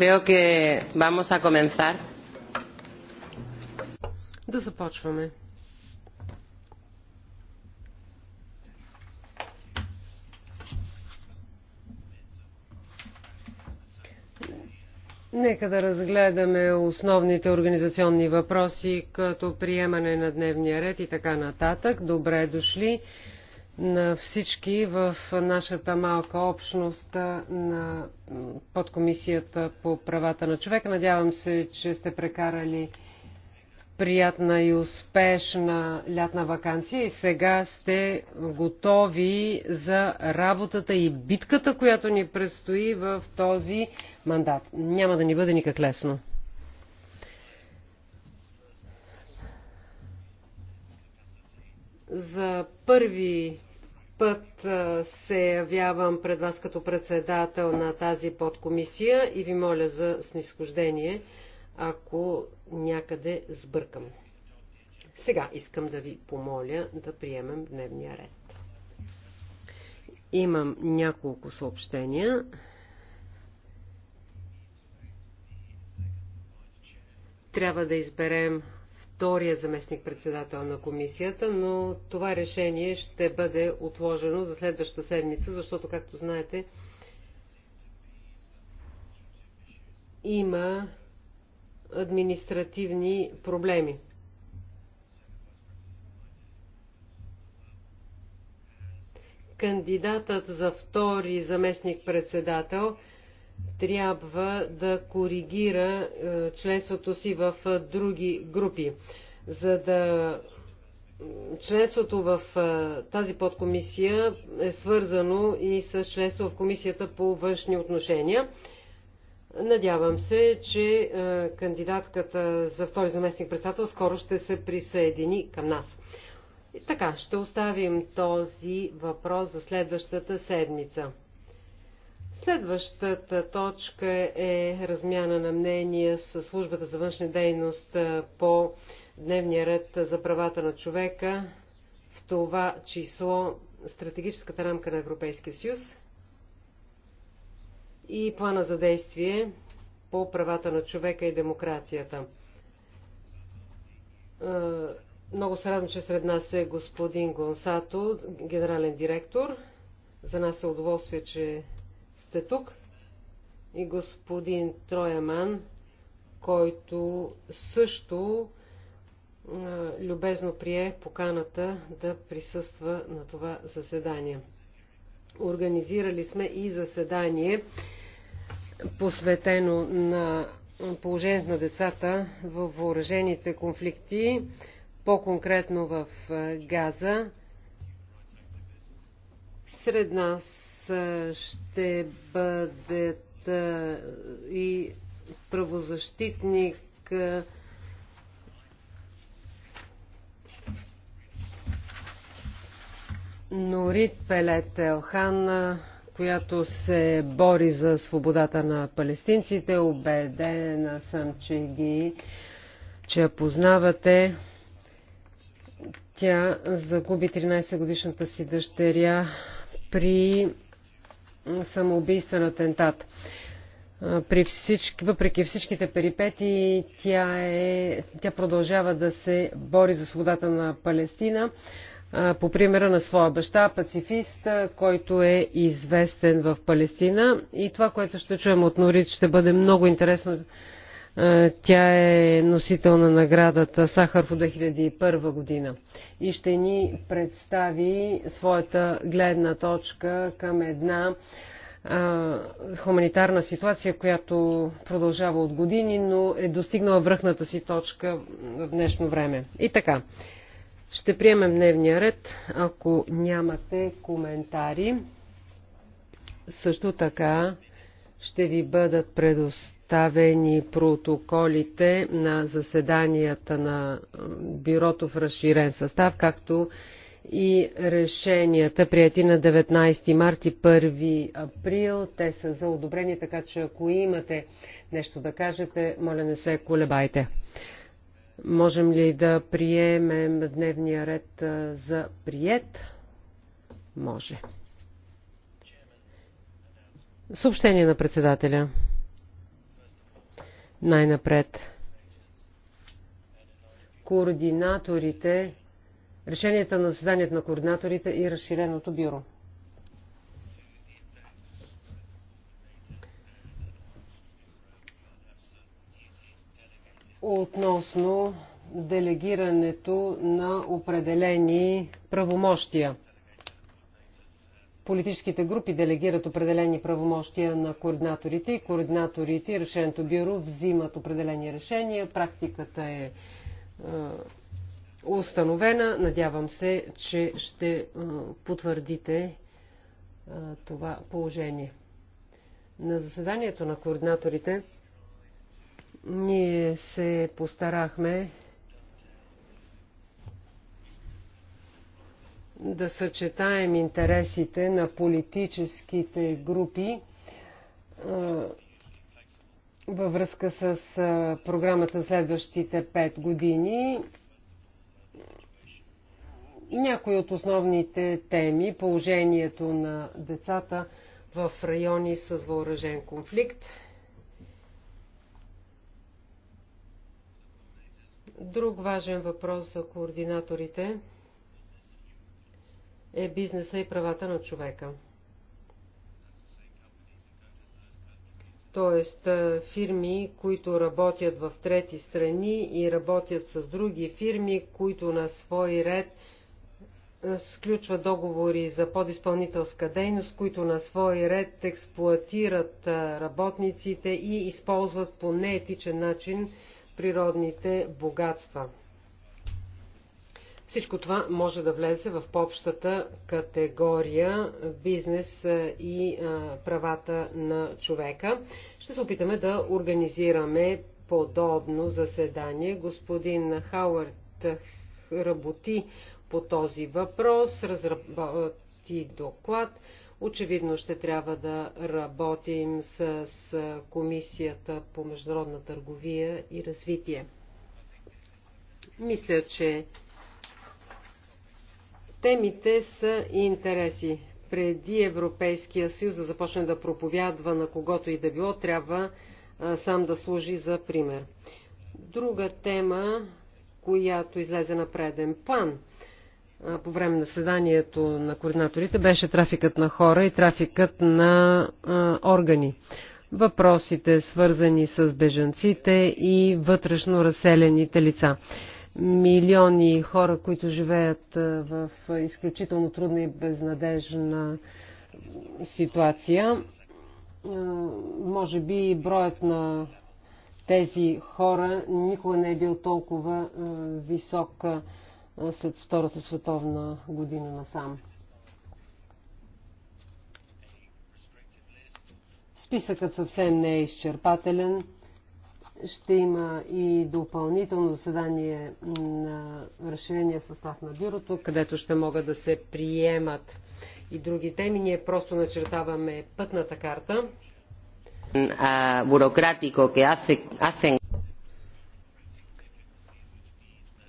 Creo que vamos a comenzar. Да започваме. Нека да разгледаме основните организационни въпроси, като приемане на дневния ред и така нататък. Добре дошли на всички в нашата малка общност на подкомисията по правата на човека. Надявам се, че сте прекарали приятна и успешна лятна вакансия и сега сте готови за работата и битката, която ни предстои в този мандат. Няма да ни бъде никак лесно. За първи път се явявам пред вас като председател на тази подкомисия и ви моля за снисхождение, ако някъде сбъркам. Сега искам да ви помоля да приемем дневния ред. Имам няколко съобщения. Трябва да изберем втория заместник председател на комисията, но това решение ще бъде отложено за следваща седмица, защото, както знаете, има административни проблеми. Кандидатът за втори заместник председател – трябва да коригира е, членството си в е, други групи. За да членството в е, тази подкомисия е свързано и с членство в комисията по външни отношения. Надявам се, че кандидатката за втори заместник председател скоро ще се присъедини към нас. И така, ще оставим този въпрос за следващата седмица. Следващата точка е размяна на мнения с службата за външна дейност по дневния ред за правата на човека, в това число стратегическата рамка на Европейския съюз и плана за действие по правата на човека и демокрацията. Много се радвам, че сред нас е господин Гонсато, генерален директор. За нас е удоволствие, че сте тук и господин Трояман, който също любезно прие поканата да присъства на това заседание. Организирали сме и заседание, посветено на положението на децата в въоръжените конфликти, по-конкретно в Газа. Сред нас ще бъде и правозащитник Норит Пелет Елхан, която се бори за свободата на палестинците. Обедена съм, че ги че я познавате. Тя загуби 13 годишната си дъщеря при самоубийствен атентат. При всички, въпреки всичките перипети, тя, е, тя продължава да се бори за свободата на Палестина по примера на своя баща, пацифист, който е известен в Палестина. И това, което ще чуем от Норит, ще бъде много интересно е, тя е носител на наградата Сахар в 2001 година и ще ни представи своята гледна точка към една а, хуманитарна ситуация, която продължава от години, но е достигнала връхната си точка в днешно време. И така, ще приемем дневния ред, ако нямате коментари. Също така ще ви бъдат предоставени представени протоколите на заседанията на бюрото в разширен състав, както и решенията, прияти на 19 март и 1 април. Те са за одобрение, така че ако имате нещо да кажете, моля не се колебайте. Можем ли да приемем дневния ред за прият? Може. Съобщение на председателя. Най-напред координаторите, решенията на заседанието на координаторите и разширеното бюро. Относно делегирането на определени правомощия политическите групи делегират определени правомощия на координаторите и координаторите и решеното бюро взимат определени решения. Практиката е, е установена. Надявам се, че ще е, потвърдите е, това положение. На заседанието на координаторите ние се постарахме да съчетаем интересите на политическите групи във връзка с програмата следващите 5 години. Някои от основните теми положението на децата в райони с въоръжен конфликт. Друг важен въпрос за координаторите – е бизнеса и правата на човека. Тоест фирми, които работят в трети страни и работят с други фирми, които на свой ред сключват договори за подизпълнителска дейност, които на свой ред експлуатират работниците и използват по неетичен начин природните богатства. Всичко това може да влезе в по-общата категория бизнес и правата на човека. Ще се опитаме да организираме подобно заседание. Господин Хауърт работи по този въпрос, разработи доклад. Очевидно ще трябва да работим с Комисията по международна търговия и развитие. Мисля, че Темите са и интереси. Преди Европейския съюз да започне да проповядва на когото и да било, трябва сам да служи за пример. Друга тема, която излезе на преден план по време на съданието на координаторите, беше трафикът на хора и трафикът на органи въпросите, свързани с бежанците и вътрешно разселените лица милиони хора, които живеят в изключително трудна и безнадежна ситуация. Може би броят на тези хора никога не е бил толкова висок след Втората световна година насам. Списъкът съвсем не е изчерпателен ще има и допълнително заседание на разширения състав на бюрото, където ще могат да се приемат и други теми. Ние просто начертаваме пътната карта. Бюрократико, асен...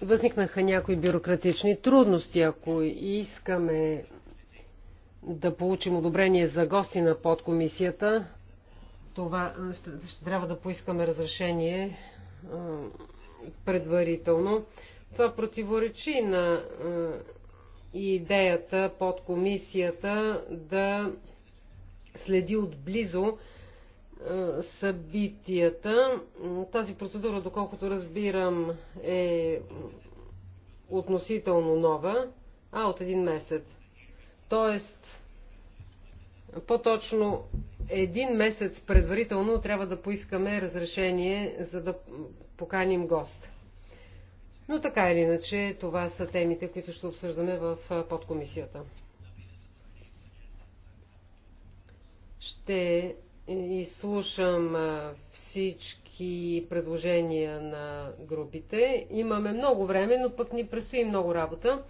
възникнаха някои бюрократични трудности. Ако искаме да получим одобрение за гости на подкомисията, това ще, ще трябва да поискаме разрешение предварително. Това противоречи на идеята под комисията да следи отблизо събитията. Тази процедура, доколкото разбирам, е относително нова, а от един месец. Тоест, по-точно един месец предварително трябва да поискаме разрешение, за да поканим гост. Но така или иначе, това са темите, които ще обсъждаме в подкомисията. Ще изслушам всички предложения на групите. Имаме много време, но пък ни предстои много работа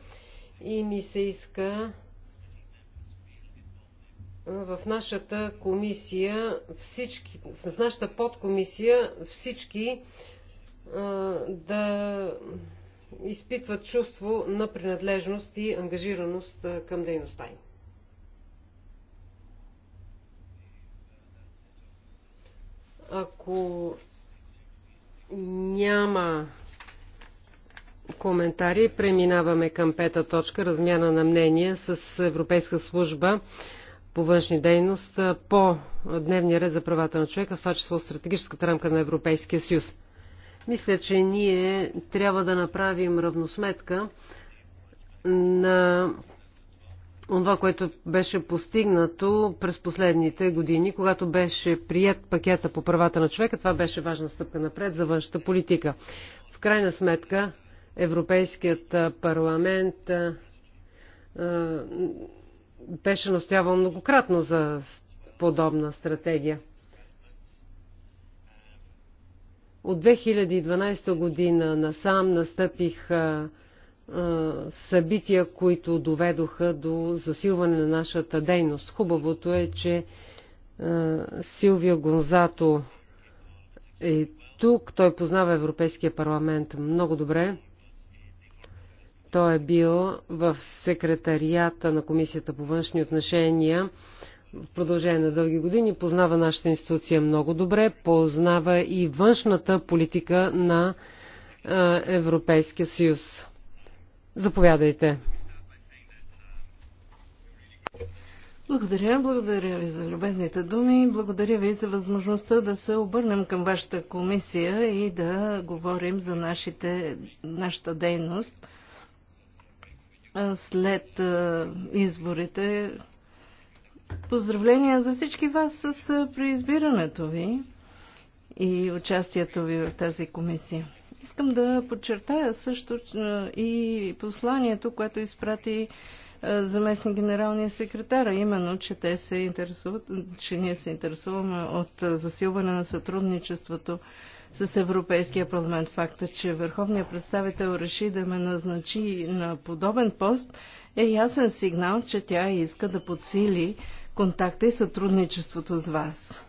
и ми се иска в нашата комисия всички, в нашата подкомисия всички а, да изпитват чувство на принадлежност и ангажираност към дейността им. Ако няма коментари, преминаваме към пета точка размяна на мнение с Европейска служба по външни дейност по дневния ред за правата на човека, в това число стратегическата рамка на Европейския съюз. Мисля, че ние трябва да направим равносметка на това, което беше постигнато през последните години, когато беше прият пакета по правата на човека. Това беше важна стъпка напред за външната политика. В крайна сметка, Европейският парламент беше настоявал многократно за подобна стратегия. От 2012 година насам настъпиха събития, които доведоха до засилване на нашата дейност. Хубавото е, че Силвия Гонзато е тук. Той познава Европейския парламент много добре. Той е бил в секретарията на Комисията по външни отношения в продължение на дълги години, познава нашата институция много добре, познава и външната политика на Европейския съюз. Заповядайте. Благодаря, благодаря ви за любезните думи, благодаря ви за възможността да се обърнем към вашата комисия и да говорим за нашите, нашата дейност след изборите. Поздравления за всички вас с преизбирането ви и участието ви в тази комисия. Искам да подчертая също и посланието, което изпрати заместник генералния секретар, именно, че те се интересуват, че ние се интересуваме от засилване на сътрудничеството с Европейския парламент. Факта, че върховният представител реши да ме назначи на подобен пост, е ясен сигнал, че тя иска да подсили контакта и сътрудничеството с вас.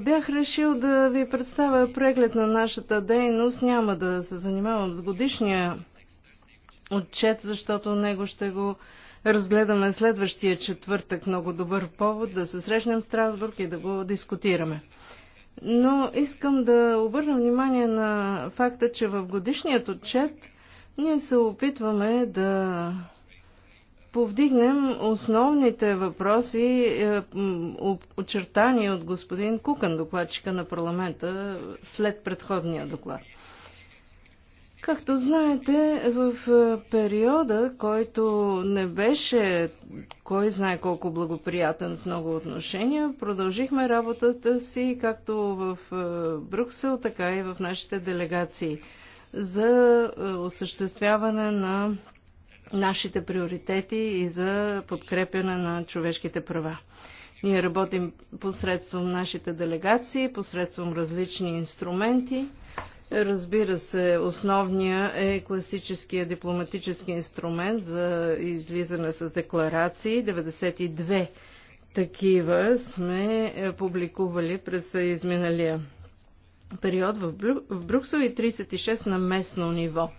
Бях решил да ви представя преглед на нашата дейност. Няма да се занимавам с годишния отчет, защото него ще го разгледаме следващия четвъртък. Много добър повод да се срещнем в Страсбург и да го дискутираме но искам да обърна внимание на факта, че в годишният отчет ние се опитваме да повдигнем основните въпроси, е, очертани от господин Кукан, докладчика на парламента, след предходния доклад. Както знаете, в е, периода, който не беше кой знае колко благоприятен в много отношения, продължихме работата си както в е, Брюксел, така и в нашите делегации за е, осъществяване на нашите приоритети и за подкрепяне на човешките права. Ние работим посредством нашите делегации, посредством различни инструменти – Разбира се, основния е класическия дипломатически инструмент за излизане с декларации. 92 такива сме е, публикували през изминалия период в, Брю... в Брюксел и 36 на местно ниво.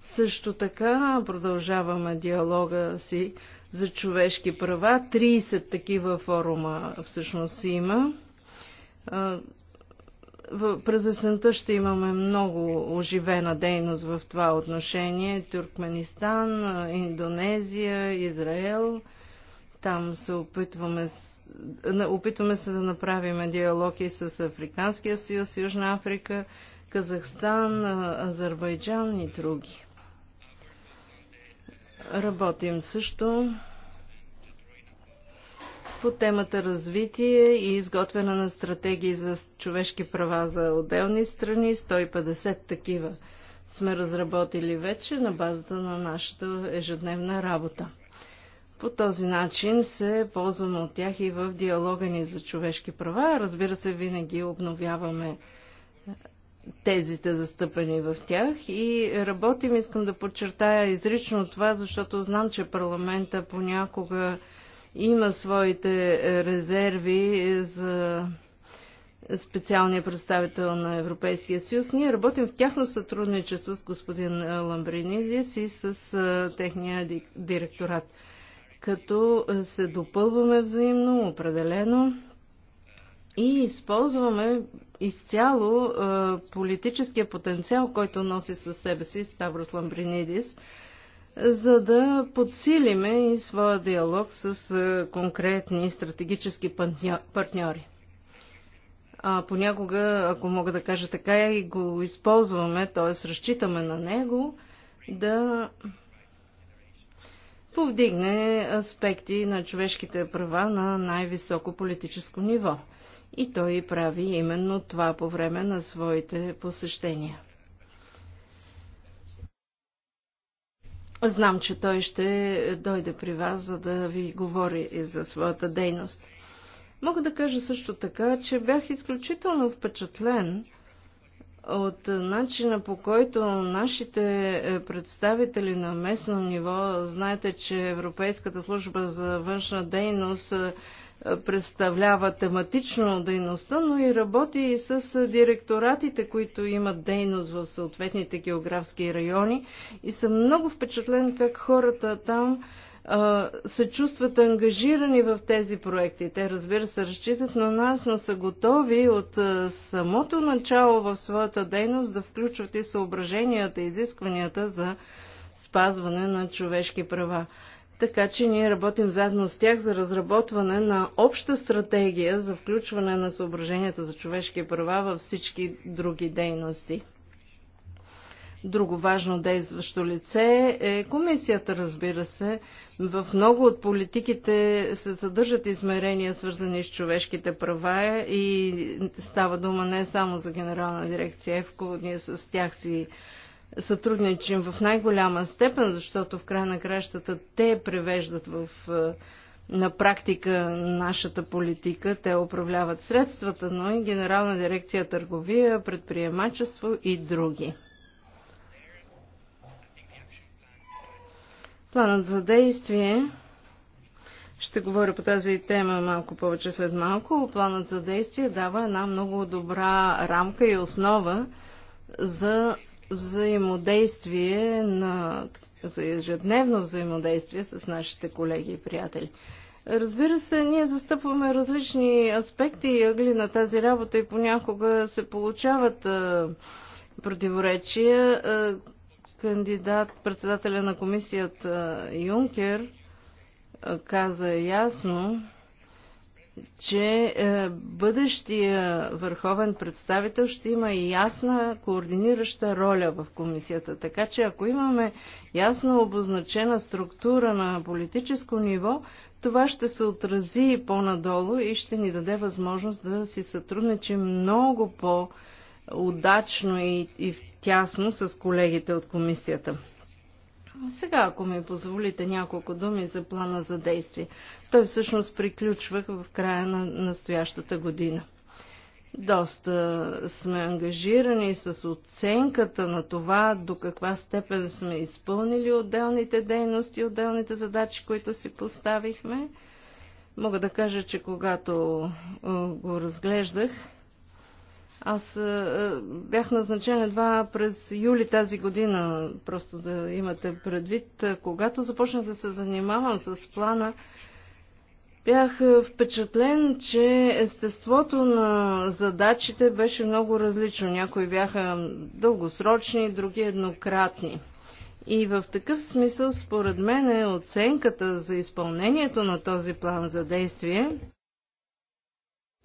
Също така продължаваме диалога си за човешки права. 30 такива форума всъщност има през есента ще имаме много оживена дейност в това отношение. Туркменистан, Индонезия, Израел. Там се опитваме, опитваме се да направим диалог и с Африканския съюз, Южна Африка, Казахстан, Азербайджан и други. Работим също по темата развитие и изготвяне на стратегии за човешки права за отделни страни. 150 такива сме разработили вече на базата на нашата ежедневна работа. По този начин се ползваме от тях и в диалога ни за човешки права. Разбира се, винаги обновяваме тезите застъпени в тях и работим, искам да подчертая изрично това, защото знам, че парламента понякога има своите резерви за специалния представител на Европейския съюз. Ние работим в тяхно сътрудничество с господин Ламбринидис и с техния директорат. Като се допълваме взаимно, определено и използваме изцяло политическия потенциал, който носи със себе си Ставрос Ламбринидис – за да подсилиме и своя диалог с е, конкретни стратегически партньори. А понякога, ако мога да кажа така, и го използваме, т.е. разчитаме на него да повдигне аспекти на човешките права на най-високо политическо ниво. И той прави именно това по време на своите посещения. Знам, че той ще дойде при вас, за да ви говори и за своята дейност. Мога да кажа също така, че бях изключително впечатлен от начина по който нашите представители на местно ниво, знаете, че Европейската служба за външна дейност представлява тематично дейността, но и работи и с директоратите, които имат дейност в съответните географски райони. И съм много впечатлен как хората там се чувстват ангажирани в тези проекти. Те, разбира се, разчитат на нас, но са готови от самото начало в своята дейност да включват и съображенията, изискванията за спазване на човешки права. Така че ние работим заедно с тях за разработване на обща стратегия за включване на съображението за човешки права във всички други дейности. Друго важно действащо лице е комисията, разбира се. В много от политиките се съдържат измерения, свързани с човешките права и става дума не само за генерална дирекция ЕВКО, ние с тях си сътрудничим в най-голяма степен, защото в край на кращата те превеждат в, е, на практика нашата политика, те управляват средствата, но и Генерална дирекция търговия, предприемачество и други. Планът за действие ще говоря по тази тема малко повече след малко. Планът за действие дава една много добра рамка и основа за взаимодействие на за ежедневно взаимодействие с нашите колеги и приятели. Разбира се, ние застъпваме различни аспекти и ъгли на тази работа и понякога се получават а, противоречия. А, кандидат, председателя на комисията Юнкер а, каза ясно, че е, бъдещия върховен представител ще има и ясна координираща роля в комисията. Така че ако имаме ясно обозначена структура на политическо ниво, това ще се отрази по-надолу и ще ни даде възможност да си сътрудничим много по-удачно и, и тясно с колегите от комисията. Сега, ако ми позволите няколко думи за плана за действие. Той всъщност приключва в края на настоящата година. Доста сме ангажирани с оценката на това до каква степен сме изпълнили отделните дейности, отделните задачи, които си поставихме. Мога да кажа, че когато го разглеждах, аз е, е, бях назначен едва през юли тази година, просто да имате предвид. Е, когато започнах да се занимавам с плана, бях впечатлен, че естеството на задачите беше много различно. Някои бяха дългосрочни, други еднократни. И в такъв смисъл, според мен, е оценката за изпълнението на този план за действие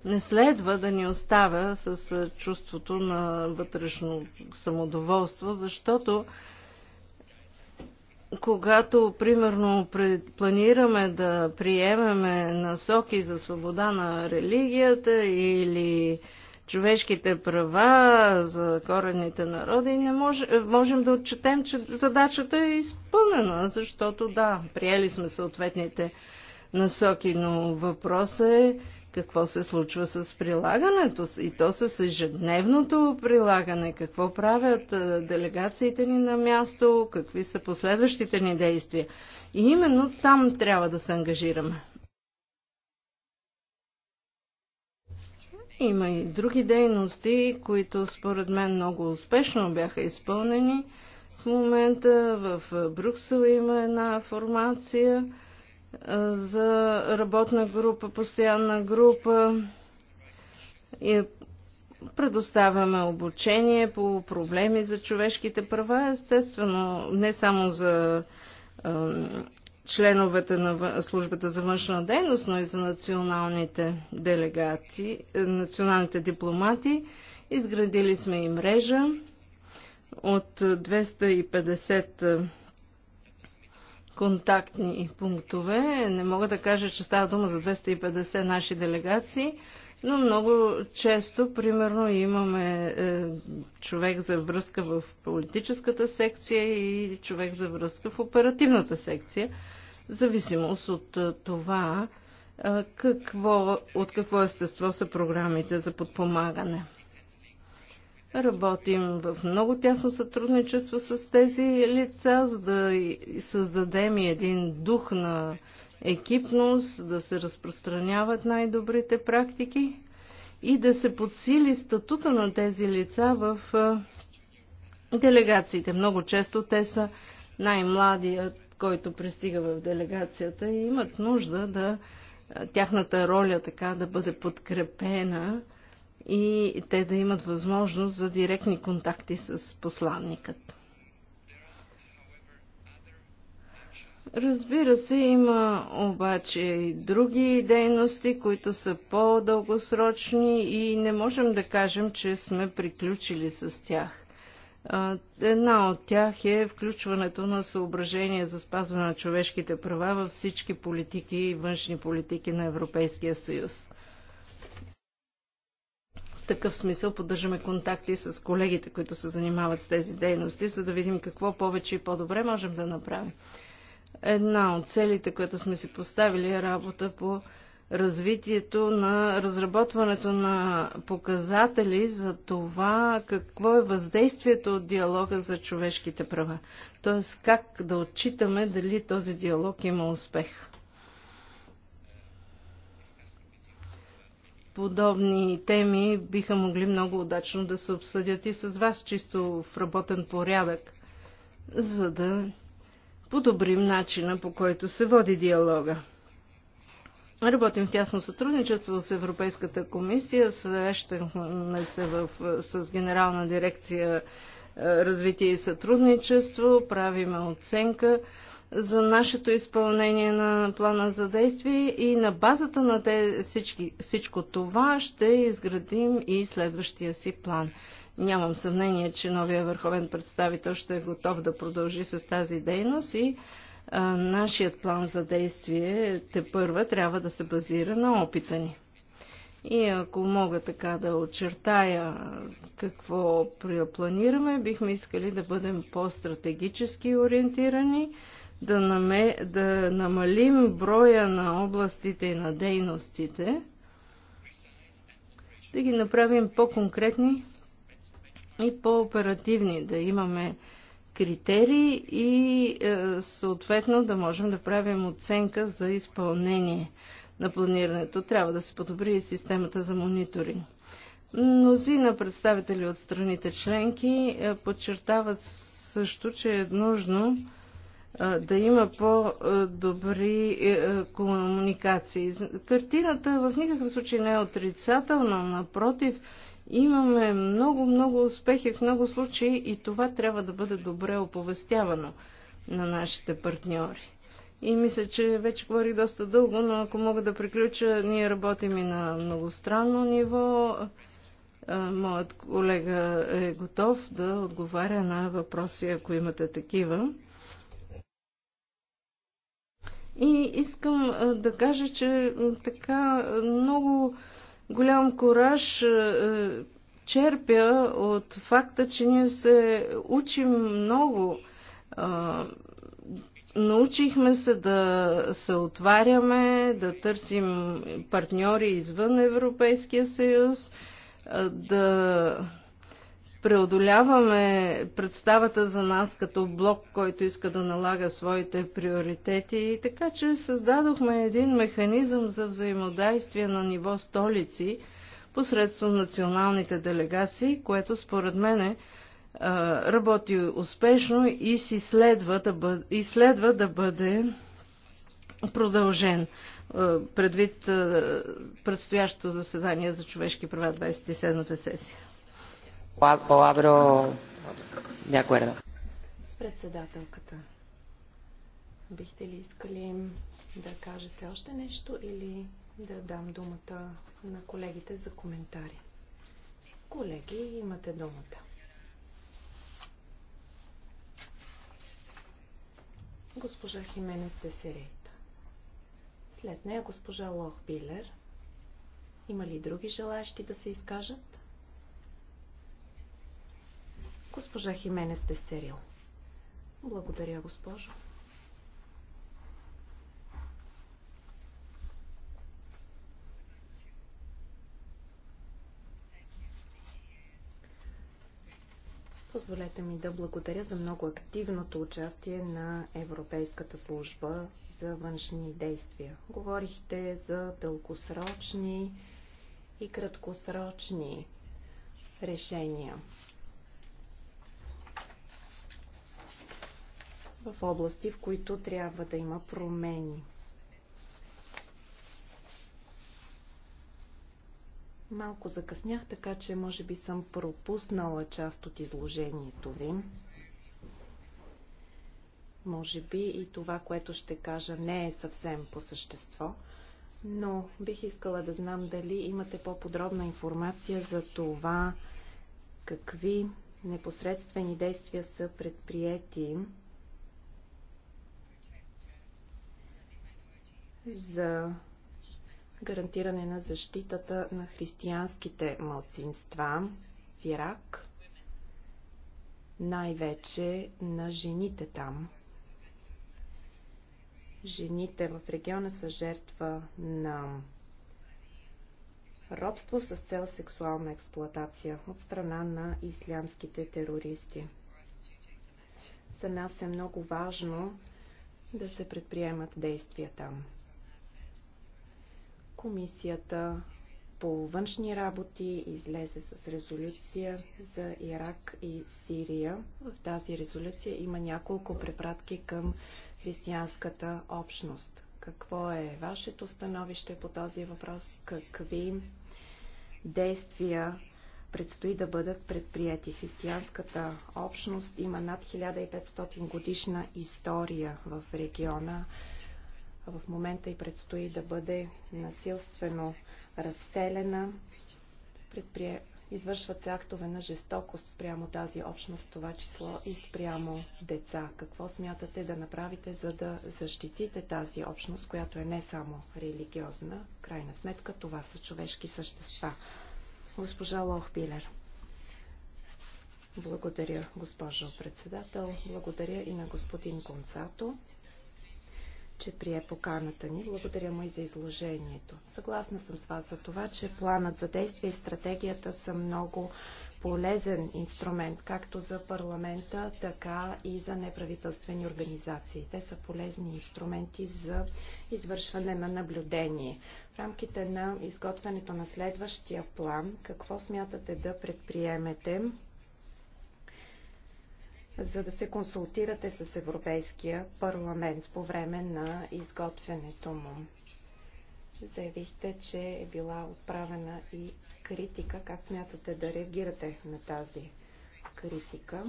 не следва да ни оставя с чувството на вътрешно самодоволство, защото когато, примерно, планираме да приемеме насоки за свобода на религията или човешките права за коренните народи, не може, можем да отчетем, че задачата е изпълнена, защото да, приели сме съответните насоки, но въпросът е какво се случва с прилагането и то с ежедневното прилагане, какво правят делегациите ни на място, какви са последващите ни действия. И именно там трябва да се ангажираме. Има и други дейности, които според мен много успешно бяха изпълнени. В момента в Брюксел има една формация – за работна група, постоянна група. И предоставяме обучение по проблеми за човешките права, естествено, не само за членовете на службата за външна дейност, но и за националните делегати, националните дипломати. Изградили сме и мрежа от 250 контактни пунктове. Не мога да кажа, че става дума за 250 наши делегации, но много често, примерно, имаме е, човек за връзка в политическата секция и човек за връзка в оперативната секция, в зависимост от е, това е, какво, от какво естество са програмите за подпомагане. Работим в много тясно сътрудничество с тези лица, за да създадем и един дух на екипност, да се разпространяват най-добрите практики и да се подсили статута на тези лица в делегациите. Много често те са най-младият, който пристига в делегацията и имат нужда да тяхната роля така да бъде подкрепена и те да имат възможност за директни контакти с посланникът. Разбира се, има обаче и други дейности, които са по-дългосрочни и не можем да кажем, че сме приключили с тях. Една от тях е включването на съображение за спазване на човешките права във всички политики и външни политики на Европейския съюз такъв смисъл поддържаме контакти с колегите, които се занимават с тези дейности, за да видим какво повече и по-добре можем да направим. Една от целите, които сме си поставили е работа по развитието на разработването на показатели за това какво е въздействието от диалога за човешките права. Тоест как да отчитаме дали този диалог има успех. подобни теми биха могли много удачно да се обсъдят и с вас, чисто в работен порядък, за да подобрим начина по който се води диалога. Работим в тясно сътрудничество с Европейската комисия, срещахме се в, с Генерална дирекция е, развитие и сътрудничество, правиме оценка за нашето изпълнение на плана за действие и на базата на те всички, всичко това ще изградим и следващия си план. Нямам съмнение, че новия върховен представител ще е готов да продължи с тази дейност и а, нашият план за действие те първа трябва да се базира на опита ни. И ако мога така да очертая какво планираме, бихме искали да бъдем по-стратегически ориентирани, да, наме, да намалим броя на областите и на дейностите, да ги направим по-конкретни и по-оперативни, да имаме критерии и е, съответно да можем да правим оценка за изпълнение на планирането. Трябва да се подобри и системата за мониторинг. Мнозина представители от страните членки е, подчертават също, че е нужно да има по-добри е, е, комуникации. Картината в никакъв случай не е отрицателна, напротив, имаме много, много успехи в много случаи и това трябва да бъде добре оповестявано на нашите партньори. И мисля, че вече говорих доста дълго, но ако мога да приключа, ние работим и на многостранно ниво. Моят колега е готов да отговаря на въпроси, ако имате такива. И искам да кажа, че така много голям кораж черпя от факта, че ние се учим много. Научихме се да се отваряме, да търсим партньори извън Европейския съюз, да преодоляваме представата за нас като блок, който иска да налага своите приоритети. И така, че създадохме един механизъм за взаимодействие на ниво столици посредством националните делегации, което според мен е, работи успешно и, си следва да бъде, и следва да бъде продължен предвид предстоящото заседание за човешки права 27-та сесия. Председателката. Бихте ли искали да кажете още нещо или да дам думата на колегите за коментари? Колеги, имате думата. Госпожа Хименес Десерейта. След нея госпожа Лох Билер. Има ли други желаящи да се изкажат? Госпожа Хименес серил. Благодаря, госпожо. Позволете ми да благодаря за много активното участие на Европейската служба за външни действия. Говорихте за дългосрочни и краткосрочни решения. в области, в които трябва да има промени. Малко закъснях, така че може би съм пропуснала част от изложението ви. Може би и това, което ще кажа, не е съвсем по същество, но бих искала да знам дали имате по-подробна информация за това, какви непосредствени действия са предприяти за гарантиране на защитата на християнските мълцинства в Ирак, най-вече на жените там. Жените в региона са жертва на робство с цел сексуална експлоатация от страна на ислямските терористи. За нас е много важно да се предприемат действия там. Комисията по външни работи излезе с резолюция за Ирак и Сирия. В тази резолюция има няколко препратки към християнската общност. Какво е вашето становище по този въпрос? Какви действия предстои да бъдат предприяти. Християнската общност има над 1500 годишна история в региона в момента и предстои да бъде насилствено разселена. Предприе... Извършват се актове на жестокост спрямо тази общност, това число и спрямо деца. Какво смятате да направите, за да защитите тази общност, която е не само религиозна, крайна сметка това са човешки същества? Госпожа Лохбилер. Благодаря, госпожо председател. Благодаря и на господин Гонцато че прие поканата ни. Благодаря му и за изложението. Съгласна съм с вас за това, че планът за действие и стратегията са много полезен инструмент, както за парламента, така и за неправителствени организации. Те са полезни инструменти за извършване на наблюдение. В рамките на изготвянето на следващия план, какво смятате да предприемете за да се консултирате с Европейския парламент по време на изготвянето му. Заявихте, че е била отправена и критика. Как смятате да реагирате на тази критика?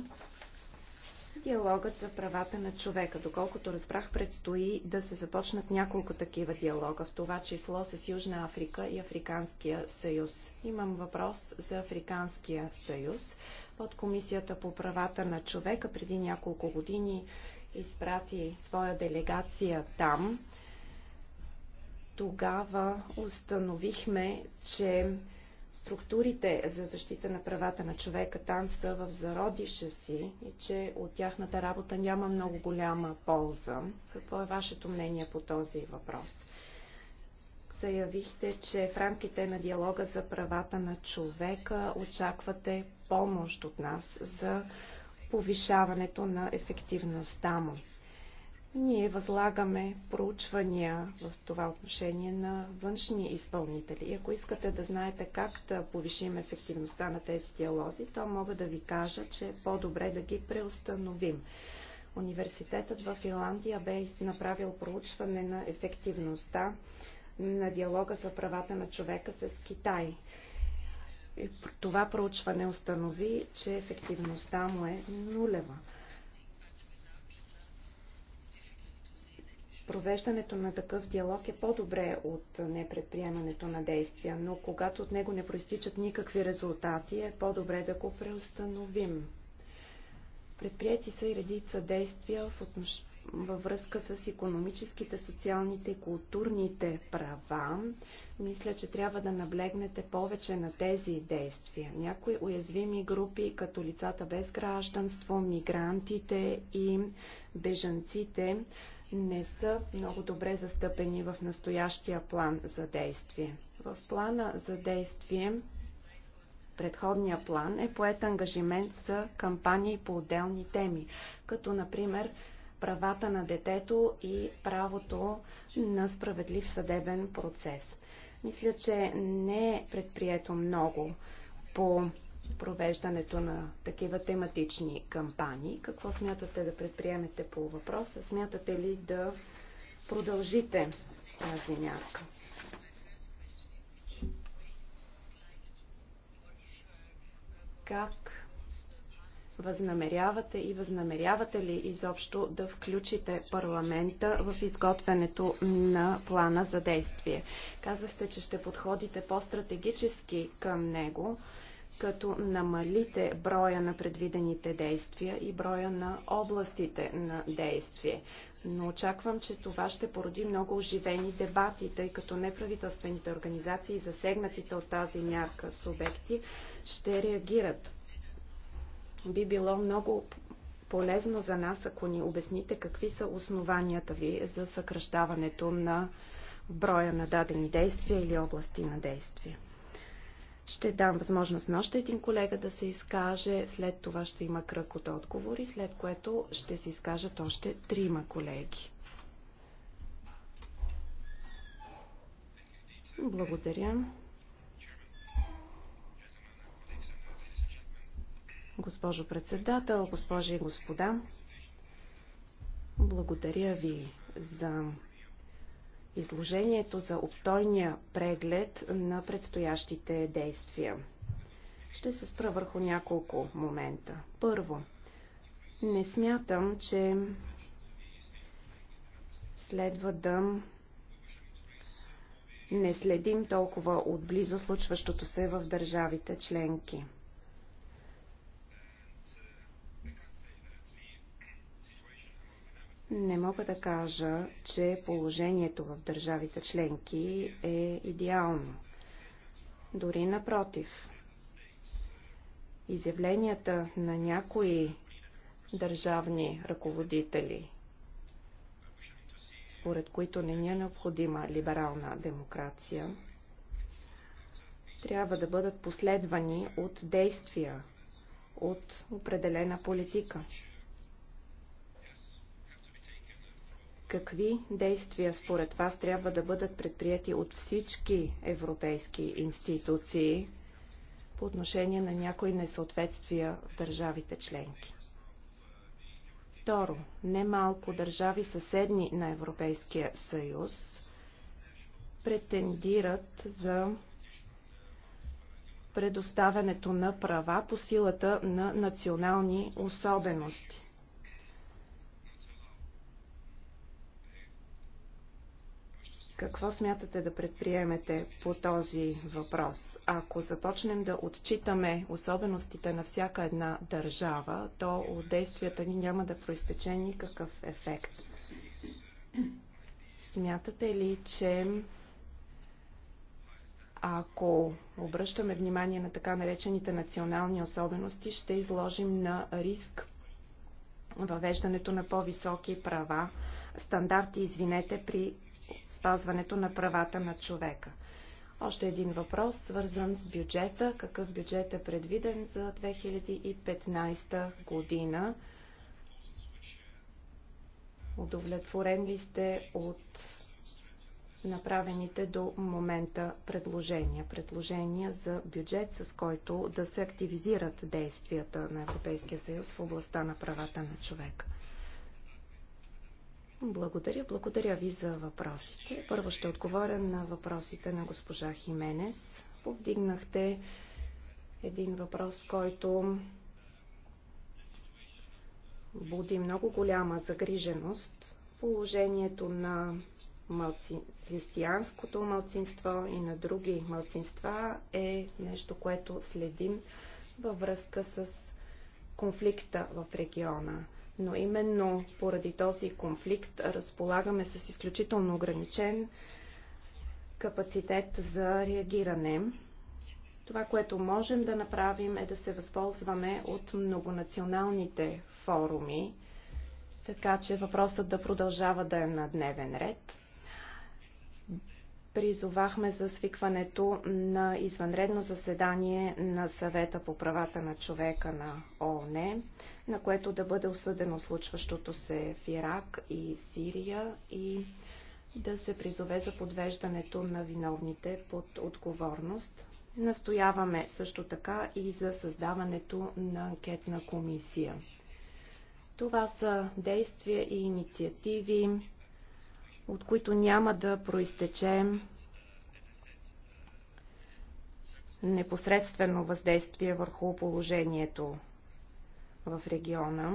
Диалогът за правата на човека. Доколкото разбрах, предстои да се започнат няколко такива диалога, в това число с Южна Африка и Африканския съюз. Имам въпрос за Африканския съюз. От Комисията по правата на човека преди няколко години изпрати своя делегация там. Тогава установихме, че структурите за защита на правата на човека там са в зародиша си и че от тяхната работа няма много голяма полза. Какво е вашето мнение по този въпрос? заявихте, че в рамките на диалога за правата на човека очаквате помощ от нас за повишаването на ефективността му. Ние възлагаме проучвания в това отношение на външни изпълнители. И ако искате да знаете как да повишим ефективността на тези диалози, то мога да ви кажа, че е по-добре да ги преустановим. Университетът в Финландия бе направил проучване на ефективността на диалога за правата на човека с Китай. Това проучване установи, че ефективността му е нулева. провеждането на такъв диалог е по-добре от непредприемането на действия, но когато от него не проистичат никакви резултати, е по-добре да го преустановим. Предприяти са и редица действия в, отнош във връзка с економическите, социалните и културните права, мисля, че трябва да наблегнете повече на тези действия. Някои уязвими групи, като лицата без гражданство, мигрантите и бежанците, не са много добре застъпени в настоящия план за действие. В плана за действие предходния план е поет ангажимент за кампании по отделни теми, като например правата на детето и правото на справедлив съдебен процес. Мисля, че не е предприето много по провеждането на такива тематични кампании. Какво смятате да предприемете по въпроса? Смятате ли да продължите тази мярка? Как Възнамерявате и възнамерявате ли изобщо да включите парламента в изготвянето на плана за действие? Казахте, че ще подходите по-стратегически към него, като намалите броя на предвидените действия и броя на областите на действие но очаквам, че това ще породи много оживени дебати, тъй като неправителствените организации засегнатите от тази мярка субекти ще реагират. Би било много полезно за нас, ако ни обясните какви са основанията ви за съкръщаването на броя на дадени действия или области на действие. Ще дам възможност на още един колега да се изкаже, след това ще има кръг от отговори, след което ще се изкажат още трима колеги. Благодаря. Госпожо председател, госпожи и господа, благодаря ви за изложението за обстойния преглед на предстоящите действия. Ще се спра върху няколко момента. Първо, не смятам, че следва да не следим толкова отблизо случващото се в държавите членки. Не мога да кажа, че положението в държавите членки е идеално. Дори напротив, изявленията на някои държавни ръководители, според които не ни е необходима либерална демокрация, трябва да бъдат последвани от действия, от определена политика. Какви действия според вас трябва да бъдат предприяти от всички европейски институции по отношение на някои несъответствия в държавите членки? Второ, немалко държави съседни на Европейския съюз претендират за предоставянето на права по силата на национални особености. Какво смятате да предприемете по този въпрос? Ако започнем да отчитаме особеностите на всяка една държава, то от действията ни няма да проистече никакъв ефект. Смятате ли, че ако обръщаме внимание на така наречените национални особености, ще изложим на риск въвеждането на по-високи права, стандарти, извинете, при спазването на правата на човека. Още един въпрос, свързан с бюджета. Какъв бюджет е предвиден за 2015 година? Удовлетворен ли сте от направените до момента предложения? Предложения за бюджет, с който да се активизират действията на Европейския съюз в областта на правата на човека. Благодаря. Благодаря ви за въпросите. Първо ще отговоря на въпросите на госпожа Хименес. Повдигнахте един въпрос, който буди много голяма загриженост. Положението на християнското мълцинство и на други мълцинства е нещо, което следим във връзка с конфликта в региона. Но именно поради този конфликт разполагаме с изключително ограничен капацитет за реагиране. Това, което можем да направим е да се възползваме от многонационалните форуми, така че въпросът да продължава да е на дневен ред – призовахме за свикването на извънредно заседание на съвета по правата на човека на ООН, на което да бъде осъдено случващото се в Ирак и Сирия и да се призове за подвеждането на виновните под отговорност. Настояваме също така и за създаването на анкетна комисия. Това са действия и инициативи, от които няма да проистече непосредствено въздействие върху положението в региона,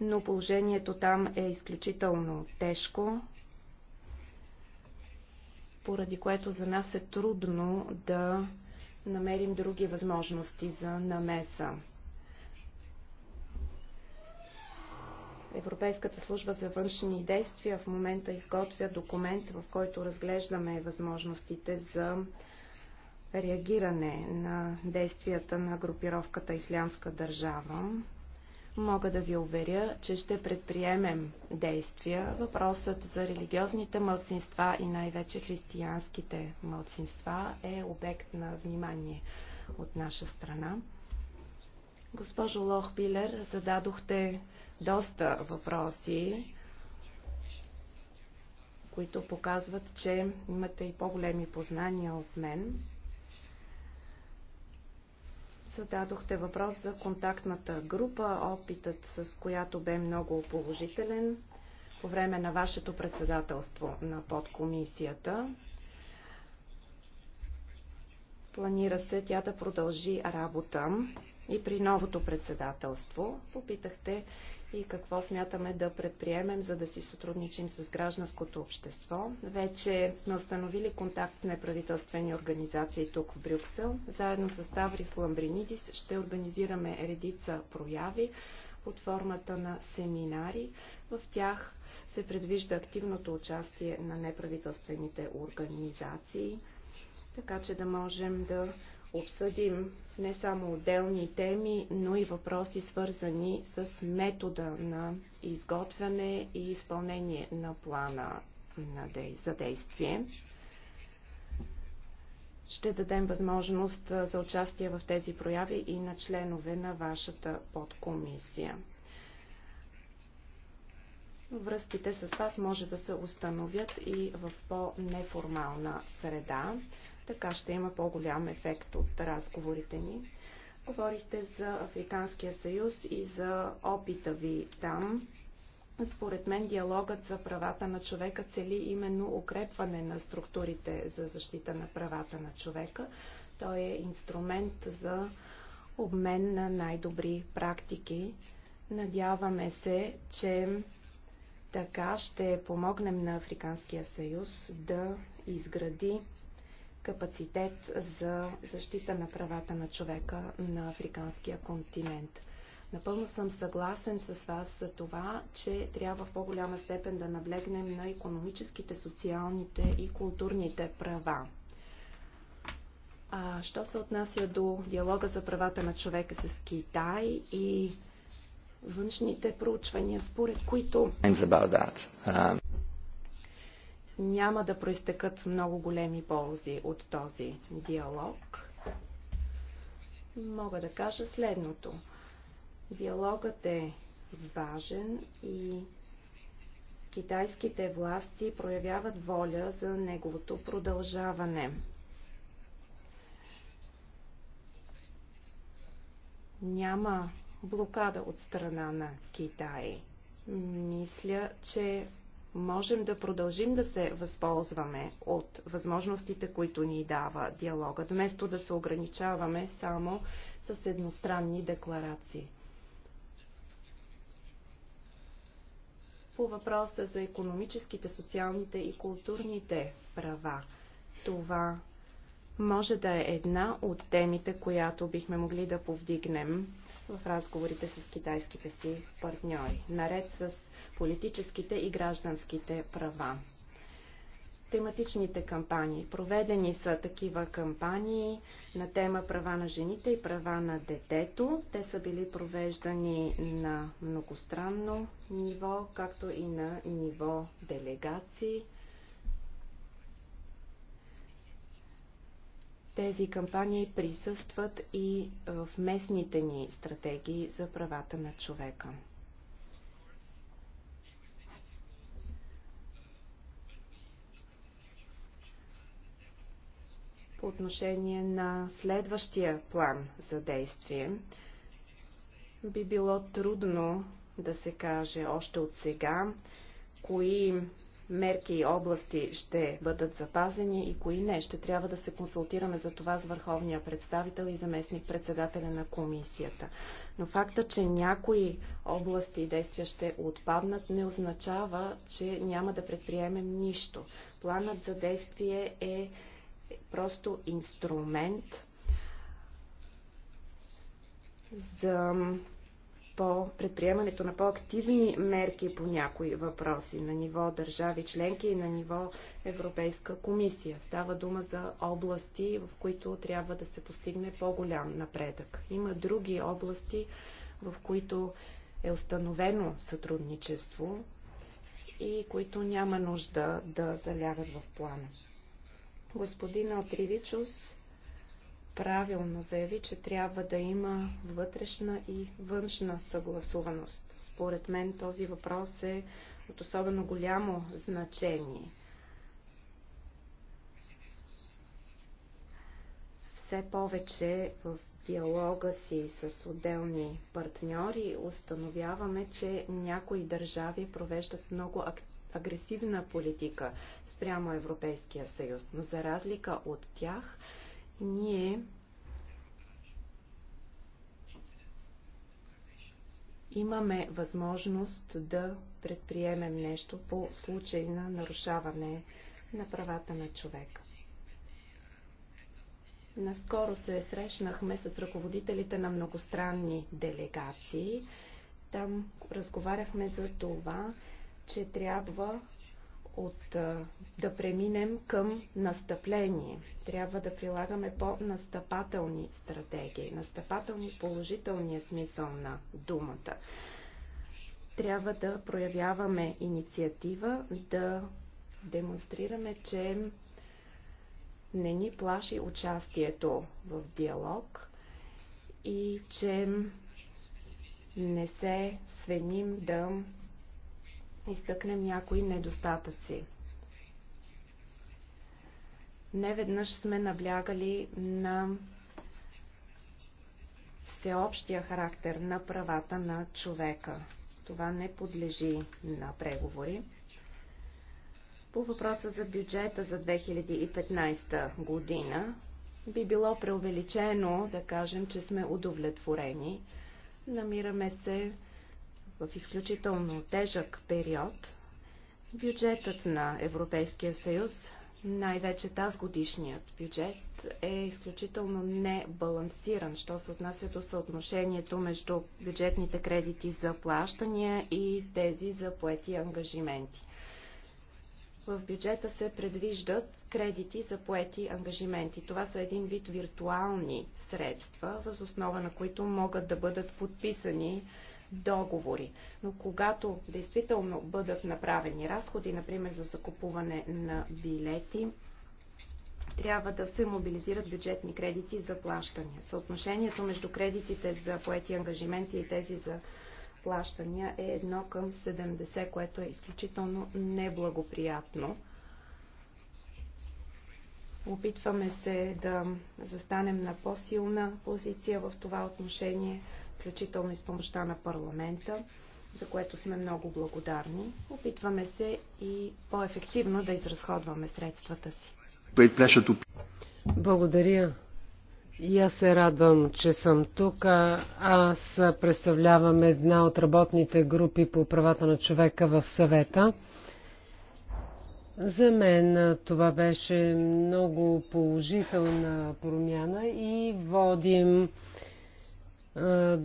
но положението там е изключително тежко, поради което за нас е трудно да намерим други възможности за намеса. Европейската служба за външни действия в момента изготвя документ, в който разглеждаме възможностите за реагиране на действията на групировката Ислямска държава. Мога да ви уверя, че ще предприемем действия. Въпросът за религиозните мълцинства и най-вече християнските мълцинства е обект на внимание от наша страна. Госпожо Лох Билер, зададохте доста въпроси, които показват, че имате и по-големи познания от мен. Зададохте въпрос за контактната група, опитът с която бе много положителен по време на вашето председателство на подкомисията. Планира се тя да продължи работа и при новото председателство. Попитахте и какво смятаме да предприемем, за да си сътрудничим с гражданското общество. Вече сме установили контакт с неправителствени организации тук в Брюксел. Заедно с Таврис Ламбринидис ще организираме редица прояви под формата на семинари. В тях се предвижда активното участие на неправителствените организации, така че да можем да обсъдим не само отделни теми, но и въпроси свързани с метода на изготвяне и изпълнение на плана за действие. Ще дадем възможност за участие в тези прояви и на членове на вашата подкомисия. Връзките с вас може да се установят и в по-неформална среда. Така ще има по-голям ефект от разговорите ни. Говорихте за Африканския съюз и за опита ви там. Според мен диалогът за правата на човека цели именно укрепване на структурите за защита на правата на човека. Той е инструмент за обмен на най-добри практики. Надяваме се, че така ще помогнем на Африканския съюз да изгради капацитет за защита на правата на човека на африканския континент. Напълно съм съгласен с вас за това, че трябва в по-голяма степен да наблегнем на економическите, социалните и културните права. А, що се отнася до диалога за правата на човека с Китай и външните проучвания, според които няма да проистекат много големи ползи от този диалог. Мога да кажа следното. Диалогът е важен и китайските власти проявяват воля за неговото продължаване. Няма блокада от страна на Китай. Мисля, че можем да продължим да се възползваме от възможностите, които ни дава диалогът, вместо да се ограничаваме само с едностранни декларации. По въпроса за економическите, социалните и културните права, това може да е една от темите, която бихме могли да повдигнем в разговорите с китайските си партньори, наред с политическите и гражданските права. Тематичните кампании. Проведени са такива кампании на тема права на жените и права на детето. Те са били провеждани на многостранно ниво, както и на ниво делегации – Тези кампании присъстват и е, в местните ни стратегии за правата на човека. По отношение на следващия план за действие, би било трудно да се каже още от сега кои мерки и области ще бъдат запазени и кои не. Ще трябва да се консултираме за това с върховния представител и заместник председателя на комисията. Но факта, че някои области и действия ще отпаднат, не означава, че няма да предприемем нищо. Планът за действие е просто инструмент за по предприемането на по-активни мерки по някои въпроси на ниво държави членки и на ниво Европейска комисия. Става дума за области, в които трябва да се постигне по-голям напредък. Има други области, в които е установено сътрудничество и които няма нужда да залягат в плана. Господин Отривичус, правилно заяви, че трябва да има вътрешна и външна съгласуваност. Според мен този въпрос е от особено голямо значение. Все повече в диалога си с отделни партньори установяваме, че някои държави провеждат много агресивна политика спрямо Европейския съюз, но за разлика от тях, ние имаме възможност да предприемем нещо по случай на нарушаване на правата на човека. Наскоро се срещнахме с ръководителите на многостранни делегации. Там разговаряхме за това, че трябва от да преминем към настъпление. Трябва да прилагаме по-настъпателни стратегии, настъпателни положителния смисъл на думата. Трябва да проявяваме инициатива, да демонстрираме, че не ни плаши участието в диалог и че не се свеним да изтъкнем някои недостатъци. Неведнъж сме наблягали на всеобщия характер на правата на човека. Това не подлежи на преговори. По въпроса за бюджета за 2015 година би било преувеличено да кажем, че сме удовлетворени. Намираме се в изключително тежък период, бюджетът на Европейския съюз, най-вече тази годишният бюджет, е изключително небалансиран, що се отнася до съотношението между бюджетните кредити за плащания и тези за поети ангажименти. В бюджета се предвиждат кредити за поети ангажименти. Това са един вид виртуални средства, възоснова на които могат да бъдат подписани договори. Но когато действително бъдат направени разходи, например за закупуване на билети, трябва да се мобилизират бюджетни кредити за плащания. Съотношението между кредитите за поети ангажименти и тези за плащания е 1 към 70, което е изключително неблагоприятно. Опитваме се да застанем на по-силна позиция в това отношение – включително и с помощта на парламента, за което сме много благодарни. Опитваме се и по-ефективно да изразходваме средствата си. Благодаря. И аз се радвам, че съм тук. Аз представлявам една от работните групи по правата на човека в съвета. За мен това беше много положителна промяна и водим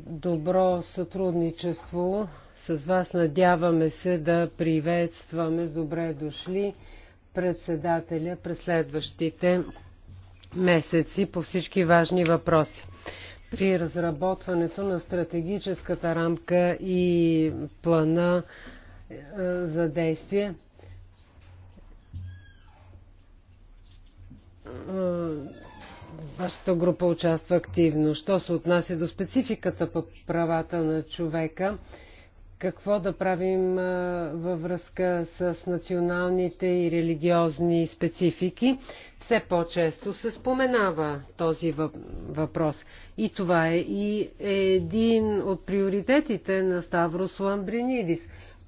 добро сътрудничество с вас. Надяваме се да приветстваме с добре дошли председателя през следващите месеци по всички важни въпроси. При разработването на стратегическата рамка и плана е, за действие е, Вашата група участва активно. Що се отнася до спецификата по правата на човека, какво да правим във връзка с националните и религиозни специфики. Все по-често се споменава този въпрос. И това е и един от приоритетите на Ставрос Ламбринидис.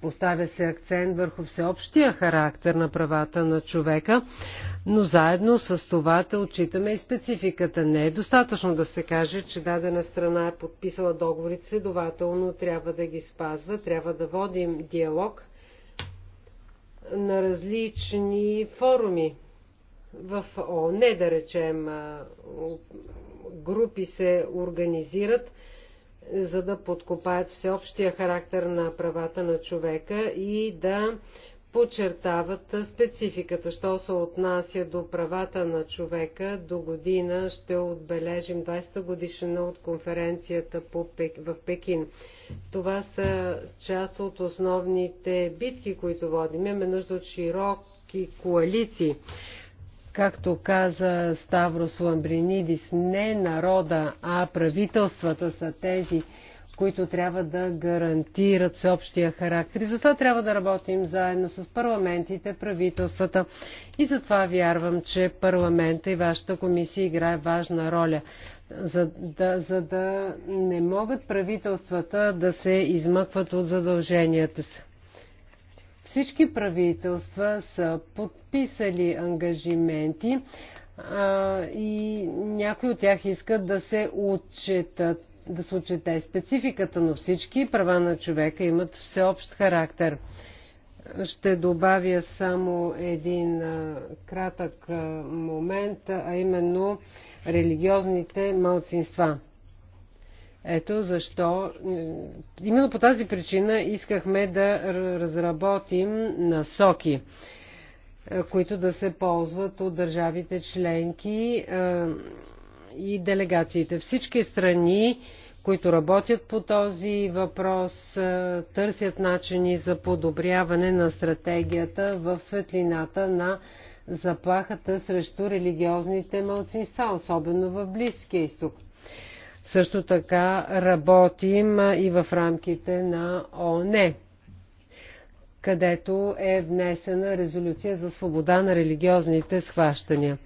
Поставя се акцент върху всеобщия характер на правата на човека, но заедно с това да отчитаме и спецификата. Не е достатъчно да се каже, че дадена страна е подписала договорите, следователно трябва да ги спазва, трябва да водим диалог на различни форуми. В ООН, да речем, групи се организират, за да подкопаят всеобщия характер на правата на човека и да подчертават спецификата. Що се отнася до правата на човека, до година ще отбележим 20-та годишна от конференцията в Пекин. Това са част от основните битки, които водим. Имаме нужда от широки коалиции. Както каза Ставрос Ламбринидис, не народа, а правителствата са тези, които трябва да гарантират всеобщия характер. И затова трябва да работим заедно с парламентите, правителствата. И затова вярвам, че парламента и вашата комисия играе важна роля, за да, за да не могат правителствата да се измъкват от задълженията си. Всички правителства са подписали ангажименти а, и някои от тях искат да се отчетат да се отчете спецификата, но всички права на човека имат всеобщ характер. Ще добавя само един а, кратък а, момент, а именно религиозните малцинства. Ето защо, е, именно по тази причина искахме да разработим насоки, е, които да се ползват от държавите членки е, и делегациите. Всички страни, които работят по този въпрос, търсят начини за подобряване на стратегията в светлината на заплахата срещу религиозните мълцинства, особено в Близкия изток. Също така работим и в рамките на ОНЕ, където е внесена резолюция за свобода на религиозните схващания.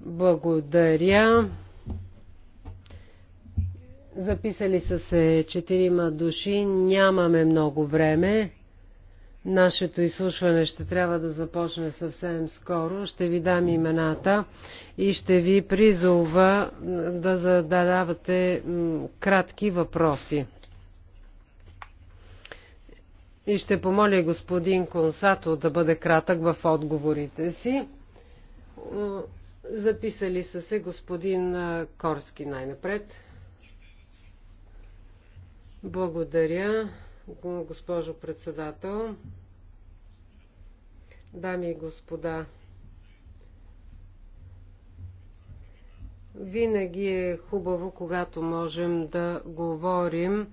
Благодаря. Записали са се четирима души. Нямаме много време. Нашето изслушване ще трябва да започне съвсем скоро. Ще ви дам имената и ще ви призова да задавате кратки въпроси. И ще помоля господин Консато да бъде кратък в отговорите си. Записали са се господин Корски най-напред. Благодаря госпожо председател. Дами и господа, винаги е хубаво, когато можем да говорим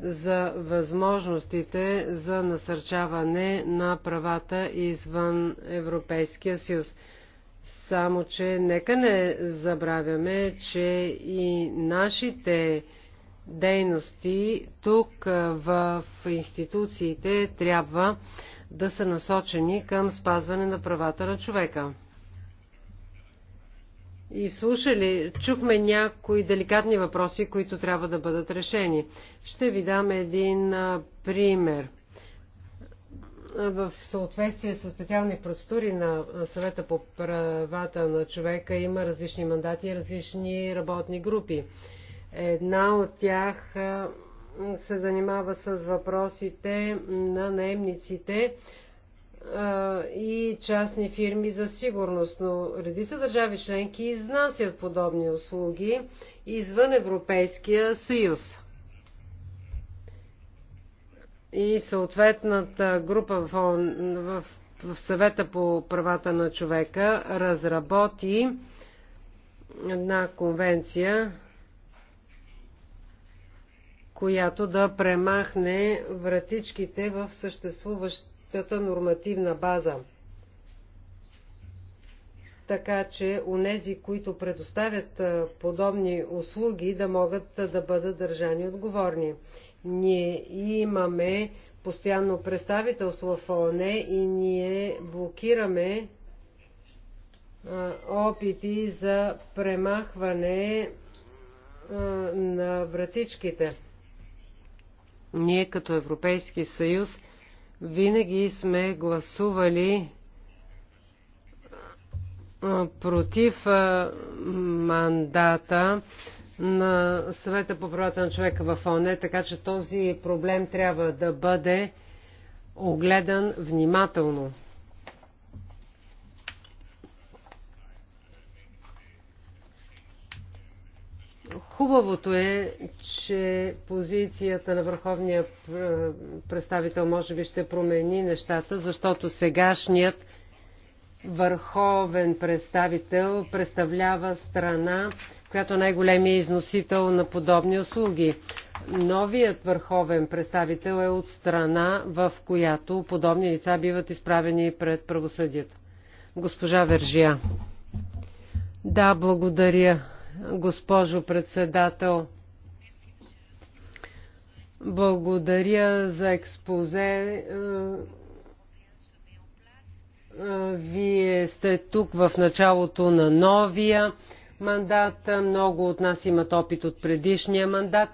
за възможностите за насърчаване на правата извън Европейския съюз. Само, че нека не забравяме, че и нашите дейности тук в институциите трябва да са насочени към спазване на правата на човека. И слушали, чухме някои деликатни въпроси, които трябва да бъдат решени. Ще ви дам един пример. В съответствие с специални процедури на съвета по правата на човека има различни мандати и различни работни групи. Една от тях се занимава с въпросите на наемниците и частни фирми за сигурност, но редица държави членки изнасят подобни услуги извън Европейския съюз. И съответната група в, в, в съвета по правата на човека разработи една конвенция която да премахне вратичките в съществуващата нормативна база. Така че онези, които предоставят подобни услуги, да могат да бъдат държани отговорни. Ние имаме постоянно представителство в ООН и ние блокираме опити за премахване на вратичките. Ние като Европейски съюз винаги сме гласували против мандата на съвета по правата на човека в ОНЕ, така че този проблем трябва да бъде огледан внимателно. Хубавото е, че позицията на върховния е, представител може би ще промени нещата, защото сегашният върховен представител представлява страна, която най-големия е износител на подобни услуги. Новият върховен представител е от страна, в която подобни лица биват изправени пред правосъдието. Госпожа Вержия. Да, благодаря, госпожо председател. Благодаря за експозе. Вие сте тук в началото на новия мандат. Много от нас имат опит от предишния мандат.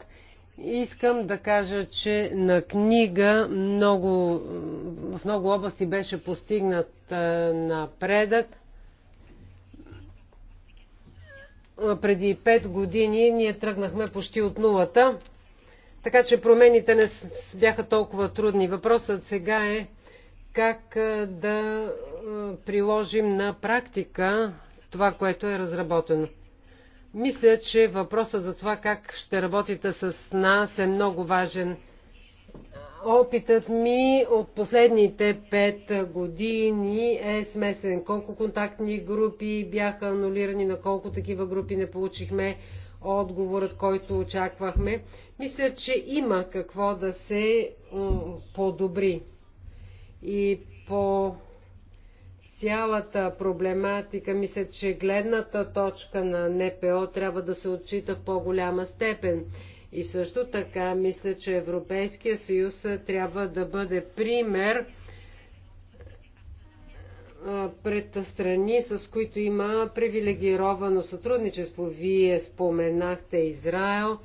Искам да кажа, че на книга много, в много области беше постигнат напредък. преди 5 години ние тръгнахме почти от нулата, така че промените не бяха толкова трудни. Въпросът сега е как да приложим на практика това, което е разработено. Мисля, че въпросът за това как ще работите с нас е много важен. Опитът ми от последните пет години е смесен. Колко контактни групи бяха анулирани, на колко такива групи не получихме отговорът, който очаквахме. Мисля, че има какво да се подобри. И по цялата проблематика, мисля, че гледната точка на НПО трябва да се отчита в по-голяма степен. И също така мисля, че Европейския съюз трябва да бъде пример пред страни, с които има привилегировано сътрудничество. Вие споменахте Израел.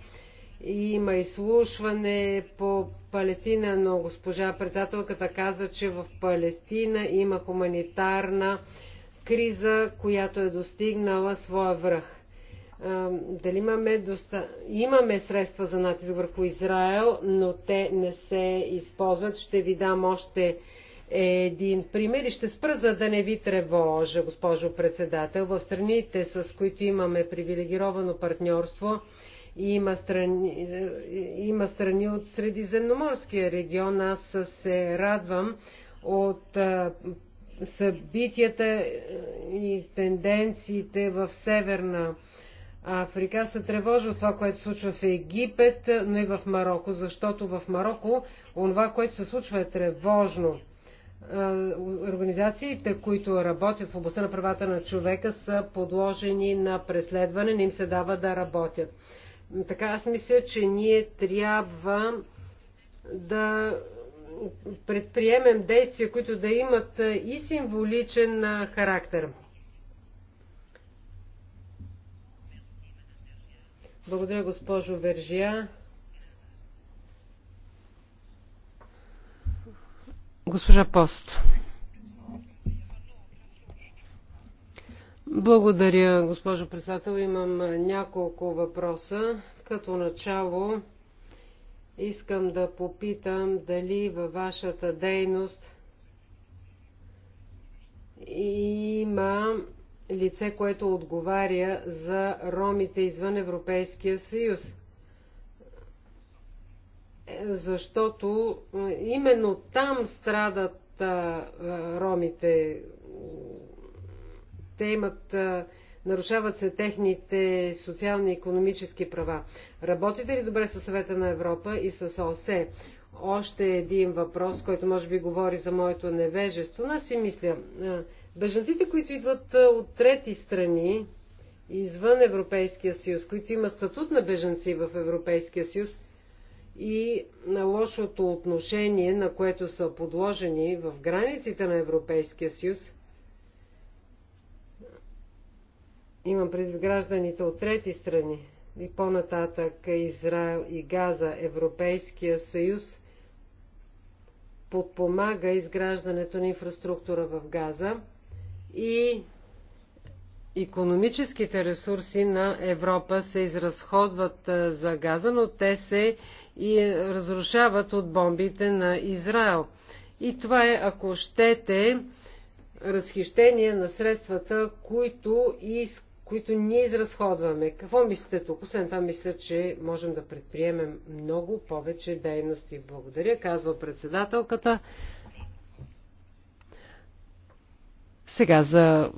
и Има изслушване по Палестина, но госпожа председателката каза, че в Палестина има хуманитарна криза, която е достигнала своя връх дали имаме, доста... имаме средства за натиск върху Израел, но те не се използват. Ще ви дам още един пример и ще спра, за да не ви тревожа, госпожо председател. В страните, с които имаме привилегировано партньорство, има страни, е, има страни от Средиземноморския регион. Аз се радвам от събитията и тенденциите в Северна Африка се тревожа от това, което се случва в Египет, но и в Марокко, защото в Марокко онова, което се случва е тревожно. Организациите, които работят в областта на правата на човека, са подложени на преследване, не им се дава да работят. Така аз мисля, че ние трябва да предприемем действия, които да имат и символичен характер – Благодаря, госпожо Вержия. Госпожа Пост. Благодаря, госпожо председател. Имам няколко въпроса. Като начало искам да попитам дали във вашата дейност има лице, което отговаря за ромите извън Европейския съюз. Е, защото е, именно там страдат а, е, ромите. Те имат. А, нарушават се техните социални и економически права. Работите ли добре със съвета на Европа и с ОСЕ? Още един въпрос, който може би говори за моето невежество, но си мисля Бежанците, които идват от трети страни, извън Европейския съюз, които има статут на бежанци в Европейския съюз и на лошото отношение, на което са подложени в границите на Европейския съюз, имам предвид гражданите от трети страни и по-нататък Израел и Газа, Европейския съюз подпомага изграждането на инфраструктура в Газа – и економическите ресурси на Европа се изразходват за газа, но те се и е, разрушават от бомбите на Израел. И това е, ако щете, разхищение на средствата, които, из, които ние изразходваме. Какво мислите тук? Освен това, мисля, че можем да предприемем много повече дейности. Благодаря, казва председателката. Сега за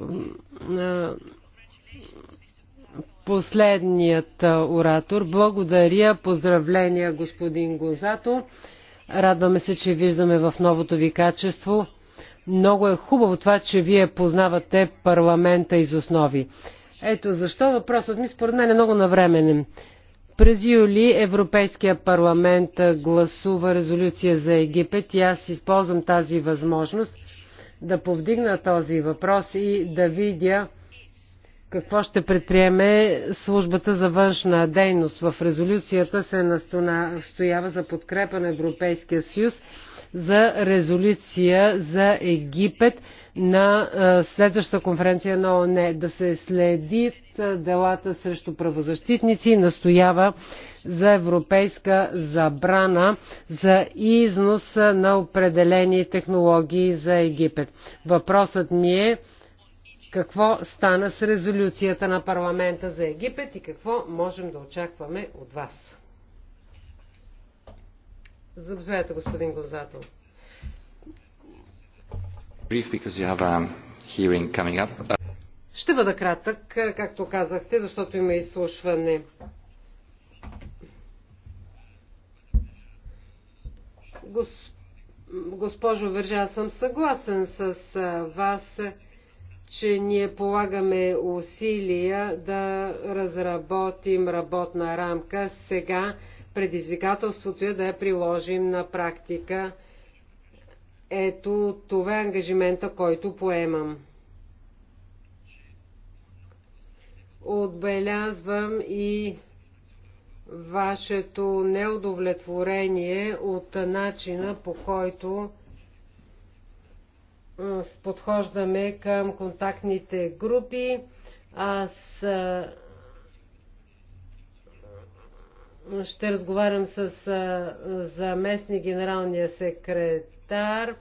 последният оратор. Благодаря, поздравления господин Гозато. Радваме се, че виждаме в новото ви качество. Много е хубаво това, че вие познавате парламента из основи. Ето защо въпросът ми според мен е много навременен. През юли Европейския парламент гласува резолюция за Египет и аз използвам тази възможност да повдигна този въпрос и да видя какво ще предприеме службата за външна дейност. В резолюцията се настоява за подкрепа на Европейския съюз за резолюция за Египет на следващата конференция на ОНЕ да се следит делата срещу правозащитници и настоява за европейска забрана за износ на определени технологии за Египет. Въпросът ми е какво стана с резолюцията на парламента за Египет и какво можем да очакваме от вас. Заповядайте, господин Гозател. Um, uh, Ще бъда кратък, е, както казахте, защото има изслушване. Госпожо Вържа, аз съм съгласен с е, вас, че ние полагаме усилия да разработим работна рамка. Сега Предизвикателството е да я приложим на практика. Ето това е ангажимента, който поемам. Отбелязвам и вашето неудовлетворение от начина по който подхождаме към контактните групи. Аз ще разговарям с заместни генералния секретар.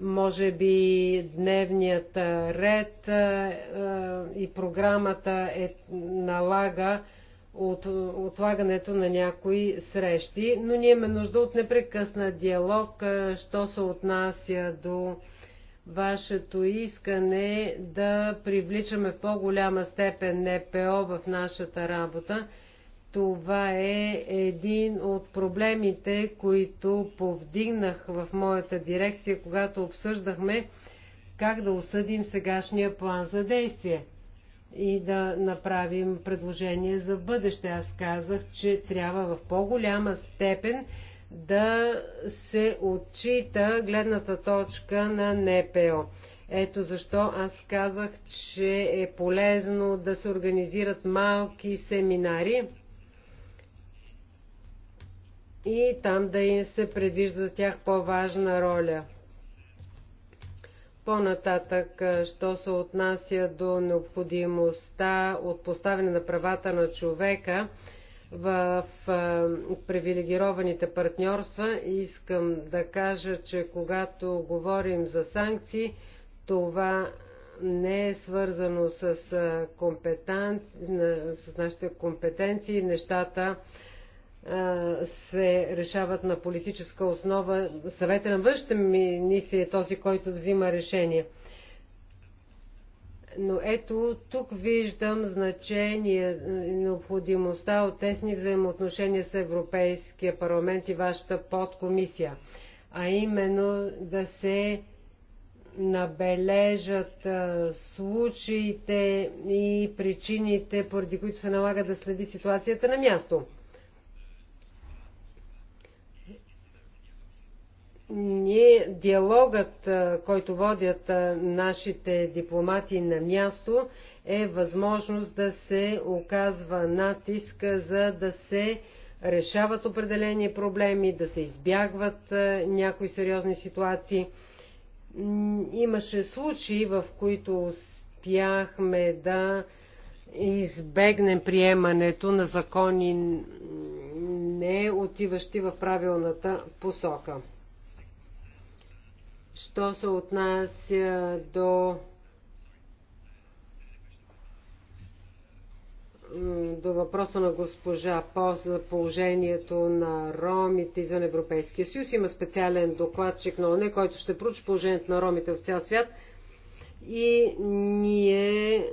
Може би дневният ред и програмата е налага от, отлагането на някои срещи, но ние имаме нужда от непрекъснат диалог, що се отнася до вашето искане да привличаме в по-голяма степен НПО в нашата работа. Това е един от проблемите, които повдигнах в моята дирекция, когато обсъждахме как да осъдим сегашния план за действие и да направим предложение за бъдеще. Аз казах, че трябва в по-голяма степен да се отчита гледната точка на НПО. Ето защо аз казах, че е полезно да се организират малки семинари, и там да им се предвижда за тях по-важна роля. По-нататък, що се отнася до необходимостта от поставяне на правата на човека в привилегированите партньорства, искам да кажа, че когато говорим за санкции, това не е свързано с, компетен... с нашите компетенции. Нещата се решават на политическа основа. Съвета на външните министри е този, който взима решение. Но ето, тук виждам значение, и необходимостта от тесни взаимоотношения с Европейския парламент и вашата подкомисия, а именно да се набележат а, случаите и причините, поради които се налага да следи ситуацията на място. ние, диалогът, който водят нашите дипломати на място, е възможност да се оказва натиск, за да се решават определени проблеми, да се избягват някои сериозни ситуации. Имаше случаи, в които успяхме да избегнем приемането на закони не отиващи в правилната посока. Що се отнася до до въпроса на госпожа По за положението на ромите извън Европейския съюз. Има специален докладчик на ОНЕ, който ще проучи положението на ромите в цял свят. И ние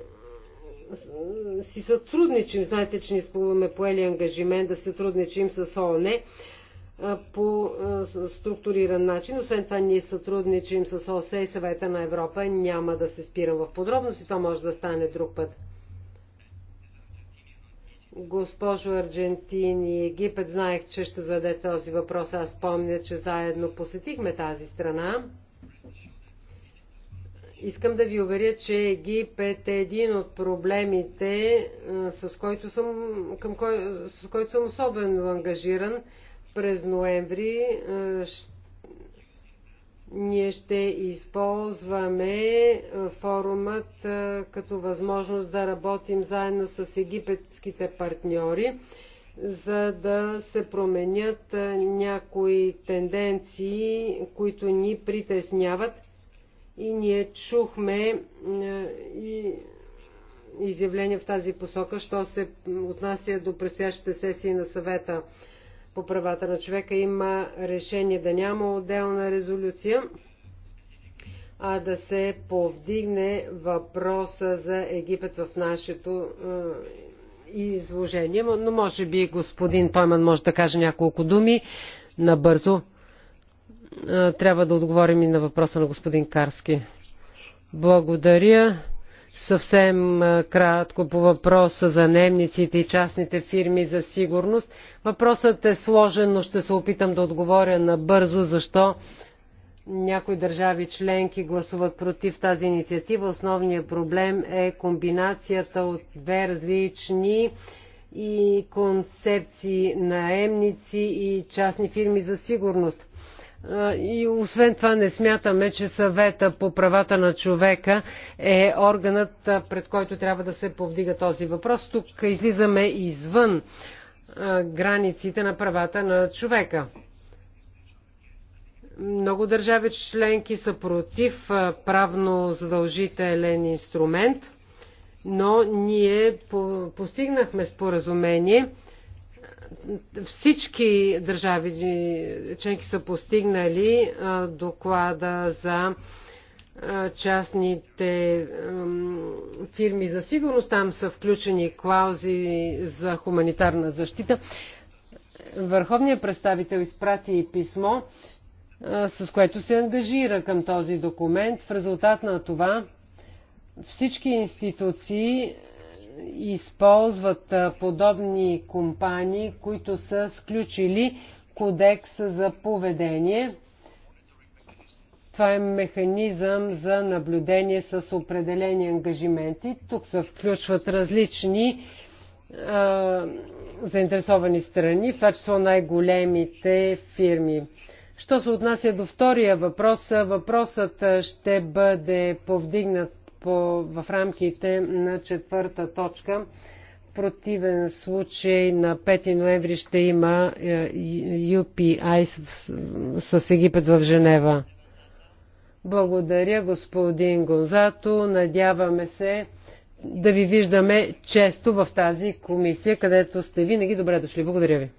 си сътрудничим. Знаете, че ни сме поели ангажимент да сътрудничим с ООН по структуриран начин. Освен това, ние сътрудничим с ОСЕ и съвета на Европа. Няма да се спирам в подробности, това може да стане друг път. Госпожо Аржентини, и Египет, знаех, че ще зададе този въпрос. Аз помня, че заедно посетихме тази страна. Искам да ви уверя, че Египет е един от проблемите, с който съм, към кой, с който съм особено ангажиран през ноември ние ще използваме форумът като възможност да работим заедно с египетските партньори, за да се променят някои тенденции, които ни притесняват. И ние чухме и изявления в тази посока, що се отнася до предстоящите сесии на съвета по правата на човека има решение да няма отделна резолюция, а да се повдигне въпроса за Египет в нашето е, изложение. Но може би господин Тойман може да каже няколко думи набързо. Е, трябва да отговорим и на въпроса на господин Карски. Благодаря. Съвсем кратко по въпроса за немниците и частните фирми за сигурност. Въпросът е сложен, но ще се опитам да отговоря набързо, защо някои държави членки гласуват против тази инициатива. Основният проблем е комбинацията от две различни и концепции наемници и частни фирми за сигурност. И освен това не смятаме, че съвета по правата на човека е органът, пред който трябва да се повдига този въпрос. Тук излизаме извън границите на правата на човека. Много държави членки са против правно задължителен инструмент, но ние постигнахме споразумение всички държави членки са постигнали доклада за частните фирми за сигурност. Там са включени клаузи за хуманитарна защита. Върховният представител изпрати писмо, с което се ангажира към този документ. В резултат на това всички институции използват подобни компании, които са сключили кодекс за поведение. Това е механизъм за наблюдение с определени ангажименти. Тук се включват различни а, заинтересовани страни, в това число най-големите фирми. Що се отнася до втория въпрос, въпросът ще бъде повдигнат по, в рамките на четвърта точка. В противен случай на 5 ноември ще има UPI е, с, с Египет в Женева. Благодаря, господин Гонзато. Надяваме се да ви виждаме често в тази комисия, където сте винаги добре дошли. Благодаря ви.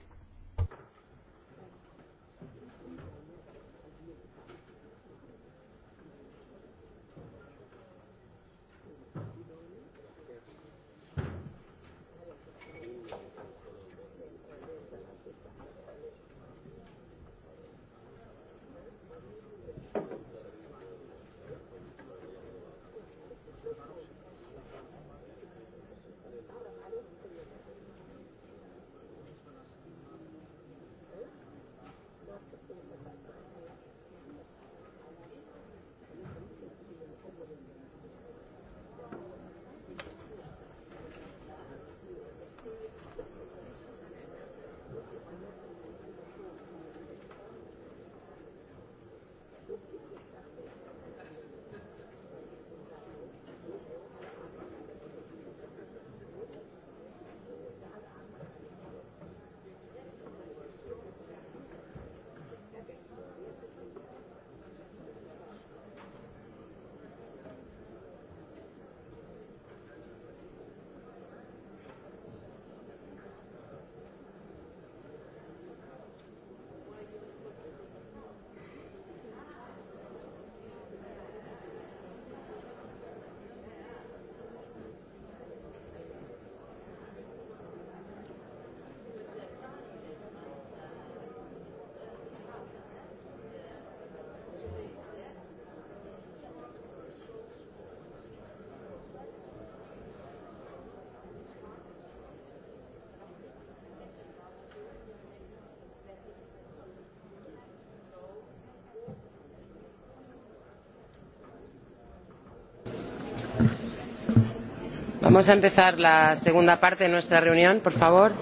Vamos a empezar la segunda parte de nuestra reunión, por favor.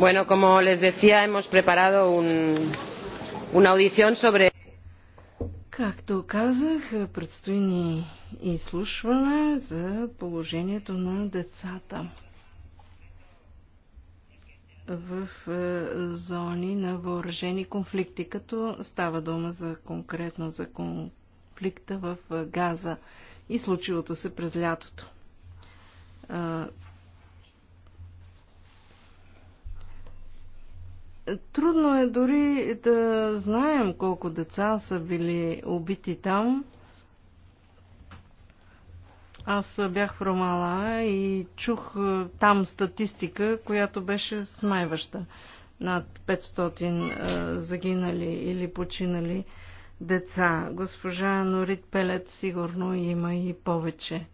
Bueno, como les decía, hemos preparado un, una audición sobre Както казах, предстои ни изслушване за положението на децата в е, зони на въоръжени конфликти, като става дума за конкретно за конфликта в е, Газа и случилото се през лятото. Е, Трудно е дори да знаем колко деца са били убити там. Аз бях в Ромала и чух е, там статистика, която беше смайваща. Над 500 е, загинали или починали деца. Госпожа Норит Пелет сигурно има и повече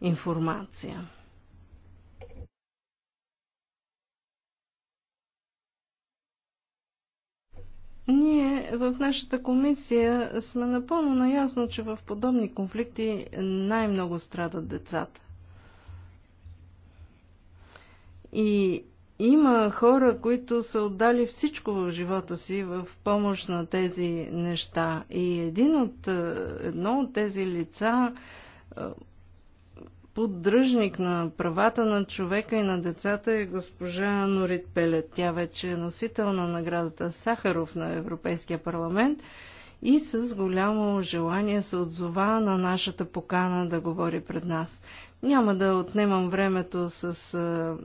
информация. Ние в нашата комисия сме напълно наясно, че в подобни конфликти най-много страдат децата. И има хора, които са отдали всичко в живота си в помощ на тези неща. И един от, едно от тези лица поддръжник на правата на човека и на децата е госпожа Норит Пелет. Тя вече е носител на наградата Сахаров на Европейския парламент и с голямо желание се отзова на нашата покана да говори пред нас. Няма да отнемам времето с а,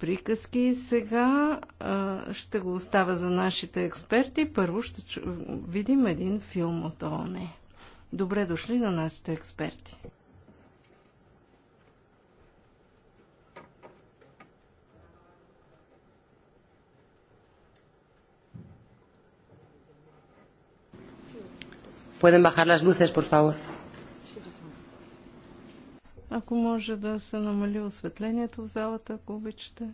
приказки сега. А, ще го оставя за нашите експерти. Първо ще чу... видим един филм от ОНЕ. Добре дошли на нашите експерти. Pueden bajar las luces, por favor. Ако може да се намали осветлението в залата, ако обичате.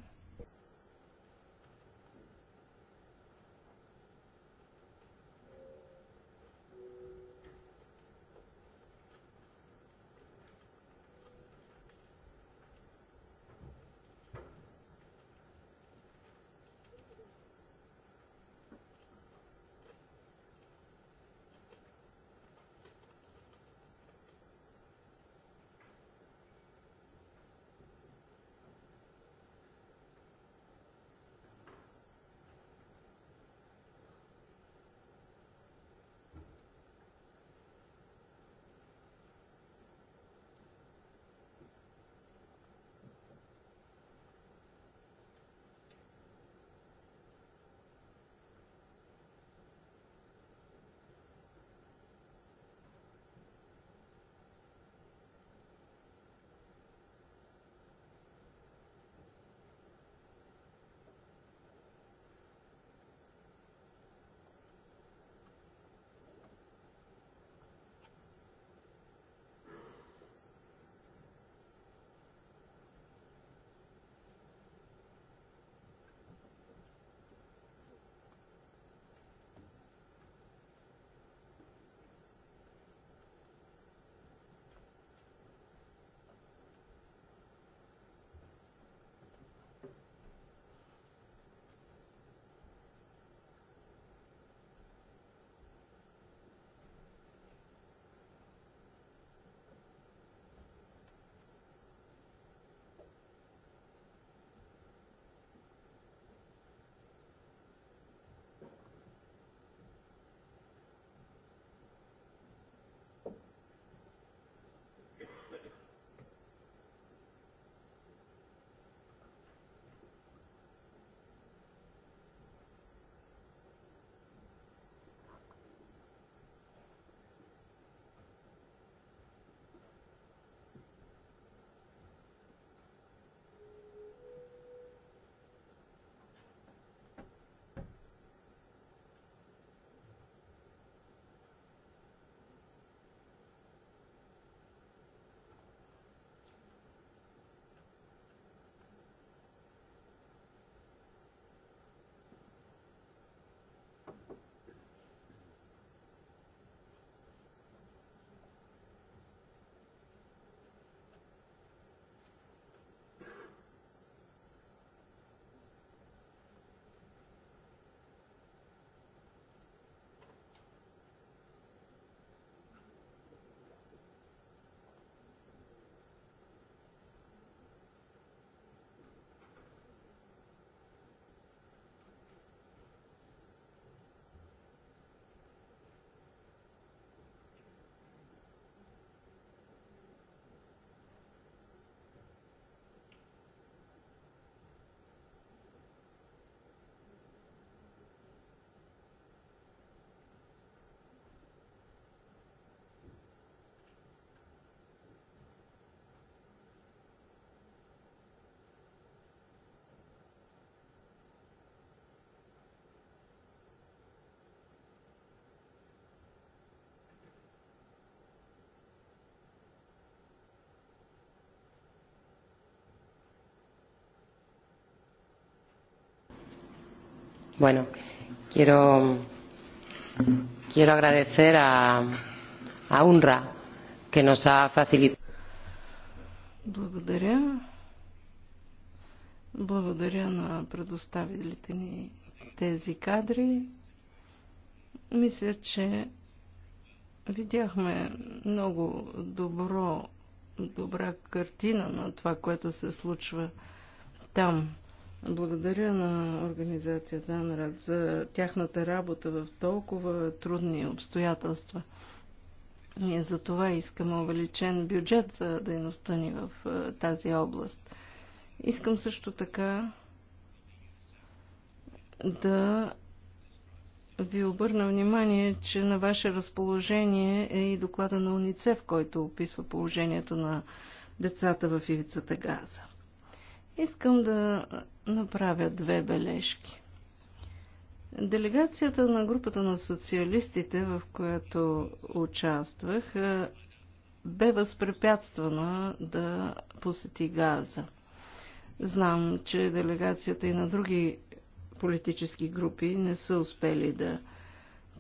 Bueno, quiero, quiero agradecer a, a UNRWA que nos ha facilitado. Благодаря. Благодаря на предоставилите ни тези кадри. Мисля, че видяхме много добро, добра картина на това, което се случва там. Благодаря на организацията АНРАД за тяхната работа в толкова трудни обстоятелства. Ние за това искаме увеличен бюджет за дейността ни в тази област. Искам също така да ви обърна внимание, че на ваше разположение е и доклада на УНИЦЕВ, който описва положението на децата в ивицата Газа. Искам да направя две бележки. Делегацията на групата на социалистите, в която участвах, е, бе възпрепятствана да посети Газа. Знам, че делегацията и на други политически групи не са успели да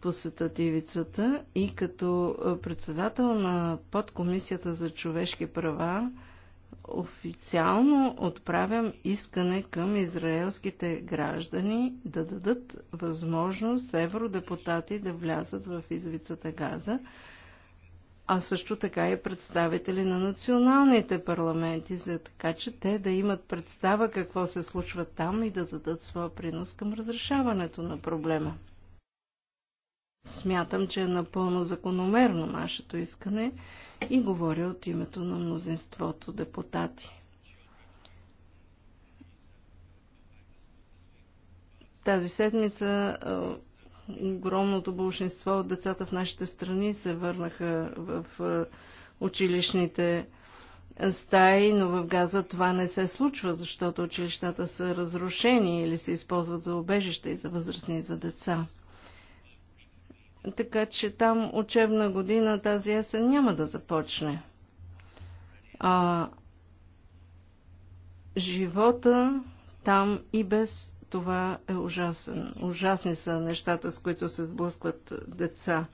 посетат ивицата и като председател на подкомисията за човешки права официално отправям искане към израелските граждани да дадат възможност евродепутати да влязат в извицата Газа, а също така и представители на националните парламенти, за така че те да имат представа какво се случва там и да дадат своя принос към разрешаването на проблема. Смятам, че е напълно закономерно нашето искане и говоря от името на мнозинството депутати. Тази седмица огромното большинство от децата в нашите страни се върнаха в училищните стаи, но в Газа това не се случва, защото училищата са разрушени или се използват за обежище и за възрастни и за деца така че там учебна година тази есен няма да започне. А живота там и без това е ужасен. Ужасни са нещата, с които се сблъскват деца.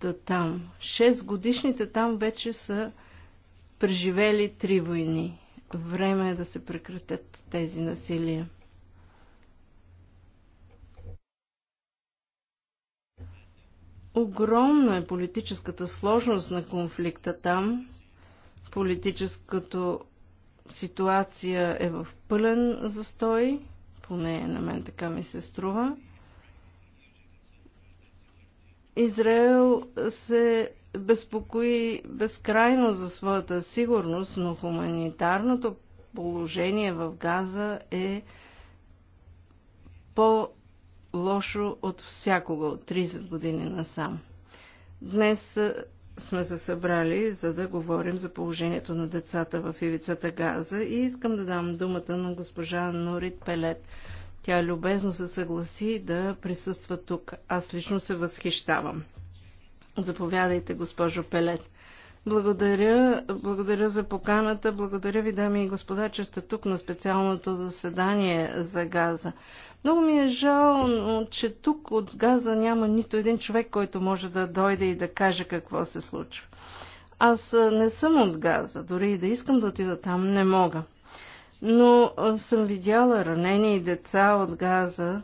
Та там. Шест годишните там вече са преживели три войни. Време е да се прекратят тези насилия. Огромна е политическата сложност на конфликта там. Политическата ситуация е в пълен застой, поне на мен така ми се струва. Израел се безпокои безкрайно за своята сигурност, но хуманитарното положение в Газа е по лошо от всякога от 30 години насам. Днес сме се събрали, за да говорим за положението на децата в ивицата Газа и искам да дам думата на госпожа Норит Пелет. Тя любезно се съгласи да присъства тук. Аз лично се възхищавам. Заповядайте, госпожо Пелет. Благодаря, благодаря за поканата, благодаря ви, дами и господа, че сте тук на специалното заседание за газа. Много ми е жал, че тук от газа няма нито един човек, който може да дойде и да каже какво се случва. Аз не съм от газа, дори и да искам да отида там, не мога. Но съм видяла ранени деца от газа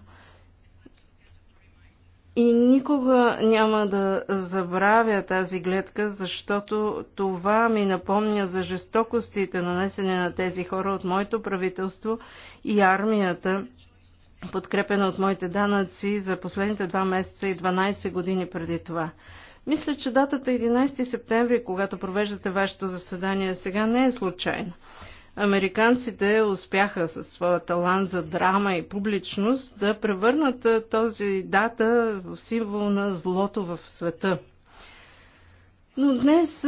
и никога няма да забравя тази гледка, защото това ми напомня за жестокостите, нанесени на тези хора от моето правителство и армията, подкрепена от моите данъци за последните два месеца и 12 години преди това. Мисля, че датата 11 септември, когато провеждате вашето заседание сега, не е случайна. Американците успяха със своя талант за драма и публичност да превърнат този дата в символ на злото в света. Но днес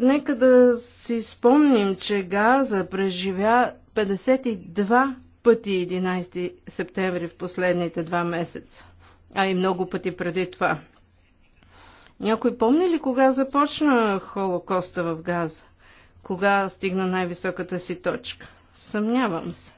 нека да си спомним, че Газа преживя 52 пъти 11 септември в последните два месеца, а и много пъти преди това. Някой помни ли кога започна Холокоста в Газа? Кога стигна най-високата си точка? Съмнявам се.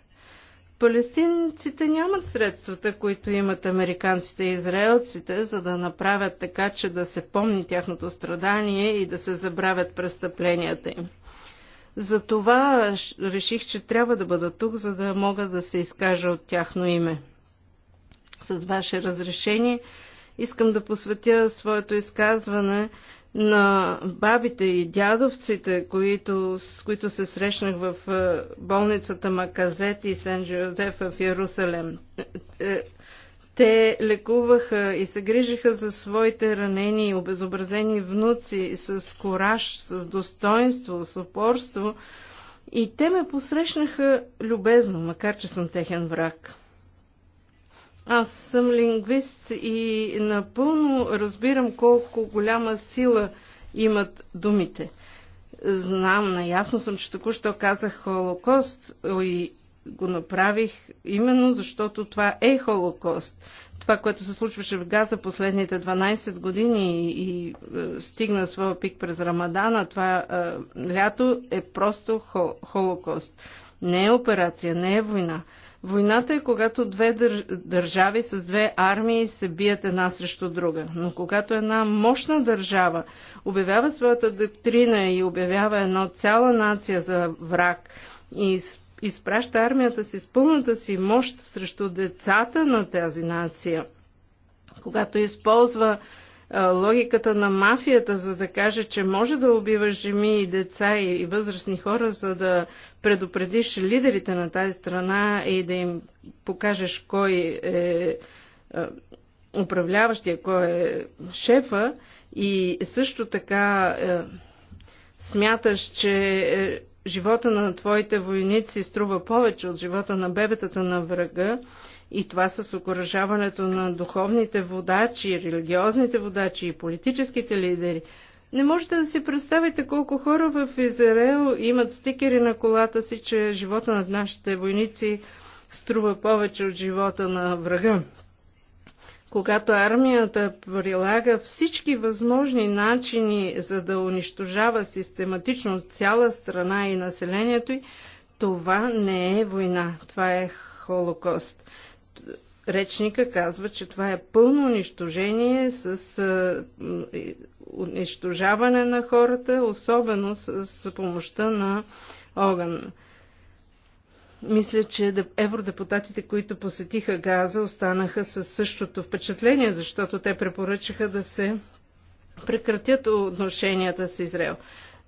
Палестинците нямат средствата, които имат американците и израелците, за да направят така, че да се помни тяхното страдание и да се забравят престъпленията им. Затова реших, че трябва да бъда тук, за да мога да се изкажа от тяхно име. С ваше разрешение искам да посветя своето изказване на бабите и дядовците, които, с които се срещнах в е, болницата Маказет и Сен-Жозеф в Ярусалем. Е, е, те лекуваха и се грижиха за своите ранени и обезобразени внуци с кораж, с достоинство, с упорство. и те ме посрещнаха любезно, макар че съм техен враг. Аз съм лингвист и напълно разбирам колко голяма сила имат думите. Знам, наясно съм, че току-що казах Холокост и го направих именно защото това е Холокост. Това, което се случваше в Газа последните 12 години и, и е, стигна своя пик през Рамадана, това е, лято е просто хол, Холокост. Не е операция, не е война. Войната е когато две дър... държави с две армии се бият една срещу друга. Но когато една мощна държава обявява своята доктрина и обявява една цяла нация за враг и с изпраща армията си с пълната си мощ срещу децата на тази нация, когато използва е, логиката на мафията, за да каже, че може да убиваш жеми и деца и, възрастни хора, за да предупредиш лидерите на тази страна и да им покажеш кой е, е управляващия, кой е шефа и също така е, смяташ, че живота на твоите войници струва повече от живота на бебетата на врага, и това с окоръжаването на духовните водачи, религиозните водачи и политическите лидери. Не можете да си представите колко хора в Израел имат стикери на колата си, че живота на нашите войници струва повече от живота на врага когато армията прилага всички възможни начини за да унищожава систематично цяла страна и населението й, това не е война, това е Холокост. Речника казва, че това е пълно унищожение с а, унищожаване на хората, особено с, с помощта на огън. Мисля, че евродепутатите, които посетиха Газа, останаха със същото впечатление, защото те препоръчаха да се прекратят отношенията с Израел.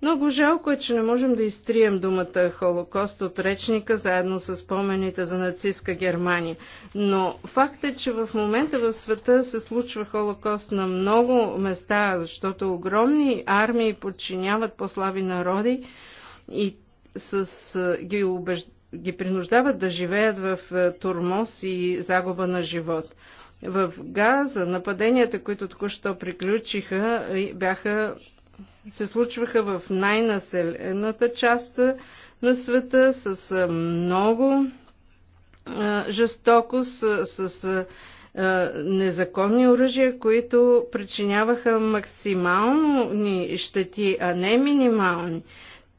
Много жалко е, че не можем да изтрием думата Холокост от речника, заедно с спомените за нацистска Германия. Но факт е, че в момента в света се случва Холокост на много места, защото огромни армии подчиняват по-слаби народи и с, ги убеж ги принуждават да живеят в е, турмоз и загуба на живот. В Газа нападенията, които току-що приключиха, бяха, се случваха в най-населената част на света с е, много е, жестокост, с, с незаконни оръжия, които причиняваха максимални щети, а не минимални.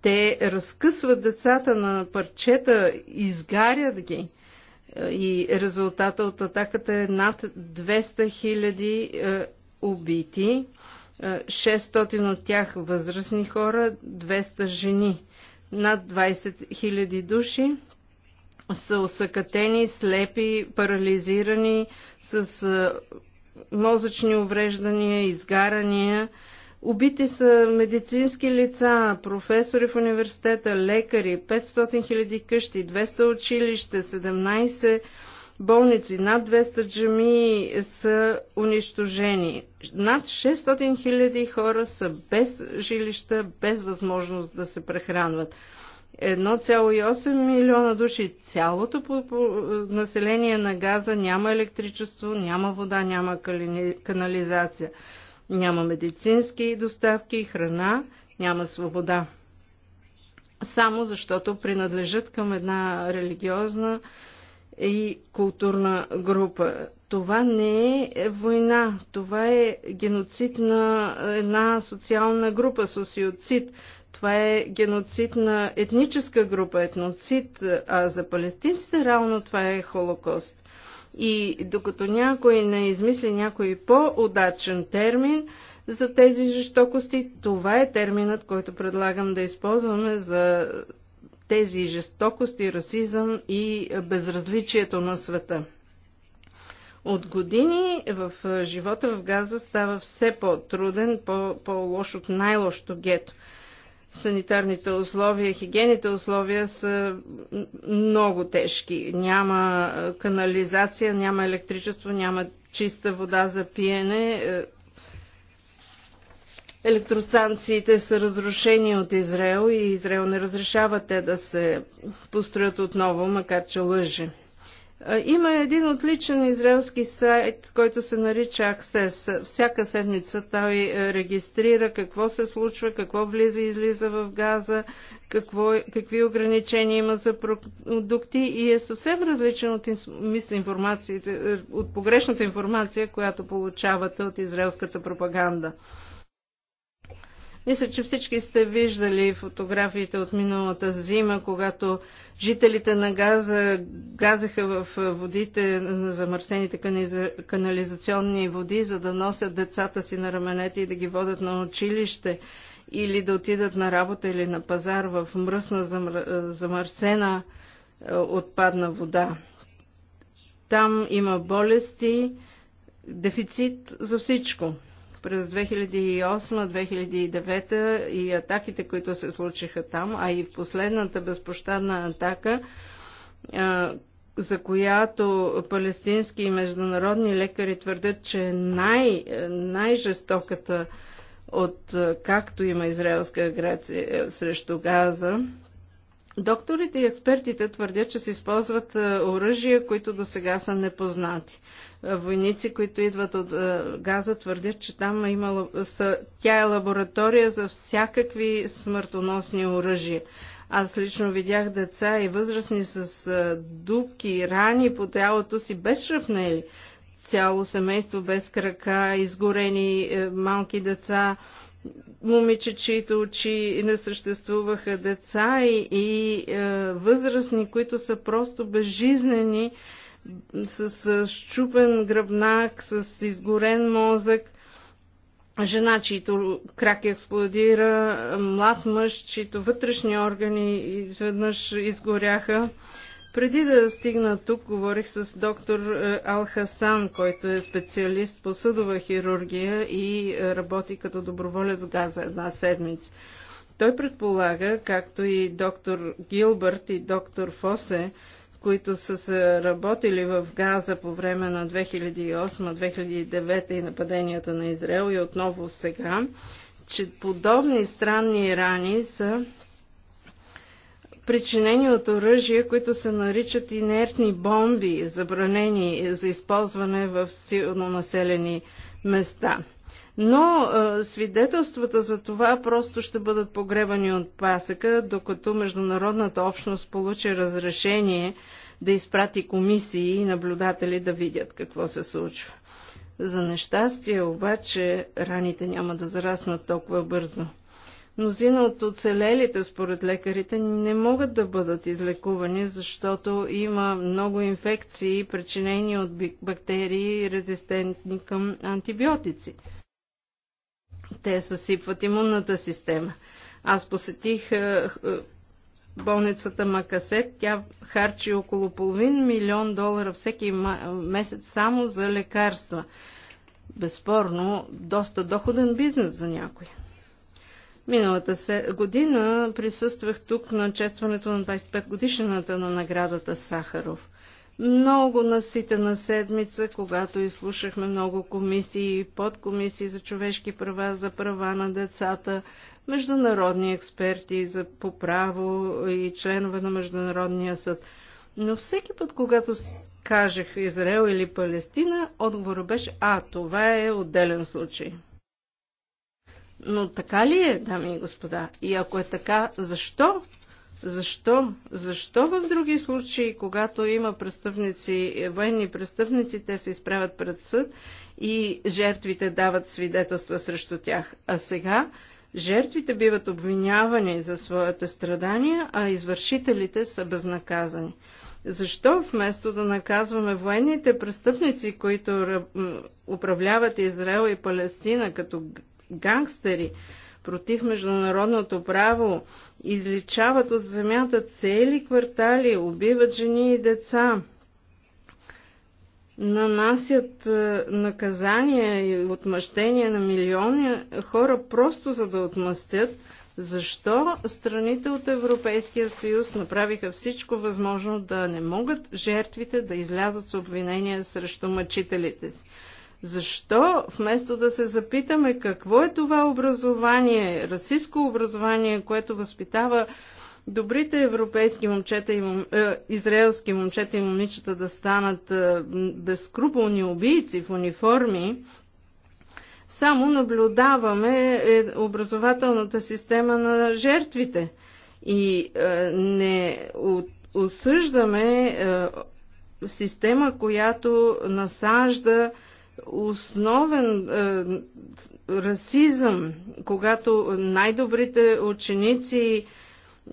Те разкъсват децата на парчета, изгарят ги. И резултата от атаката е над 200 хиляди е, убити, 600 е, от тях възрастни хора, 200 жени. Над 20 хиляди души са осъкатени, слепи, парализирани, с е, мозъчни увреждания, изгарания. Убити са медицински лица, професори в университета, лекари, 500 000 къщи, 200 училища, 17 болници, над 200 джами са унищожени. Над 600 000 хора са без жилища, без възможност да се прехранват. 1,8 милиона души, цялото население на Газа няма електричество, няма вода, няма канализация няма медицински доставки, храна, няма свобода. Само защото принадлежат към една религиозна и културна група. Това не е война, това е геноцид на една социална група, социоцид. Това е геноцид на етническа група, етноцид, а за палестинците реално това е холокост. И докато някой не измисли някой по-удачен термин за тези жестокости, това е терминът, който предлагам да използваме за тези жестокости, расизъм и безразличието на света. От години в е, живота в Газа става все по-труден, по-лош -по от най-лошото гето санитарните условия, хигиените условия са много тежки. Няма канализация, няма електричество, няма чиста вода за пиене. Е, електростанциите са разрушени от Израел и Израел не разрешава те да се построят отново, макар че лъже. Е, има един отличен израелски сайт, който се нарича Access. Всяка седмица той е, регистрира какво се случва, какво влиза и излиза в газа, какво, какви ограничения има за продукти и е съвсем различен от, е, от погрешната информация, която получавате от израелската пропаганда. Мисля, че всички сте виждали фотографиите от миналата зима, когато жителите на Газа газеха в водите на замърсените канализационни води, за да носят децата си на раменете и да ги водят на училище или да отидат на работа или на пазар в мръсна, замърсена е, отпадна вода. Там има болести, дефицит за всичко през 2008-2009 и атаките, които се случиха там, а и в последната безпощадна атака, за която палестински и международни лекари твърдят, че е най- най-жестоката от както има израелска агресия е, срещу Газа. Докторите и експертите твърдят, че се използват оръжия, които до сега са непознати войници, които идват от е, Газа, твърдят, че там е има, са, тя е лаборатория за всякакви смъртоносни оръжия. Аз лично видях деца и възрастни с е, дубки, рани по тялото си, без шрапнели. Цяло семейство без крака, изгорени малки деца, момиче, чието очи не съществуваха, деца и, и е, възрастни, които са просто безжизнени с, с щупен гръбнак, с изгорен мозък, жена, чието крак експлодира, млад мъж, чието вътрешни органи изведнъж изгоряха. Преди да стигна тук, говорих с доктор е, Алхасан, който е специалист по съдова хирургия и работи като доброволец в Газа една седмица. Той предполага, както и доктор Гилбърт и доктор Фосе, които са се работили в Газа по време на 2008-2009 и нападенията на Израел и отново сега, че подобни странни рани са причинени от оръжия, които се наричат инертни бомби, забранени за използване в силно населени места но а, свидетелствата за това просто ще бъдат погребани от пасъка, докато международната общност получи разрешение да изпрати комисии и наблюдатели да видят какво се случва. За нещастие обаче раните няма да зараснат толкова бързо. Мнозина от оцелелите, според лекарите, не могат да бъдат излекувани, защото има много инфекции, причинени от бактерии, резистентни към антибиотици. Те съсипват имунната система. Аз посетих е, е, болницата Макасет. Тя харчи около половин милион долара всеки месец само за лекарства. Безспорно, доста доходен бизнес за някой. Миналата се... година присъствах тук на честването на 25 годишната на наградата Сахаров много наситена седмица, когато изслушахме много комисии и подкомисии за човешки права, за права на децата, международни експерти за по право и членове на Международния съд. Но всеки път, когато кажех Израел или Палестина, отговорът беше «А, това е отделен случай». Но така ли е, дами и господа? И ако е така, защо защо? Защо в други случаи, когато има престъпници, военни престъпници, те се изправят пред съд и жертвите дават свидетелства срещу тях? А сега жертвите биват обвинявани за своите страдания, а извършителите са безнаказани. Защо вместо да наказваме военните престъпници, които управляват Израел и Палестина като гангстери, против международното право, изличават от земята цели квартали, убиват жени и деца, нанасят е, наказания и отмъщения на милиони хора просто за да отмъстят, защо страните от Европейския съюз направиха всичко възможно да не могат жертвите да излязат с обвинения срещу мъчителите си? Защо, вместо да се запитаме какво е това образование, расистско образование, което възпитава добрите европейски момчета и мом... е, израелски момчета и момичета да станат е, безкруполни убийци в униформи, само наблюдаваме е, образователната система на жертвите и е, не от, осъждаме е, система, която насажда е, основен е, расизъм, когато най-добрите ученици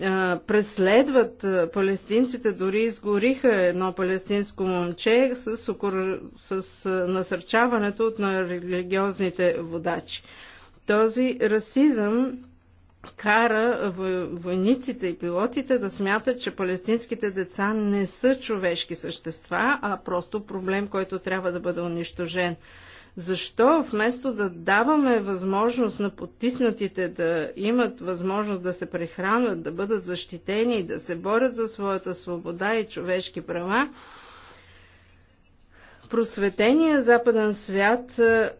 е, преследват е, палестинците, дори изгориха едно палестинско момче с, окор... с е, насърчаването на религиозните водачи. Този расизъм кара войниците и пилотите да смятат, че палестинските деца не са човешки същества, а просто проблем, който трябва да бъде унищожен. Защо вместо да даваме възможност на потиснатите да имат възможност да се прехранват, да бъдат защитени и да се борят за своята свобода и човешки права, просветения западен свят е,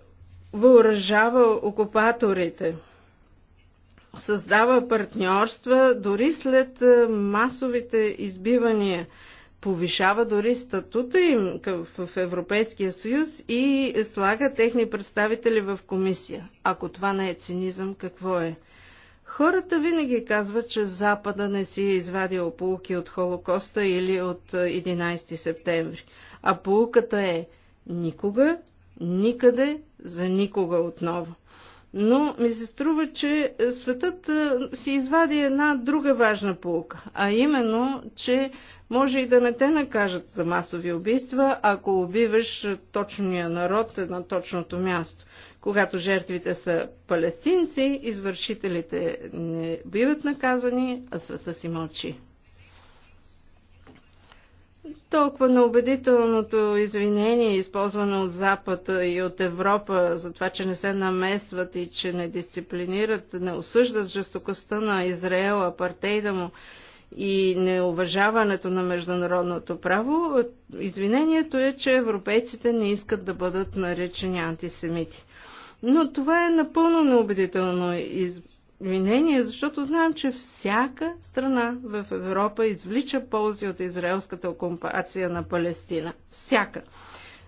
въоръжава окупаторите – създава партньорства дори след е, масовите избивания, повишава дори статута им в Европейския съюз и слага техни представители в комисия. Ако това не е цинизъм, какво е? Хората винаги казват, че Запада не си е извадил полуки от Холокоста или от 11 е, септември. А полуката е никога, никъде, за никога отново. Но ми се струва, че е, светът е, си извади една друга важна полка, а именно, че може и да не те накажат за масови убийства, ако убиваш е, точния народ на точното място. Когато жертвите са палестинци, извършителите не биват наказани, а света си мълчи толкова на убедителното извинение, използвано от Запад и от Европа, за това, че не се намесват и че не дисциплинират, не осъждат жестокостта на Израел, апартейда му и неуважаването на международното право, извинението е, че европейците не искат да бъдат наречени антисемити. Но това е напълно неубедително обвинение, защото знам, че всяка страна в Европа извлича ползи от израелската окупация на Палестина. Всяка.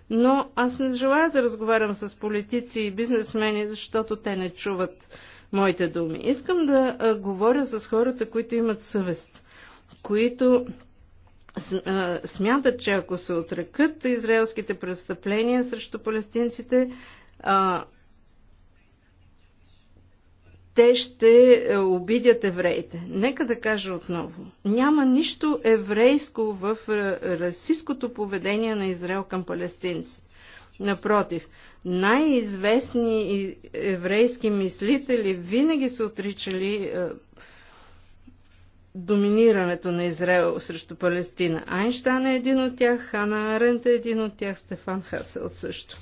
Но аз не желая да разговарям с политици и бизнесмени, защото те не чуват моите думи. Искам да говоря с хората, които имат съвест, които смятат, че ако се отрекат израелските престъпления срещу палестинците, а, те ще е, обидят евреите. Нека да кажа отново. Няма нищо еврейско в е, расистското поведение на Израел към палестинци. Напротив, най-известни еврейски мислители винаги са отричали е, доминирането на Израел срещу Палестина. Айнштайн е един от тях, Хана Арент е един от тях, Стефан Хасел също.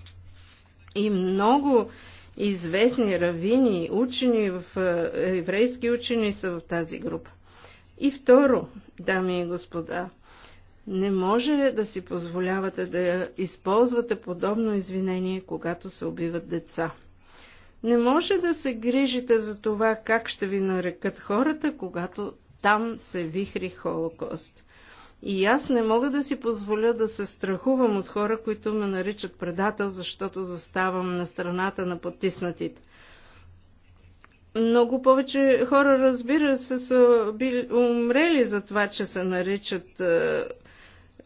И много известни равини, учени, в, е, еврейски учени са в тази група. И второ, дами и господа, не може да си позволявате да използвате подобно извинение, когато се убиват деца. Не може да се грижите за това как ще ви нарекат хората, когато там се вихри Холокост. И аз не мога да си позволя да се страхувам от хора, които ме наричат предател, защото заставам на страната на потиснатите. Много повече хора, разбира се, са били, умрели за това, че се наричат е,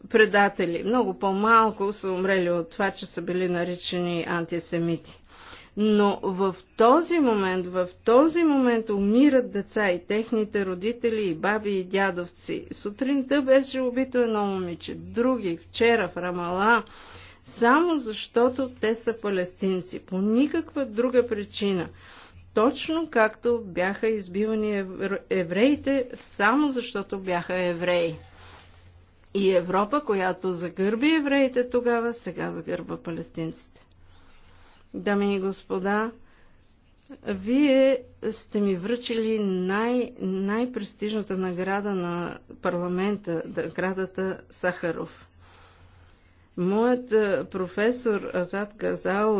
предатели. Много по-малко са умрели от това, че са били наричани антисемити. Но в този момент, в този момент умират деца и техните родители и баби и дядовци. Сутринта беше убито едно момиче, други вчера в Рамала, само защото те са палестинци, по никаква друга причина. Точно както бяха избивани евреите, само защото бяха евреи. И Европа, която загърби евреите тогава, сега загърба палестинците. Дами и господа, вие сте ми връчили най- най-престижната награда на парламента, наградата Сахаров. Моят е, професор Азад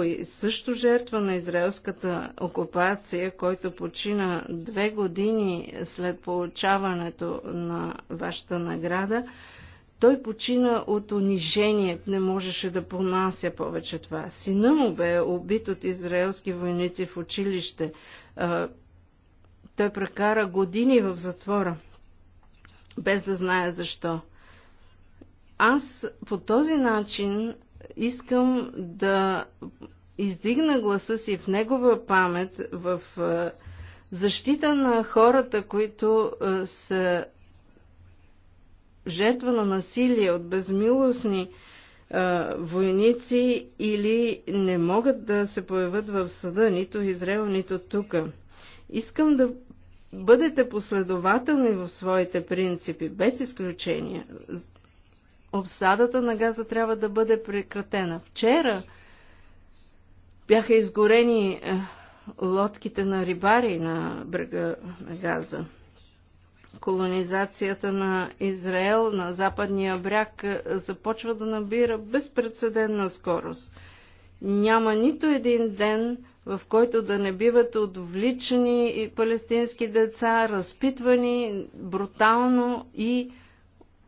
и също жертва на израелската окупация, който почина две години след получаването на вашата награда, той почина от унижение, не можеше да понася повече това. Сина му бе убит от израелски войници в училище. Той прекара години в затвора, без да знае защо. Аз по този начин искам да издигна гласа си в негова памет, в защита на хората, които са жертва на насилие от безмилостни а, войници или не могат да се появят в съда, нито Израел, нито тук. Искам да бъдете последователни в своите принципи, без изключение. Обсадата на газа трябва да бъде прекратена. Вчера бяха изгорени е, лодките на рибари на брега на газа колонизацията на Израел на западния бряг е, започва да набира безпредседентна скорост. Няма нито един ден, в който да не биват отвличани палестински деца, разпитвани брутално и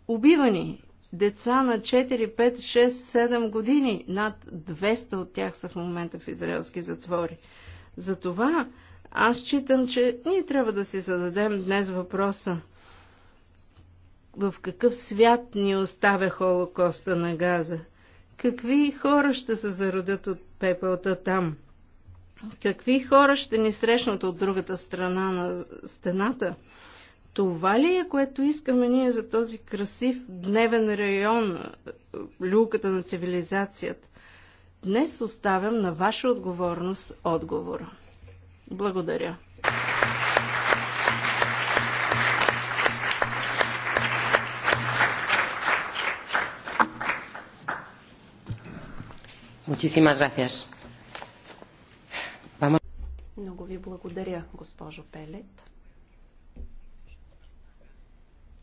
убивани. Деца на 4, 5, 6, 7 години, над 200 от тях са в момента в израелски затвори. Затова аз считам, че ние трябва да си зададем днес въпроса в какъв свят ни оставя Холокоста на Газа? Какви хора ще се зародят от пепелта там? Какви хора ще ни срещнат от другата страна на стената? Това ли е, което искаме ние за този красив дневен район, люката на цивилизацията? Днес оставям на ваша отговорност отговора. Благодаря. Muchísimas gracias. Vamos. Много ви благодаря, госпожо Пелет.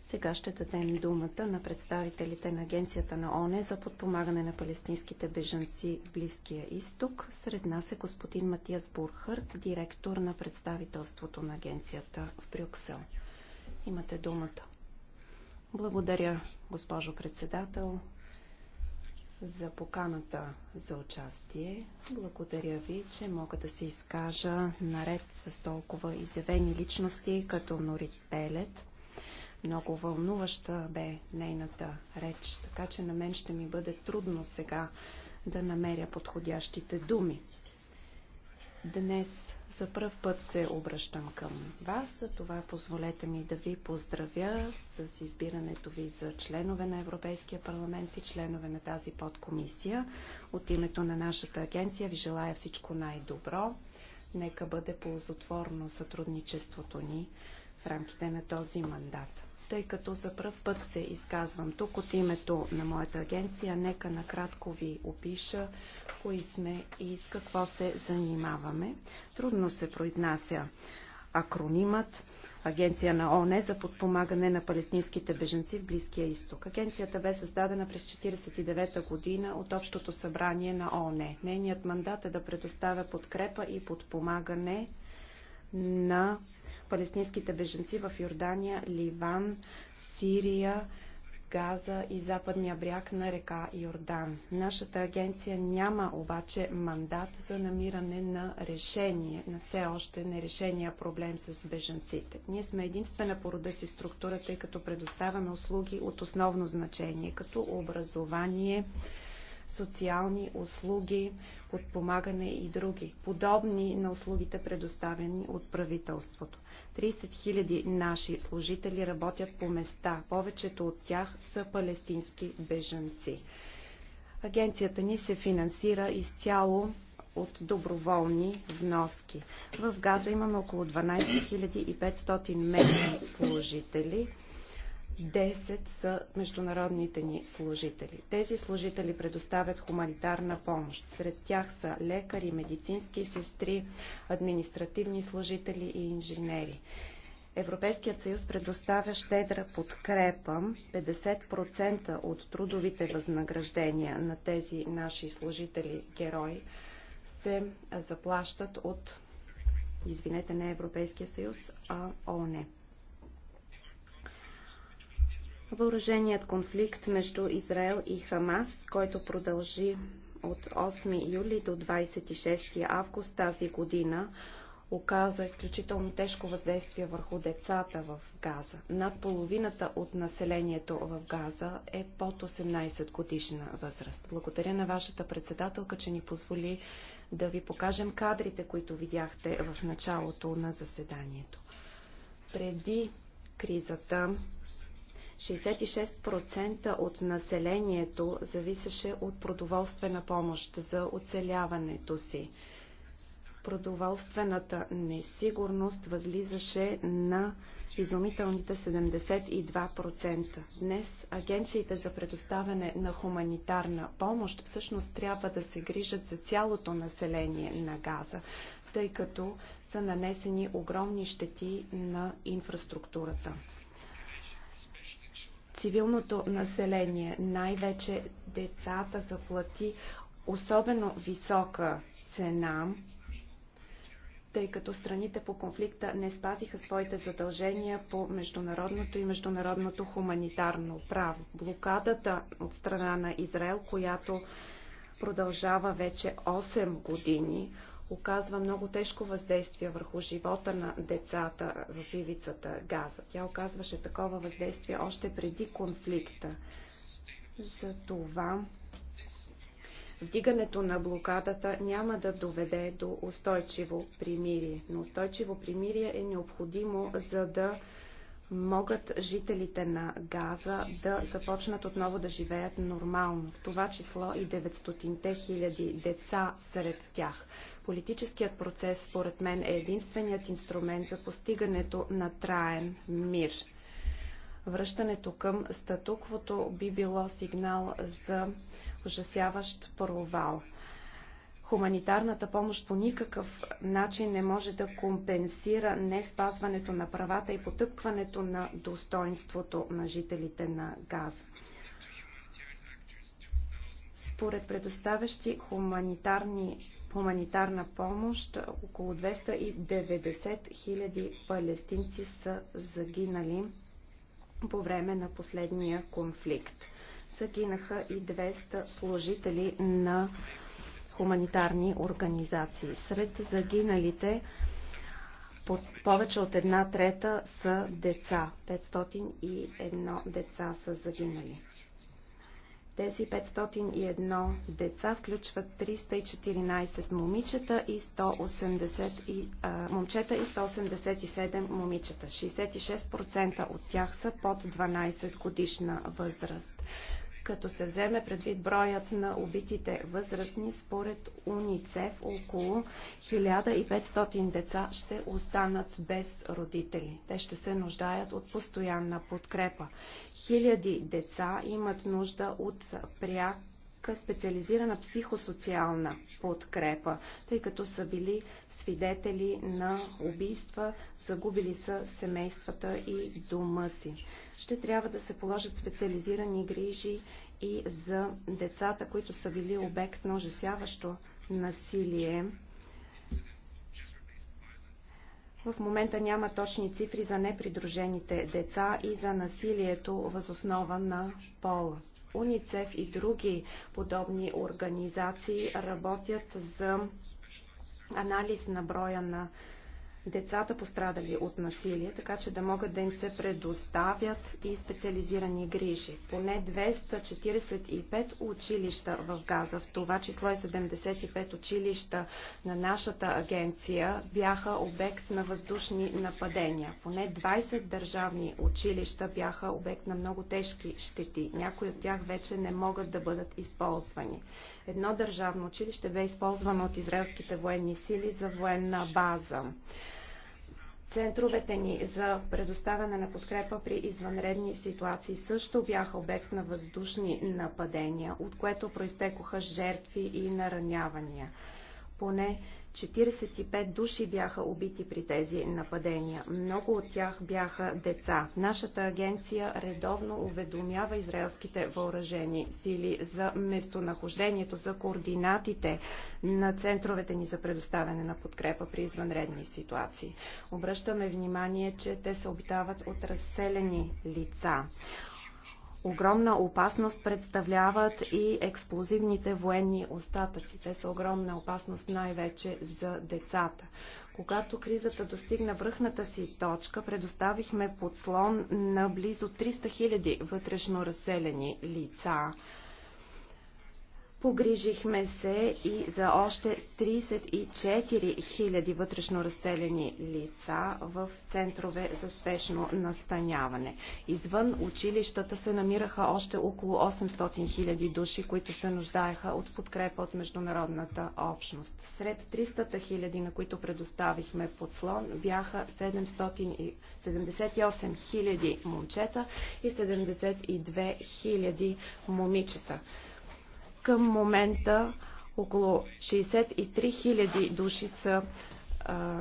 Сега ще дадем думата на представителите на Агенцията на ОНЕ за подпомагане на палестинските бежанци в Близкия изток. Сред нас е господин Матиас Бурхарт, директор на представителството на Агенцията в Брюксел. Имате думата. Благодаря, госпожо председател, за поканата за участие. Благодаря ви, че мога да се изкажа наред с толкова изявени личности, като Норит Пелет – много вълнуваща бе нейната реч, така че на мен ще ми бъде трудно сега да намеря подходящите думи. Днес за пръв път се обръщам към вас, за това позволете ми да ви поздравя с избирането ви за членове на Европейския парламент и членове на тази подкомисия. От името на нашата агенция ви желая всичко най-добро. Нека бъде ползотворно сътрудничеството ни в рамките на този мандат тъй като за пръв път се изказвам тук от името на моята агенция, нека накратко ви опиша кои сме и с какво се занимаваме. Трудно се произнася акронимът Агенция на ОНЕ за подпомагане на палестинските беженци в Близкия изток. Агенцията бе създадена през 1949 година от Общото събрание на ОНЕ. Нейният мандат е да предоставя подкрепа и подпомагане на палестинските беженци в Йордания, Ливан, Сирия, Газа и западния бряг на река Йордан. Нашата агенция няма обаче мандат за намиране на решение на все още нерешения проблем с бежанците. Ние сме единствена по рода си структура, тъй като предоставяме услуги от основно значение, като образование, социални услуги, подпомагане и други, подобни на услугите предоставени от правителството. 30 000 наши служители работят по места. Повечето от тях са палестински бежанци. Агенцията ни се финансира изцяло от доброволни вноски. В Газа имаме около 12 500 местни служители. 10 са международните ни служители. Тези служители предоставят хуманитарна помощ. Сред тях са лекари, медицински сестри, административни служители и инженери. Европейският съюз предоставя щедра подкрепа. 50% от трудовите възнаграждения на тези наши служители герои се заплащат от извинете, не Европейския съюз, а ООН. Въоръженият конфликт между Израел и Хамас, който продължи от 8 юли до 26 август тази година, оказа изключително тежко въздействие върху децата в Газа. Над половината от населението в Газа е под 18 годишна възраст. Благодаря на вашата председателка, че ни позволи да ви покажем кадрите, които видяхте в началото на заседанието. Преди кризата 66% от населението зависеше от продоволствена помощ за оцеляването си. Продоволствената несигурност възлизаше на изумителните 72%. Днес агенциите за предоставяне на хуманитарна помощ всъщност трябва да се грижат за цялото население на Газа, тъй като са нанесени огромни щети на инфраструктурата цивилното население, най-вече децата, заплати особено висока цена, тъй като страните по конфликта не спазиха своите задължения по международното и международното хуманитарно право. Блокадата от страна на Израел, която продължава вече 8 години, оказва много тежко въздействие върху живота на децата в ивицата Газа. Тя оказваше такова въздействие още преди конфликта. Затова вдигането на блокадата няма да доведе до устойчиво примирие. Но устойчиво примирие е необходимо, за да могат жителите на Газа да започнат отново да живеят нормално, в това число и 900-те хиляди деца сред тях. Политическият процес, според мен, е единственият инструмент за постигането на траен мир. Връщането към статуквото би било сигнал за ужасяващ провал. Хуманитарната помощ по никакъв начин не може да компенсира не спазването на правата и потъпкването на достоинството на жителите на Газа. Според предоставящи хуманитарни, хуманитарна помощ, около 290 000 палестинци са загинали по време на последния конфликт. Загинаха и 200 служители на хуманитарни организации. Сред загиналите повече от една трета са деца. 501 деца са загинали. Тези 501 деца включват 314 момичета и 180 и, а, момчета и 187 момичета. 66% от тях са под 12 годишна възраст като се вземе предвид броят на убитите възрастни, според УНИЦЕФ около 1500 деца ще останат без родители. Те ще се нуждаят от постоянна подкрепа. Хиляди деца имат нужда от пряк тежка специализирана психосоциална подкрепа, тъй като са били свидетели на убийства, загубили са семействата и дома си. Ще трябва да се положат специализирани грижи и за децата, които са били обект на ужасяващо насилие. В момента няма точни цифри за непридружените деца и за насилието възоснова на пола. УНИЦЕФ и други подобни организации работят за анализ на броя на децата пострадали от насилие, така че да могат да им се предоставят и специализирани грижи. Поне 245 училища в Газа, в това число и 75 училища на нашата агенция, бяха обект на въздушни нападения. Поне 20 държавни училища бяха обект на много тежки щети. Някои от тях вече не могат да бъдат използвани. Едно държавно училище бе използвано от израелските военни сили за военна база. Центровете ни за предоставяне на подкрепа при извънредни ситуации също бяха обект на въздушни нападения, от което проистекоха жертви и наранявания. Поне 45 души бяха убити при тези нападения. Много от тях бяха деца. Нашата агенция редовно уведомява израелските въоръжени сили за местонахождението, за координатите на центровете ни за предоставяне на подкрепа при извънредни ситуации. Обръщаме внимание, че те се обитават от разселени лица. Огромна опасност представляват и експлозивните военни остатъци. Те са огромна опасност най-вече за децата. Когато кризата достигна връхната си точка, предоставихме подслон на близо 300 000 вътрешно разселени лица. Погрижихме се и за още 34 000 вътрешно разселени лица в центрове за спешно настаняване. Извън училищата се намираха още около 800 000 души, които се нуждаеха от подкрепа от международната общност. Сред 300 000, на които предоставихме подслон, бяха 778 000 момчета и 72 000 момичета. Към момента около 63 000 души са а,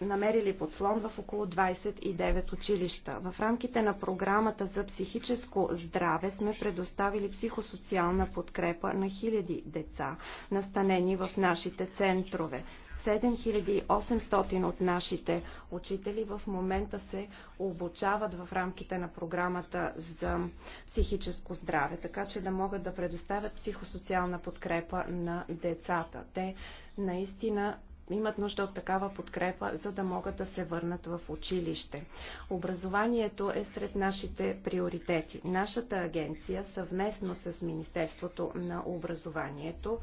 намерили подслон в около 29 училища. В рамките на програмата за психическо здраве сме предоставили психосоциална подкрепа на хиляди деца, настанени в нашите центрове. 7800 от нашите учители в момента се обучават в рамките на програмата за психическо здраве, така че да могат да предоставят психосоциална подкрепа на децата. Те наистина имат нужда от такава подкрепа, за да могат да се върнат в училище. Образованието е сред нашите приоритети. Нашата агенция съвместно с Министерството на образованието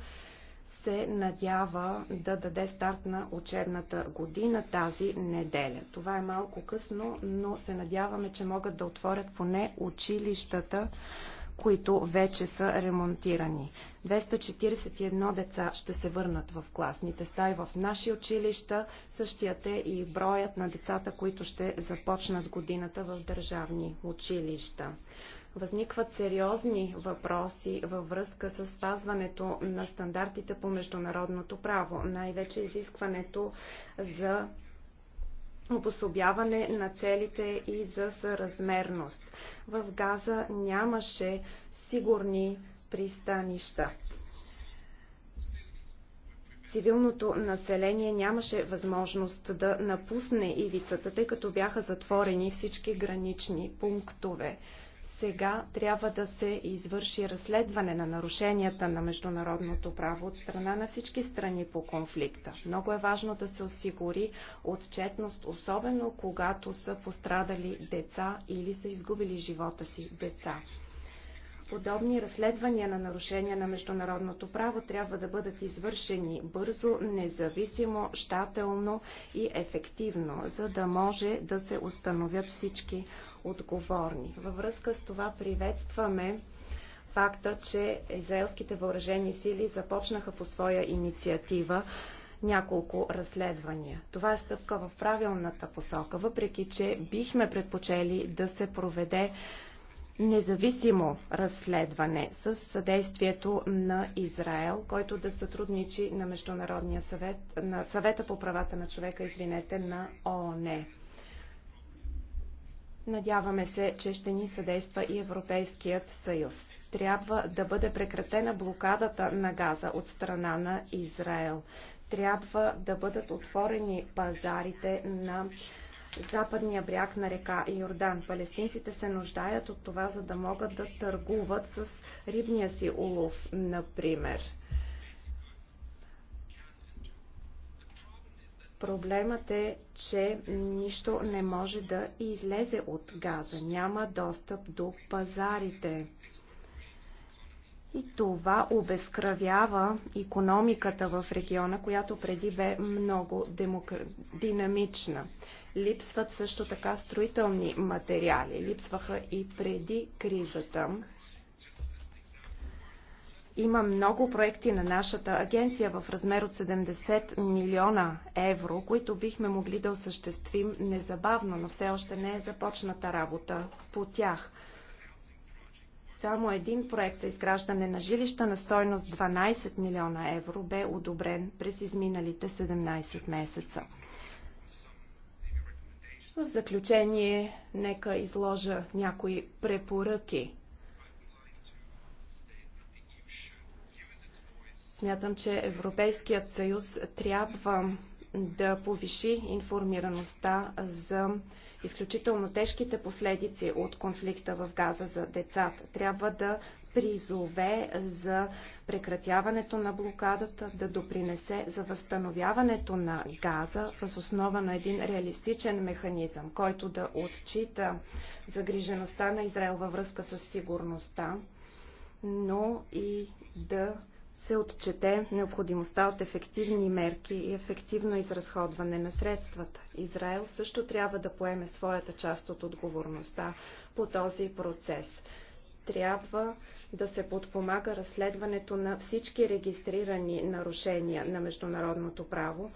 се надява да даде старт на учебната година тази неделя. Това е малко късно, но се надяваме, че могат да отворят поне училищата, които вече са ремонтирани. 241 деца ще се върнат в класните стаи в наши училища. Същият е и броят на децата, които ще започнат годината в държавни училища. Възникват сериозни въпроси във връзка с спазването на стандартите по международното право, най-вече изискването за обособяване на целите и за съразмерност. В Газа нямаше сигурни пристанища цивилното население нямаше възможност да напусне ивицата, тъй като бяха затворени всички гранични пунктове. Сега трябва да се извърши разследване на нарушенията на международното право от страна на всички страни по конфликта. Много е важно да се осигури отчетност, особено когато са пострадали деца или са изгубили живота си деца. Подобни разследвания на нарушения на международното право трябва да бъдат извършени бързо, независимо, щателно и ефективно, за да може да се установят всички отговорни. Във връзка с това приветстваме факта, че израелските въоръжени сили започнаха по своя инициатива няколко разследвания. Това е стъпка в правилната посока, въпреки че бихме предпочели да се проведе независимо разследване с съдействието на Израел, който да сътрудничи на Международния съвет, на съвета по правата на човека, извинете, на ООН. Надяваме се, че ще ни съдейства и Европейският съюз. Трябва да бъде прекратена блокадата на газа от страна на Израел. Трябва да бъдат отворени пазарите на западния бряг на река Йордан. Палестинците се нуждаят от това, за да могат да търгуват с рибния си улов, например. Проблемът е, че нищо не може да излезе от газа. Няма достъп до пазарите. И това обезкръвява економиката в региона, която преди бе много демокр... динамична. Липсват също така строителни материали. Липсваха и преди кризата. Има много проекти на нашата агенция в размер от 70 милиона евро, които бихме могли да осъществим незабавно, но все още не е започната работа по тях. Само един проект за изграждане на жилища на стойност 12 милиона евро бе одобрен през изминалите 17 месеца. В заключение, нека изложа някои препоръки Смятам, че Европейският съюз трябва да повиши информираността за изключително тежките последици от конфликта в Газа за децата. Трябва да призове за прекратяването на блокадата, да допринесе за възстановяването на газа в основа на един реалистичен механизъм, който да отчита загрижеността на Израел във връзка с сигурността, но и да се отчете необходимостта от ефективни мерки и ефективно изразходване на средствата. Израел също трябва да поеме своята част от отговорността по този процес. Трябва да се подпомага разследването на всички регистрирани нарушения на международното право,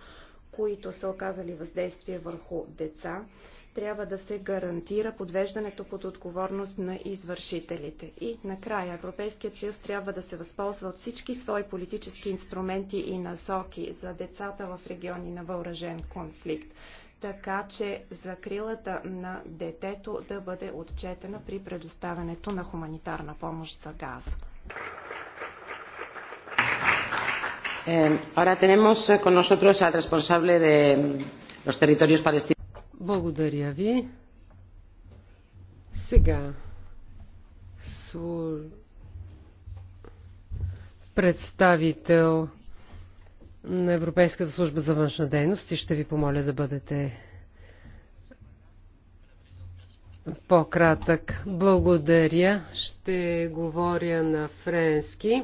които са оказали въздействие върху деца трябва да се гарантира подвеждането под отговорност на извършителите. И накрая Европейският съюз трябва да се възползва от всички свои политически инструменти и насоки за децата в региони на въоръжен конфликт така че закрилата на детето да бъде отчетена при предоставянето на хуманитарна помощ за газ. Ahora tenemos con nosotros al responsable de los territorios palestinos. Благодаря ви. Сега представител на Европейската служба за външна дейност и ще ви помоля да бъдете по-кратък. Благодаря. Ще говоря на френски.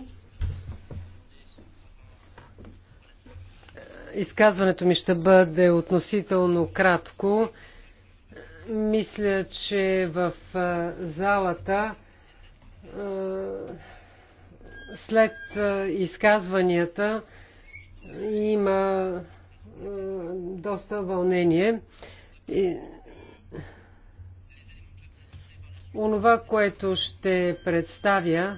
изказването ми ще бъде относително кратко. Мисля, че в залата след изказванията има доста вълнение. И... Онова, което ще представя,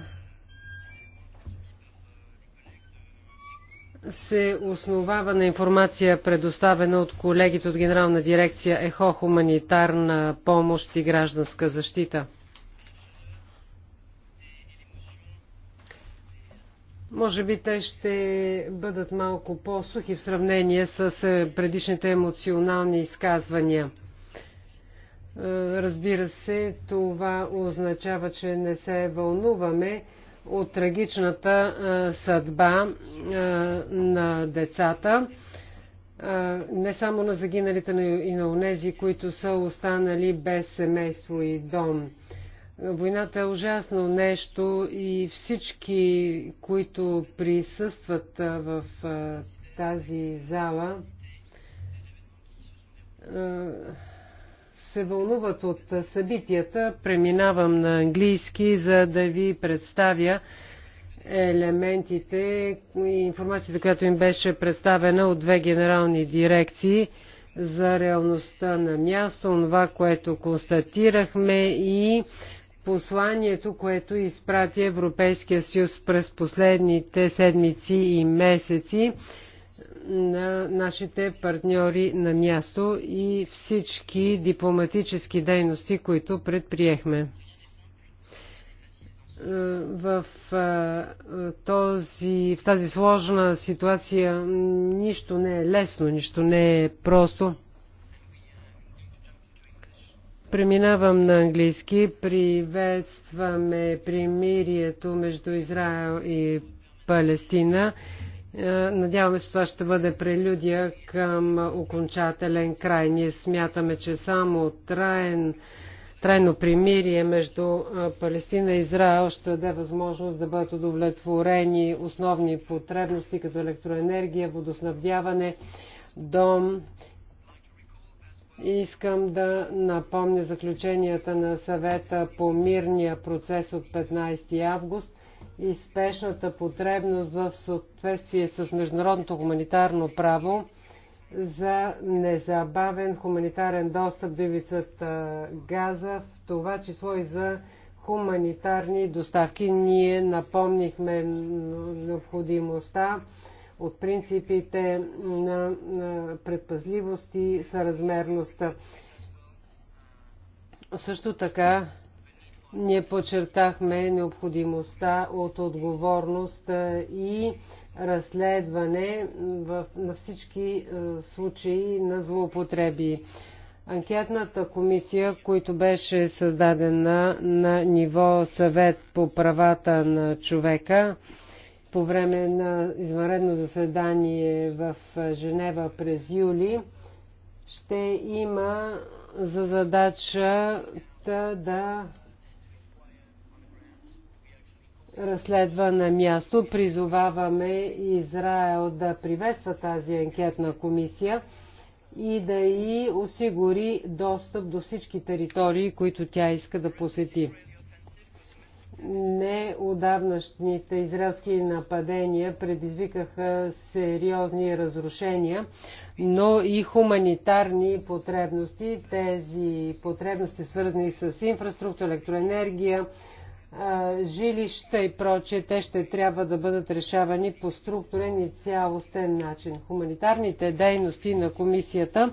се основава на информация, предоставена от колегите от Генерална дирекция ЕХО, хуманитарна помощ и гражданска защита. Може би те ще бъдат малко по-сухи в сравнение с е, предишните емоционални изказвания. Е, разбира се, това означава, че не се вълнуваме от трагичната съдба на децата, не само на загиналите, но и на онези, които са останали без семейство и дом. Войната е ужасно нещо и всички, които присъстват в тази зала, се вълнуват от събитията, преминавам на английски, за да ви представя елементите и информацията, която им беше представена от две генерални дирекции за реалността на място, това, което констатирахме и посланието, което изпрати Европейския съюз през последните седмици и месеци на нашите партньори на място и всички дипломатически дейности, които предприехме. Е, в, е, този, в тази сложна ситуация нищо не е лесно, нищо не е просто. Преминавам на английски. Приветстваме примирието между Израел и Палестина. Е, надяваме се, това ще бъде прелюдия към окончателен край. Ние смятаме, че само траен, трайно примирие между е, Палестина и Израел ще даде възможност да бъдат удовлетворени основни потребности, като електроенергия, водоснабдяване, дом. Искам да напомня заключенията на съвета по мирния процес от 15 август – и спешната потребност в съответствие с международното хуманитарно право за незабавен хуманитарен достъп до ивицата Газа, в това число и за хуманитарни доставки. Ние напомнихме необходимостта от принципите на, на предпазливост и съразмерността. Също така ние подчертахме необходимостта от отговорност и разследване в, на всички е, случаи на злоупотреби. Анкетната комисия, която беше създадена на ниво съвет по правата на човека по време на извънредно заседание в Женева през юли, ще има за задача да разследва на място. Призоваваме Израел да приветства тази анкетна комисия и да й осигури достъп до всички територии, които тя иска да посети. Неодавнашните израелски нападения предизвикаха сериозни разрушения, но и хуманитарни потребности. Тези потребности, свързани с инфраструктура, електроенергия, жилища и прочие, те ще трябва да бъдат решавани по структурен и цялостен начин. Хуманитарните дейности на комисията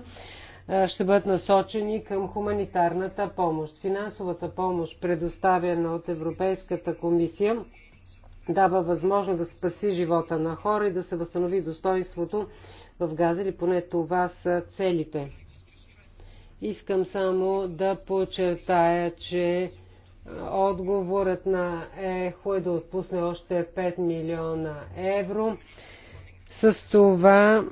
ще бъдат насочени към хуманитарната помощ. Финансовата помощ, предоставена от Европейската комисия, дава възможност да спаси живота на хора и да се възстанови достоинството в Газа, или поне това са целите. Искам само да подчертая, че Отговорът на ЕХО е да отпусне още 5 милиона евро. С това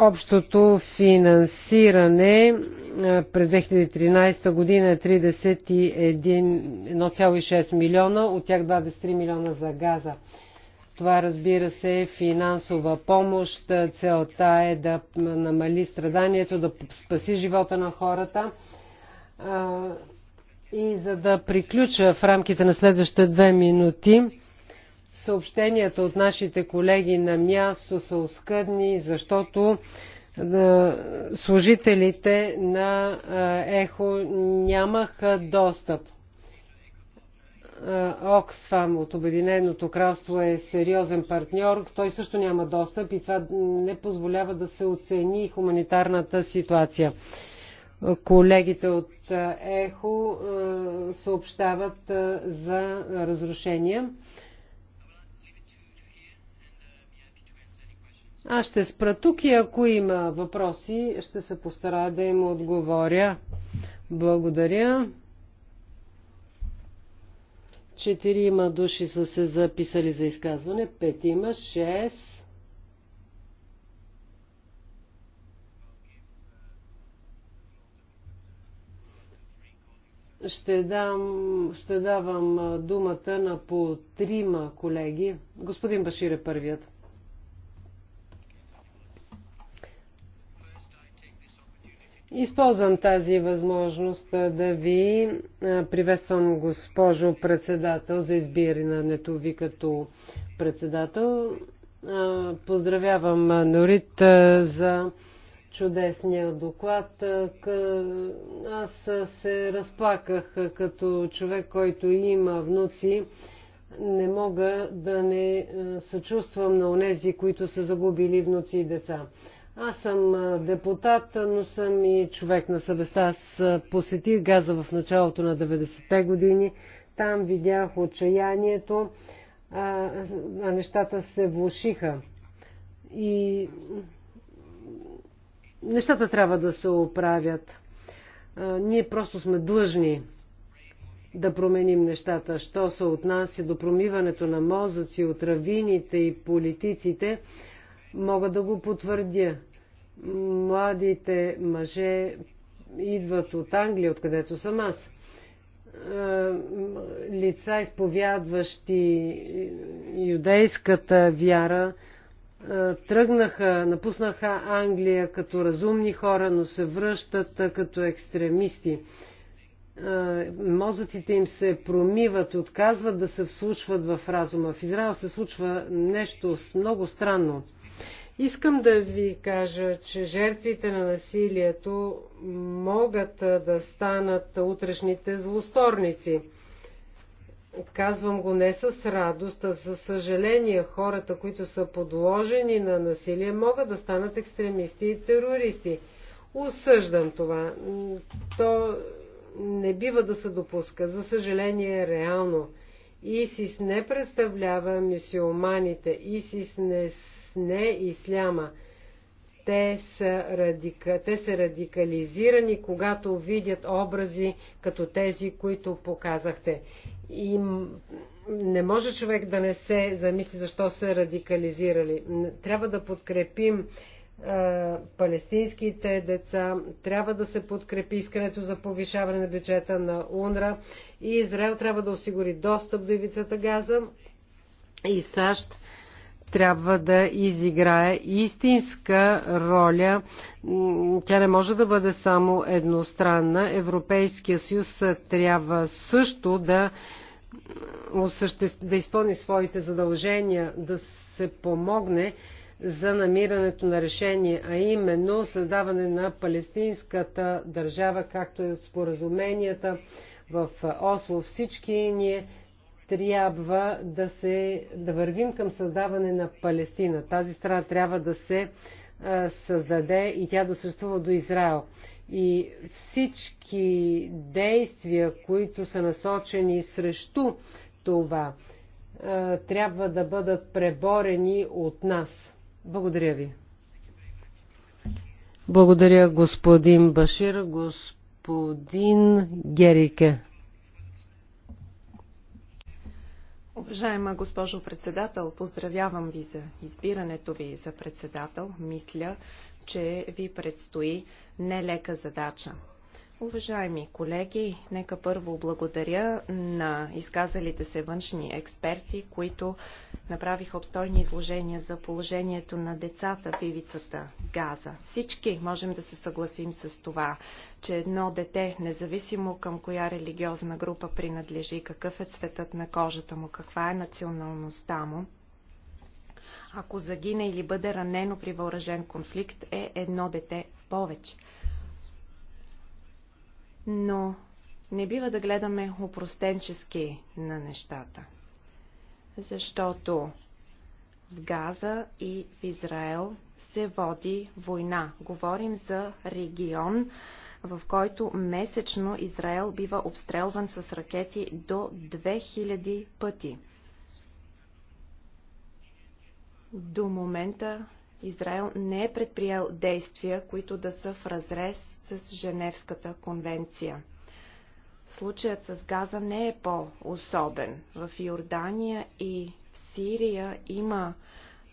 общото финансиране през 2013 година е 31,6 милиона, от тях 23 милиона за газа. Това разбира се е финансова помощ. Целта е да намали страданието, да спаси живота на хората. И за да приключа в рамките на следващите две минути, съобщенията от нашите колеги на място са оскъдни, защото служителите на ЕХО нямаха достъп. Оксфам от Обединеното кралство е сериозен партньор. Той също няма достъп и това не позволява да се оцени хуманитарната ситуация колегите от ЕХО съобщават за разрушения. Аз ще спра тук и ако има въпроси, ще се постара да им отговоря. Благодаря. Четирима души са се записали за изказване, петима, шест. Ще, дам, ще давам думата на по трима колеги. Господин Башир е първият. Използвам тази възможност да ви приветствам, госпожо председател, за избирането ви като председател. Поздравявам Норит за чудесния доклад. Е, аз се разплаках е, като човек, който има внуци. Не мога да не е, съчувствам на онези, които са загубили внуци и деца. Аз съм депутат, но съм и човек на съвестта. Аз посетих Газа в началото на 90-те години. Там видях отчаянието, а, нещата се влушиха. И нещата трябва да се оправят. Ние просто сме длъжни да променим нещата. Що се отнася до промиването на мозъци от равините и политиците, мога да го потвърдя. Младите мъже идват от Англия, откъдето съм аз. Лица, изповядващи юдейската вяра, е, тръгнаха, напуснаха Англия като разумни хора, но се връщат е, като екстремисти. Е, мозъците им се промиват, отказват да се вслушват в разума. В Израел се случва нещо много странно. Искам да ви кажа, че жертвите на насилието могат да станат утрешните злосторници – Казвам го не с радост, а със съжаление. Хората, които са подложени на насилие, могат да станат екстремисти и терористи. Осъждам това. То не бива да се допуска. За съжаление е реално. ИСИС не представлява мисиоманите. ИСИС не, не исляма. Те са, радика, те са радикализирани, когато видят образи като тези, които показахте. И не може човек да не се замисли защо са радикализирали. Трябва да подкрепим палестинските деца, трябва да се подкрепи искането за повишаване на бюджета на УНРА и Израел трябва да осигури достъп до ивицата Газа и САЩ трябва да изиграе истинска роля. Тя не може да бъде само едностранна. Европейския съюз трябва също да, да изпълни своите задължения, да се помогне за намирането на решение, а именно създаване на палестинската държава, както е от споразуменията в Осло. Всички ние трябва да, се, да вървим към създаване на Палестина. Тази страна трябва да се а, създаде и тя да съществува до Израел. И всички действия, които са насочени срещу това, а, трябва да бъдат преборени от нас. Благодаря ви. Благодаря господин Башир, господин Герике. Уважаема госпожо председател, поздравявам ви за избирането ви за председател. Мисля, че ви предстои нелека задача. Уважаеми колеги, нека първо благодаря на изказалите се външни експерти, които направиха обстойни изложения за положението на децата в ивицата Газа. Всички можем да се съгласим с това, че едно дете, независимо към коя религиозна група принадлежи, какъв е цветът на кожата му, каква е националността му, ако загине или бъде ранено при въоръжен конфликт, е едно дете в повече но не бива да гледаме опростенчески на нещата. Защото в Газа и в Израел се води война. Говорим за регион, в който месечно Израел бива обстрелван с ракети до 2000 пъти. До момента Израел не е предприел действия, които да са в разрез с Женевската конвенция. Случаят с Газа не е по-особен. В Йордания и в Сирия има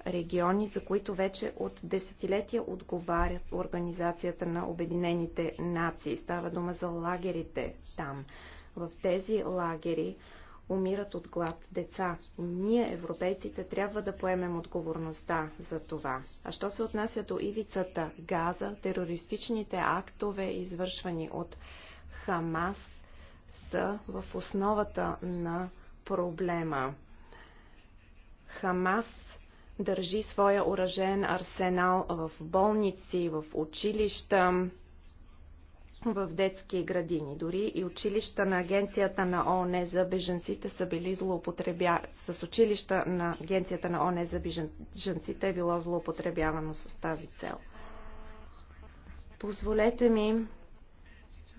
региони, за които вече от десетилетия отговарят Организацията на Обединените нации. Става дума за лагерите там. В тези лагери умират от глад деца. ние, европейците, трябва да поемем отговорността за това. А що се отнася до ивицата Газа, терористичните актове, извършвани от Хамас, са в основата на проблема. Хамас държи своя уражен арсенал в болници, в училища, в детски градини. Дори и училища на Агенцията на ООН за беженците са били злоупотребя... с училища на Агенцията на ООН за беженците е било злоупотребявано с тази цел. Позволете ми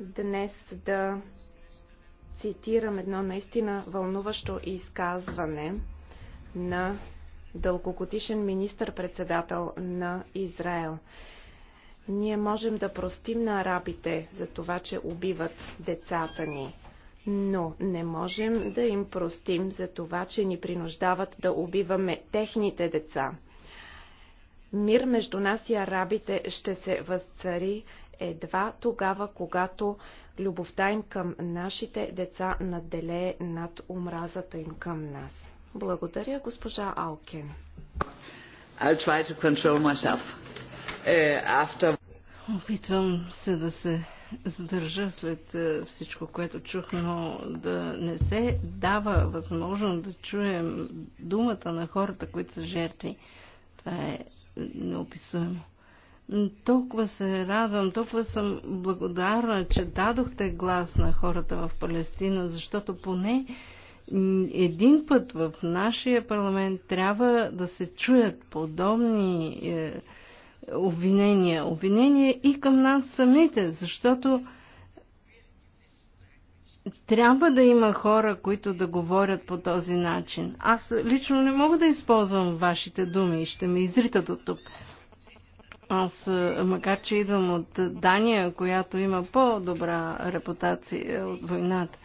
днес да цитирам едно наистина вълнуващо изказване на дългогодишен министър-председател на Израел. Ние можем да простим на арабите за това, че убиват децата ни, но не можем да им простим за това, че ни принуждават да убиваме техните деца. Мир между нас и арабите ще се възцари едва тогава, когато любовта им към нашите деца надделее над омразата им към нас. Благодаря, госпожа Алкен. I'll try to control myself. After... Е, Опитвам се да се задържа след е, всичко, което чух, но да не се дава възможност да чуем думата на хората, които са жертви. Това е неописуемо. Толкова се радвам, толкова съм благодарна, че дадохте глас на хората в Палестина, защото поне един път в нашия парламент трябва да се чуят подобни е, обвинения. Обвинения и към нас самите, защото трябва да има хора, които да говорят по този начин. Аз лично не мога да използвам вашите думи и ще ме изритат от тук. Аз, макар че идвам от Дания, която има по-добра репутация от войната,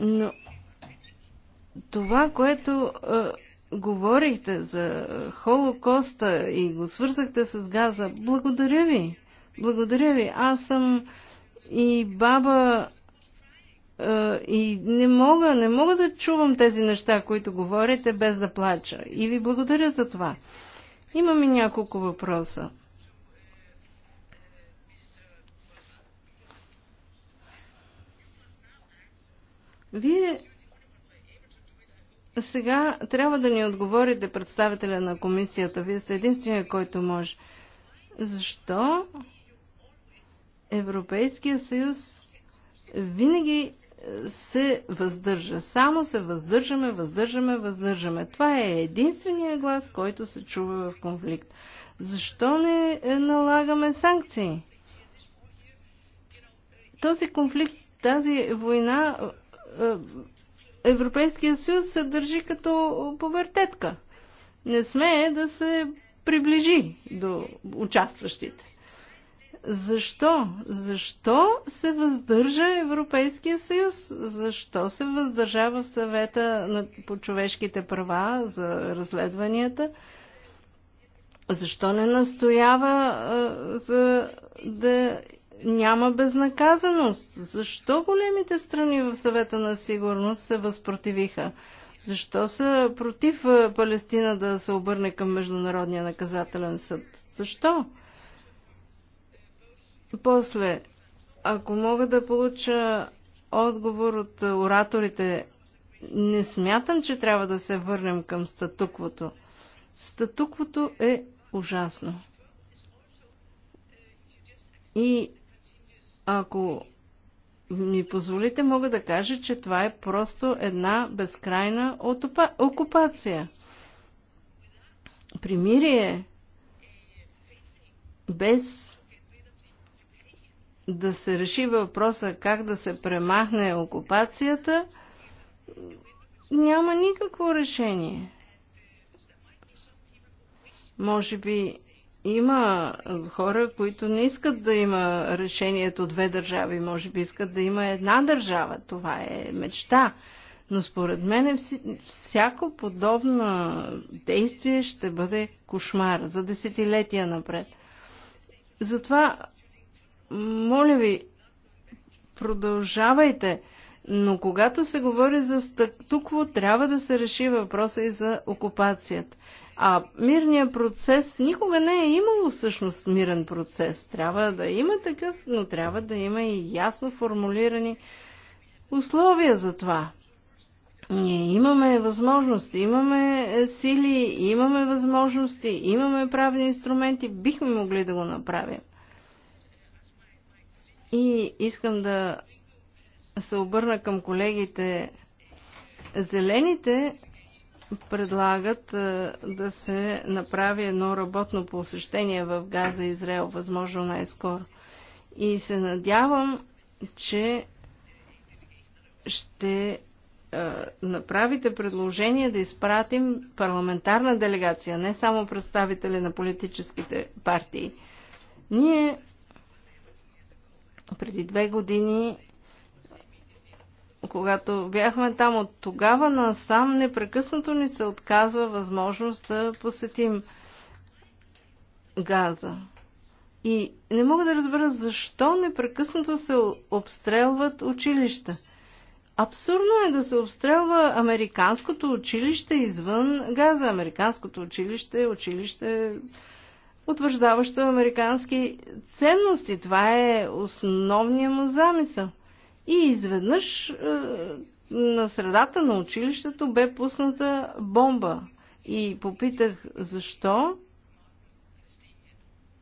но това, което говорихте за Холокоста и го свързахте с газа. Благодаря ви. Благодаря ви. Аз съм и баба и не мога, не мога да чувам тези неща, които говорите, без да плача. И ви благодаря за това. Имам и няколко въпроса. Вие сега трябва да ни отговорите представителя на комисията. Вие сте единствения, който може. Защо Европейския съюз винаги се въздържа. Само се въздържаме, въздържаме, въздържаме. Това е единствения глас, който се чува в конфликт. Защо не налагаме санкции? Този конфликт, тази война Европейския съюз се държи като повертетка. Не смее да се приближи до участващите. Защо? Защо се въздържа Европейския съюз? Защо се въздържава в съвета на, по човешките права за разследванията? Защо не настоява а, за да няма безнаказаност. Защо големите страни в съвета на сигурност се възпротивиха? Защо са против Палестина да се обърне към Международния наказателен съд? Защо? После, ако мога да получа отговор от ораторите, не смятам, че трябва да се върнем към статуквото. Статуквото е ужасно. И ако ми позволите, мога да кажа, че това е просто една безкрайна окупация. Примирие без да се реши въпроса как да се премахне окупацията, няма никакво решение. Може би има хора, които не искат да има решението две държави, може би искат да има една държава. Това е мечта. Но според мен всяко подобно действие ще бъде кошмар за десетилетия напред. Затова, моля ви, продължавайте. Но когато се говори за стъктукво, трябва да се реши въпроса и за окупацията. А мирният процес никога не е имало всъщност мирен процес. Трябва да има такъв, но трябва да има и ясно формулирани условия за това. Ние имаме възможности, имаме сили, имаме възможности, имаме правни инструменти, бихме могли да го направим. И искам да се обърна към колегите. Зелените предлагат да се направи едно работно посещение в Газа Израел, възможно най-скоро. И се надявам, че ще направите предложение да изпратим парламентарна делегация, не само представители на политическите партии. Ние преди две години когато бяхме там от тогава насам, непрекъснато ни се отказва възможност да посетим Газа. И не мога да разбера защо непрекъснато се обстрелват училища. Абсурдно е да се обстрелва американското училище извън Газа. Американското училище е училище, утвърждаващо американски ценности. Това е основният му замисъл. И изведнъж е, на средата на училището бе пусната бомба. И попитах защо.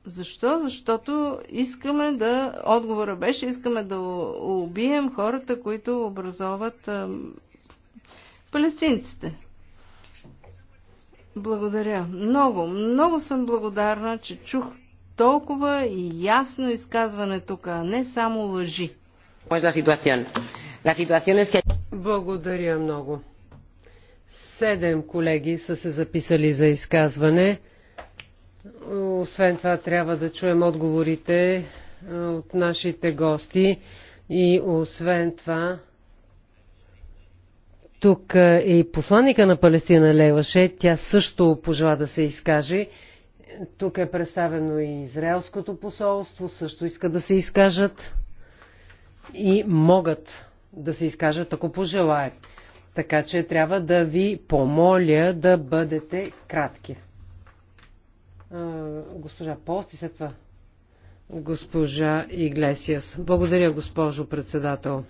Защо? Защото искаме да. Отговора беше, искаме да убием хората, които образоват е, палестинците. Благодаря. Много, много съм благодарна, че чух толкова и ясно изказване тук, а не само лъжи. Благодаря много. Седем колеги са се записали за изказване. Освен това трябва да чуем отговорите от нашите гости и освен това тук е и посланника на Палестина Леваше. Тя също пожела да се изкаже. Тук е представено и Израелското посолство, също иска да се изкажат и могат да се изкажат, ако пожелаят. Така че трябва да ви помоля да бъдете кратки. Госпожа Полсти и след това госпожа Иглесиас. Благодаря, госпожо председател.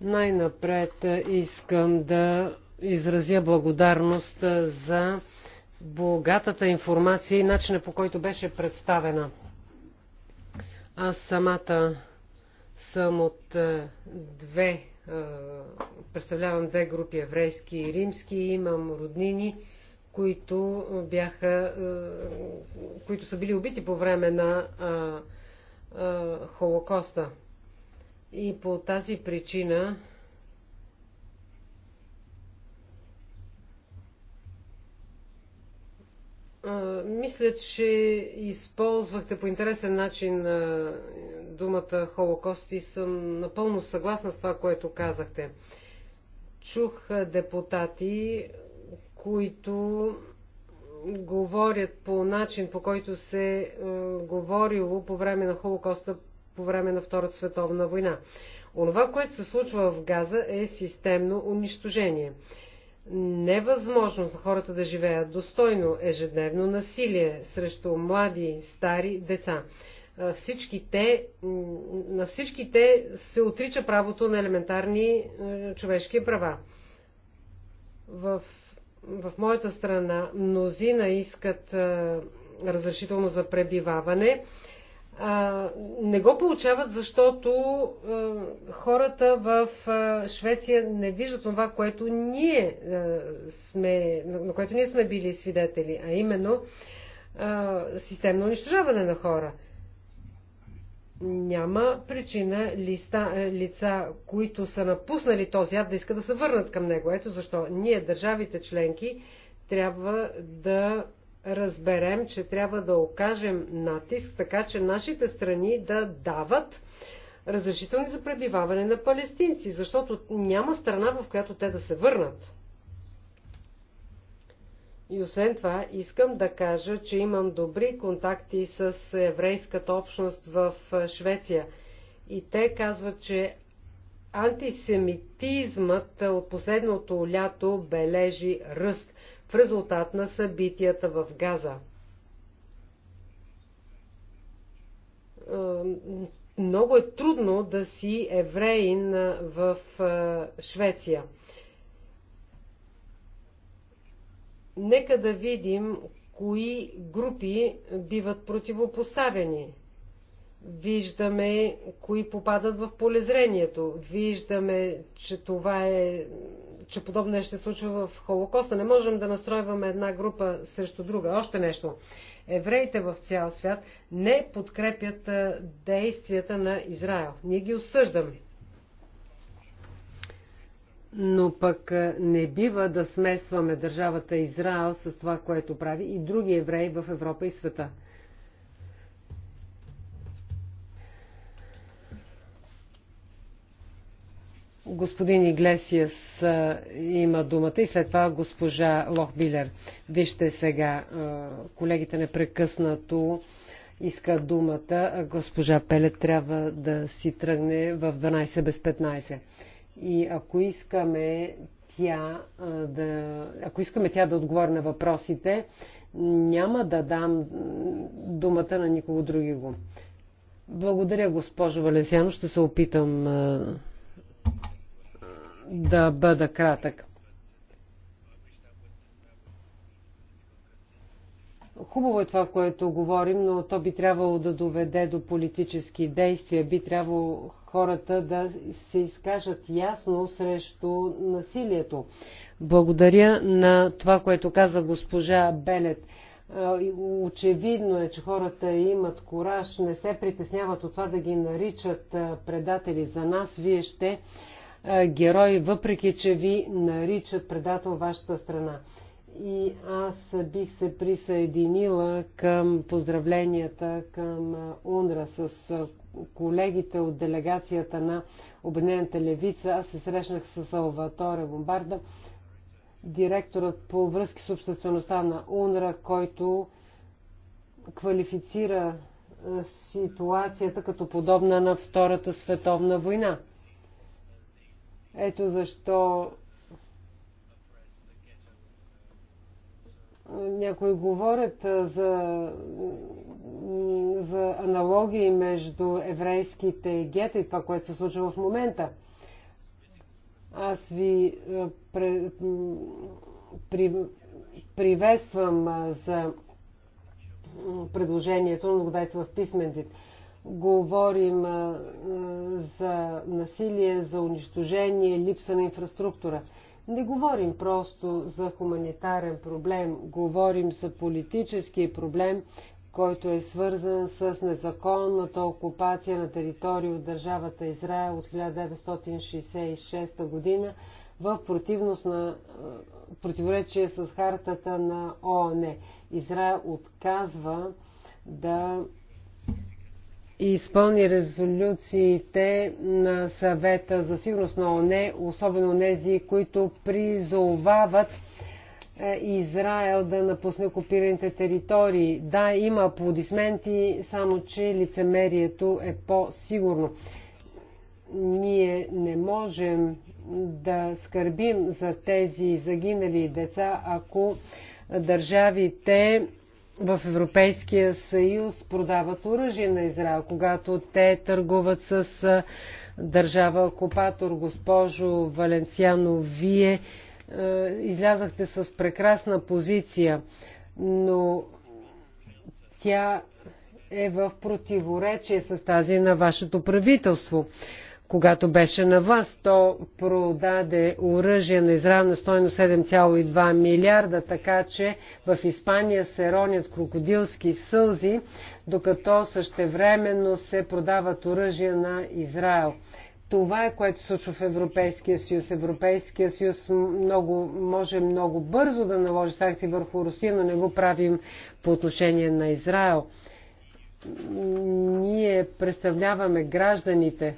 Най-напред искам да изразя благодарност за богатата информация и начина по който беше представена. Аз самата съм от е, две, е, представлявам две групи еврейски и римски, имам роднини, които бяха, е, които са били убити по време на Холокоста. И по тази причина мисля, че използвахте по интересен начин думата Холокост и съм напълно съгласна с това, което казахте. Чух депутати, които говорят по начин, по който се говорило по време на Холокоста, по време на Втората световна война. Онова, което се случва в Газа е системно унищожение невъзможност за хората да живеят достойно, ежедневно насилие срещу млади, стари, деца. Всички те, на всички те се отрича правото на елементарни е, човешки права. В, в моята страна мнозина искат е, разрешително за пребиваване а не го получават, защото хората в Швеция не виждат това, което ние сме, на което ние сме били свидетели, а именно системно унищожаване на хора. Няма причина листа, лица, които са напуснали този ад, да искат да се върнат към него. Ето защо ние, държавите членки, трябва да разберем, че трябва да окажем натиск, така че нашите страни да дават разрешителни за пребиваване на палестинци, защото няма страна, в която те да се върнат. И освен това, искам да кажа, че имам добри контакти с еврейската общност в Швеция. И те казват, че антисемитизмът от последното лято бележи ръст в резултат на събитията в Газа. Е, много е трудно да си евреин е, в е, Швеция. Нека да видим кои групи биват противопоставени. Виждаме кои попадат в полезрението. Виждаме, че това е че подобно нещо се случва в Холокоста. Не можем да настройваме една група срещу друга. Още нещо. Евреите в цял свят не подкрепят действията на Израел. Ние ги осъждаме. Но пък не бива да смесваме държавата Израел с това, което прави и други евреи в Европа и света. Господин Иглесиас има думата и след това госпожа Лохбилер. Вижте сега, колегите непрекъснато иска думата. Госпожа Пелет трябва да си тръгне в 12 без 15. И ако искаме тя да, ако искаме тя да отговори на въпросите, няма да дам думата на никого други го. Благодаря, госпожо Валесяно. Ще се опитам да бъда кратък. Хубаво е това, което говорим, но то би трябвало да доведе до политически действия. Би трябвало хората да се изкажат ясно срещу насилието. Благодаря на това, което каза госпожа Белет. Очевидно е, че хората имат кораж, не се притесняват от това да ги наричат предатели за нас. Вие ще е, герой, въпреки че ви наричат предател вашата страна. И аз бих се присъединила към поздравленията към е, УНРА с е, колегите от делегацията на Обединената левица. Аз се срещнах с Салваторе Бомбарда, директорът по връзки с обществеността на УНРА, който квалифицира ситуацията като подобна на Втората световна война. Ето защо някои говорят за, за аналогии между еврейските гета и това, което се случва в момента. Аз ви при, при, приветствам за предложението, но го дайте в писмен вид. Говорим за насилие, за унищожение, липса на инфраструктура. Не говорим просто за хуманитарен проблем, говорим за политически проблем, който е свързан с незаконната окупация на територия от държавата Израел от 1966 година в противност на противоречие с хартата на ООН. Израел отказва да изпълни резолюциите на съвета за сигурност на ОНЕ, особено нези, които призовават е, Израел да напусне окупираните територии. Да, има аплодисменти, само че лицемерието е по-сигурно. Ние не можем да скърбим за тези загинали деца, ако държавите в Европейския съюз продават оръжие на Израел, когато те търгуват с държава окупатор. Госпожо Валенсиано, вие е, излязахте с прекрасна позиция, но тя е в противоречие с тази на вашето правителство когато беше на власт. То продаде оръжие на Израел на стойност 7,2 милиарда, така че в Испания се ронят крокодилски сълзи, докато същевременно се продават оръжия на Израел. Това е което случва в Европейския съюз. Европейския съюз много, може много бързо да наложи санкции върху Русия, но не го правим по отношение на Израел. Ние представляваме гражданите,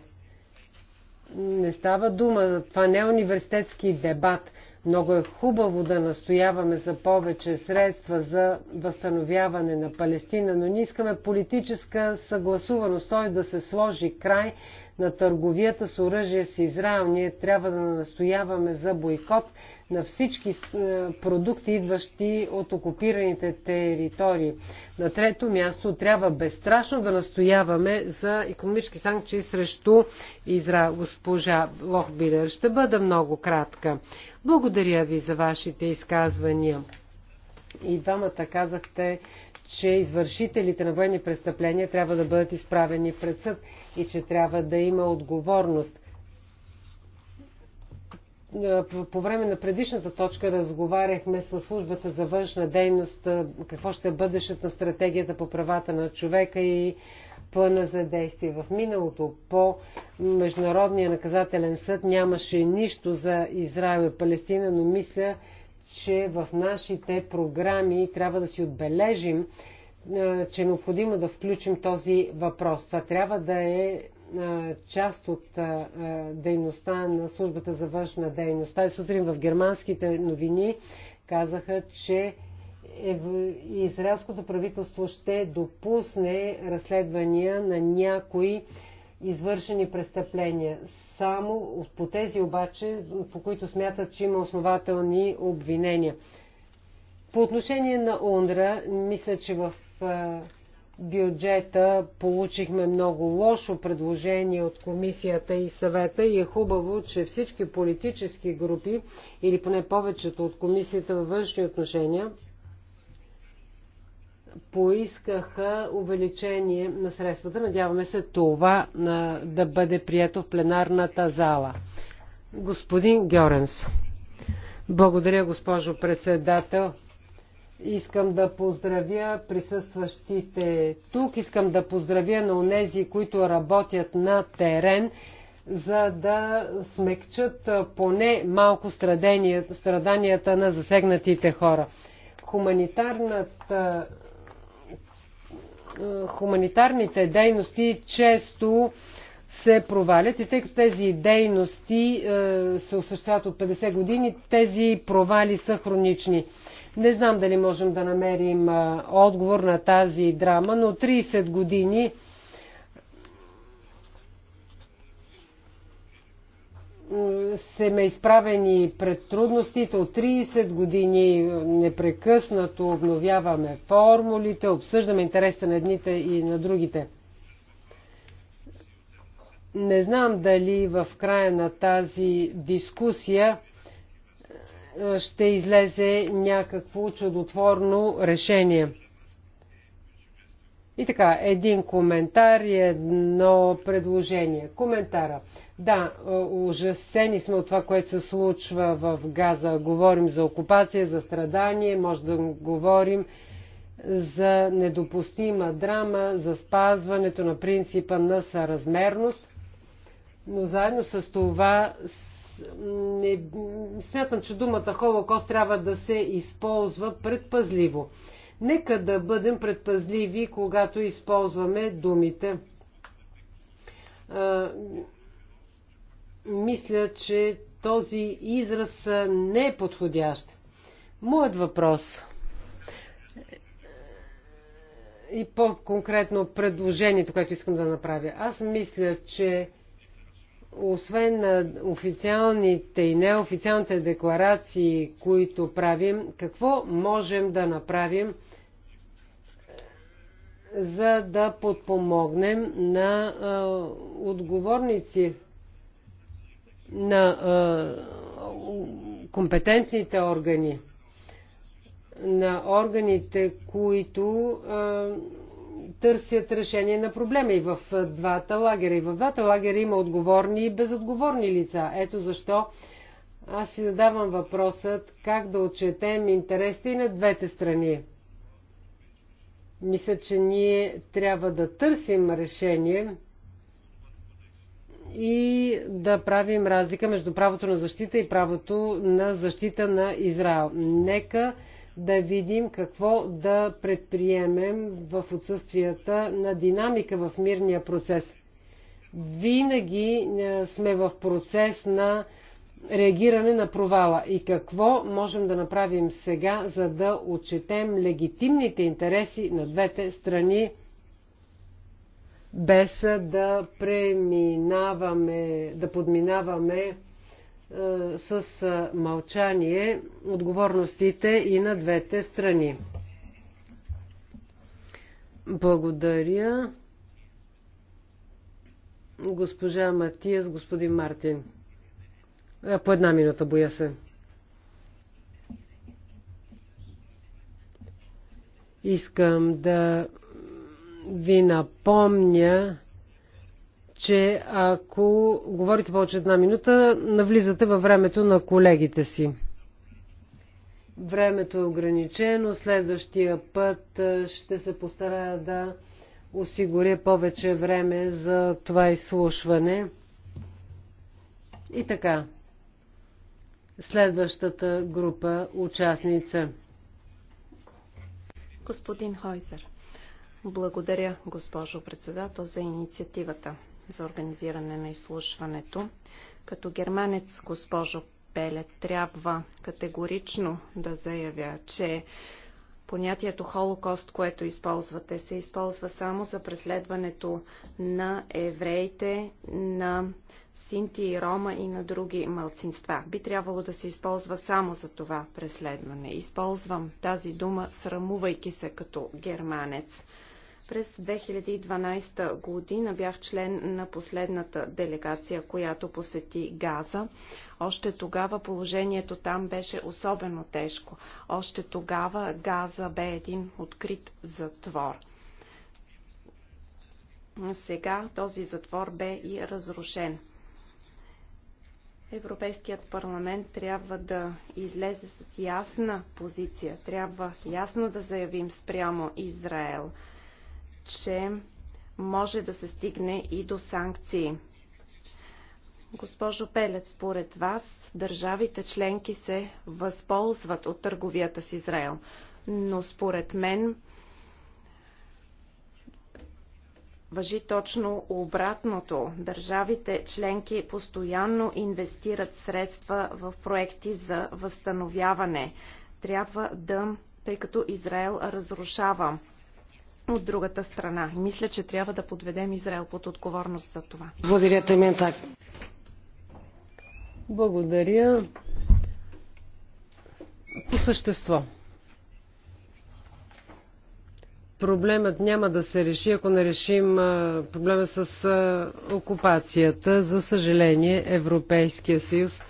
не става дума, това не е университетски дебат. Много е хубаво да настояваме за повече средства за възстановяване на Палестина, но не искаме политическа съгласуваност, той да се сложи край на търговията с оръжие с Израел. Ние трябва да настояваме за бойкот на всички е, продукти, идващи от окупираните територии. На трето място трябва безстрашно да настояваме за економически санкции срещу Израел. Госпожа Лохбилер, ще бъда много кратка. Благодаря ви за вашите изказвания. И двамата казахте, че извършителите на военни престъпления трябва да бъдат изправени пред съд и че трябва да има отговорност. Е, по време на предишната точка разговаряхме с службата за външна дейност, е, какво ще е на стратегията по правата на човека и плана за действие. В миналото по Международния наказателен съд нямаше нищо за Израел и Палестина, но мисля, че в нашите програми трябва да си отбележим, е, че е необходимо да включим този въпрос. Това трябва да е, е част от е, дейността на службата за външна дейност. Тази сутрин в германските новини казаха, че израелското правителство ще допусне разследвания на някои извършени престъпления. Само по тези обаче, по които смятат, че има основателни обвинения. По отношение на УНДРА, мисля, че в бюджета получихме много лошо предложение от комисията и съвета и е хубаво, че всички политически групи или поне повечето от комисията във външни отношения поискаха увеличение на средствата. Надяваме се това да бъде прието в пленарната зала. Господин Гьоренс. Благодаря, госпожо председател. Искам да поздравя присъстващите тук. Искам да поздравя на онези, които работят на терен, за да смекчат поне малко страданията на засегнатите хора. Хуманитарната е, хуманитарните дейности често се провалят и тъй като тези дейности е, се осъществяват от 50 години, тези провали са хронични. Не знам дали можем да намерим е, отговор на тази драма, но 30 години сме изправени пред трудностите от 30 години, непрекъснато обновяваме формулите, обсъждаме интересите на едните и на другите. Не знам дали в края на тази дискусия е, ще излезе някакво чудотворно решение. И така, един коментар и едно предложение. Коментара. Да, ужасени сме от това, което се случва в Газа. Говорим за окупация, за страдание, може да говорим за недопустима драма, за спазването на принципа на съразмерност. Но заедно с това не, смятам, че думата Холокост трябва да се използва предпазливо. Нека да бъдем предпазливи, когато използваме думите мисля, че този израз не е подходящ. Моят въпрос и по-конкретно предложението, което искам да направя. Аз мисля, че освен на официалните и неофициалните декларации, които правим, какво можем да направим, за да подпомогнем на а, отговорници на компетентните органи, на органите, които търсят решение на проблема и в двата лагера. И в двата лагера има отговорни и безотговорни лица. Ето защо аз си задавам въпросът как да отчетем интересите и на двете страни. Мисля, че ние трябва да търсим решение и да правим разлика между правото на защита и правото на защита на Израел. Нека да видим какво да предприемем в отсъствията на динамика в мирния процес. Винаги е, сме в процес на реагиране на провала и какво можем да направим сега, за да отчетем легитимните интереси на двете страни без да преминаваме, да подминаваме е, с е, мълчание отговорностите и на двете страни. Благодаря. Госпожа Матия с господин Мартин. Е, по една минута боя се. Искам да ви напомня, че ако говорите повече една минута, навлизате във времето на колегите си. Времето е ограничено, следващия път ще се постарая да осигуря повече време за това изслушване. И така, следващата група участница. Господин Хойзер. Благодаря, госпожо председател, за инициативата за организиране на изслушването. Като германец, госпожо Пеле, трябва категорично да заявя, че понятието Холокост, което използвате, се използва само за преследването на евреите, на синти и рома и на други мълцинства. Би трябвало да се използва само за това преследване. Използвам тази дума, срамувайки се като германец. През 2012 година бях член на последната делегация, която посети Газа. Още тогава положението там беше особено тежко. Още тогава Газа бе един открит затвор. Но сега този затвор бе и разрушен. Европейският парламент трябва да излезе с ясна позиция, трябва ясно да заявим спрямо Израел – че може да се стигне и до санкции. Госпожо Пелец, според вас държавите членки се възползват от търговията с Израел, но според мен въжи точно обратното. Държавите членки постоянно инвестират средства в проекти за възстановяване. Трябва да, тъй като Израел разрушава от другата страна. И мисля, че трябва да подведем Израел под отговорност за това. Благодаря, Темен Благодаря. По същество. Проблемът няма да се реши, ако не решим проблема с окупацията. За съжаление, Европейския съюз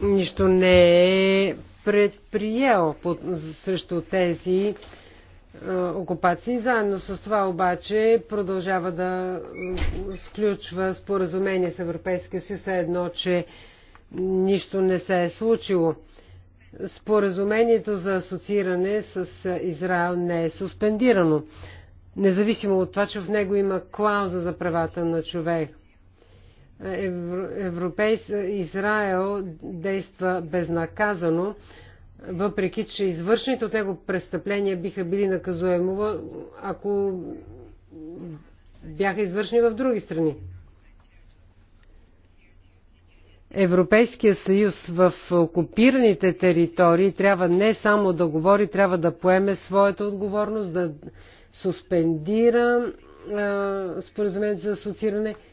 нищо не е предприел под, срещу тези е, окупации. Заедно с това обаче продължава да е, сключва споразумение с Европейския съюз, едно, че нищо не се е случило. Споразумението за асоцииране с Израел не е суспендирано, независимо от това, че в него има клауза за правата на човек. Европейс... Израел действа безнаказано, въпреки че извършените от него престъпления биха били наказуемо, ако бяха извършени в други страни. Европейския съюз в окупираните територии трябва не само да говори, трябва да поеме своята отговорност, да суспендира споразумението за асоцииране –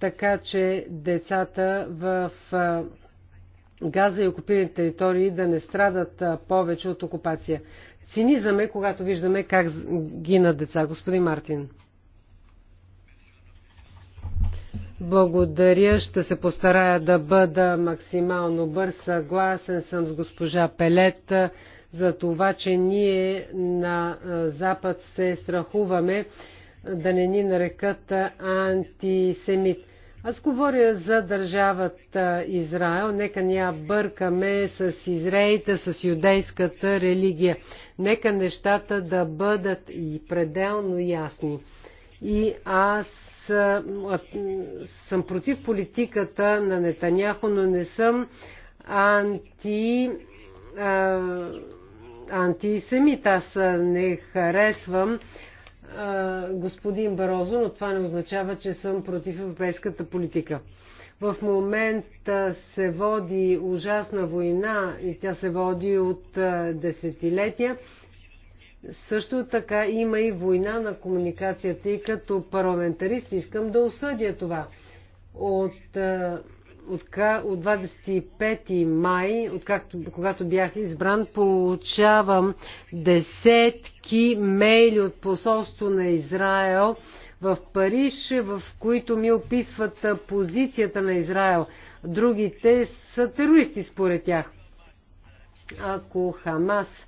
така че децата в Газа и окупирани територии да не страдат повече от окупация. Цинизъм е, когато виждаме как гинат деца. Господин Мартин. Благодаря. Ще се постарая да бъда максимално бърз. Съгласен съм с госпожа Пелет за това, че ние на Запад се страхуваме да не ни нарекат антисемит. Аз говоря за държавата Израел. Нека ни я бъркаме с Израелите, с юдейската религия. Нека нещата да бъдат и пределно ясни. И аз съм против политиката на Нетаняхо, но не съм анти, а, антисемит. Аз не харесвам господин Барозо, но това не означава, че съм против европейската политика. В момента се води ужасна война и тя се води от десетилетия. Също така има и война на комуникацията и като парламентарист искам да осъдя това. От а, от 25 май, както, когато бях избран, получавам десетки мейли от посолство на Израел в Париж, в които ми описват позицията на Израел. Другите са терористи, според тях. Ако Хамас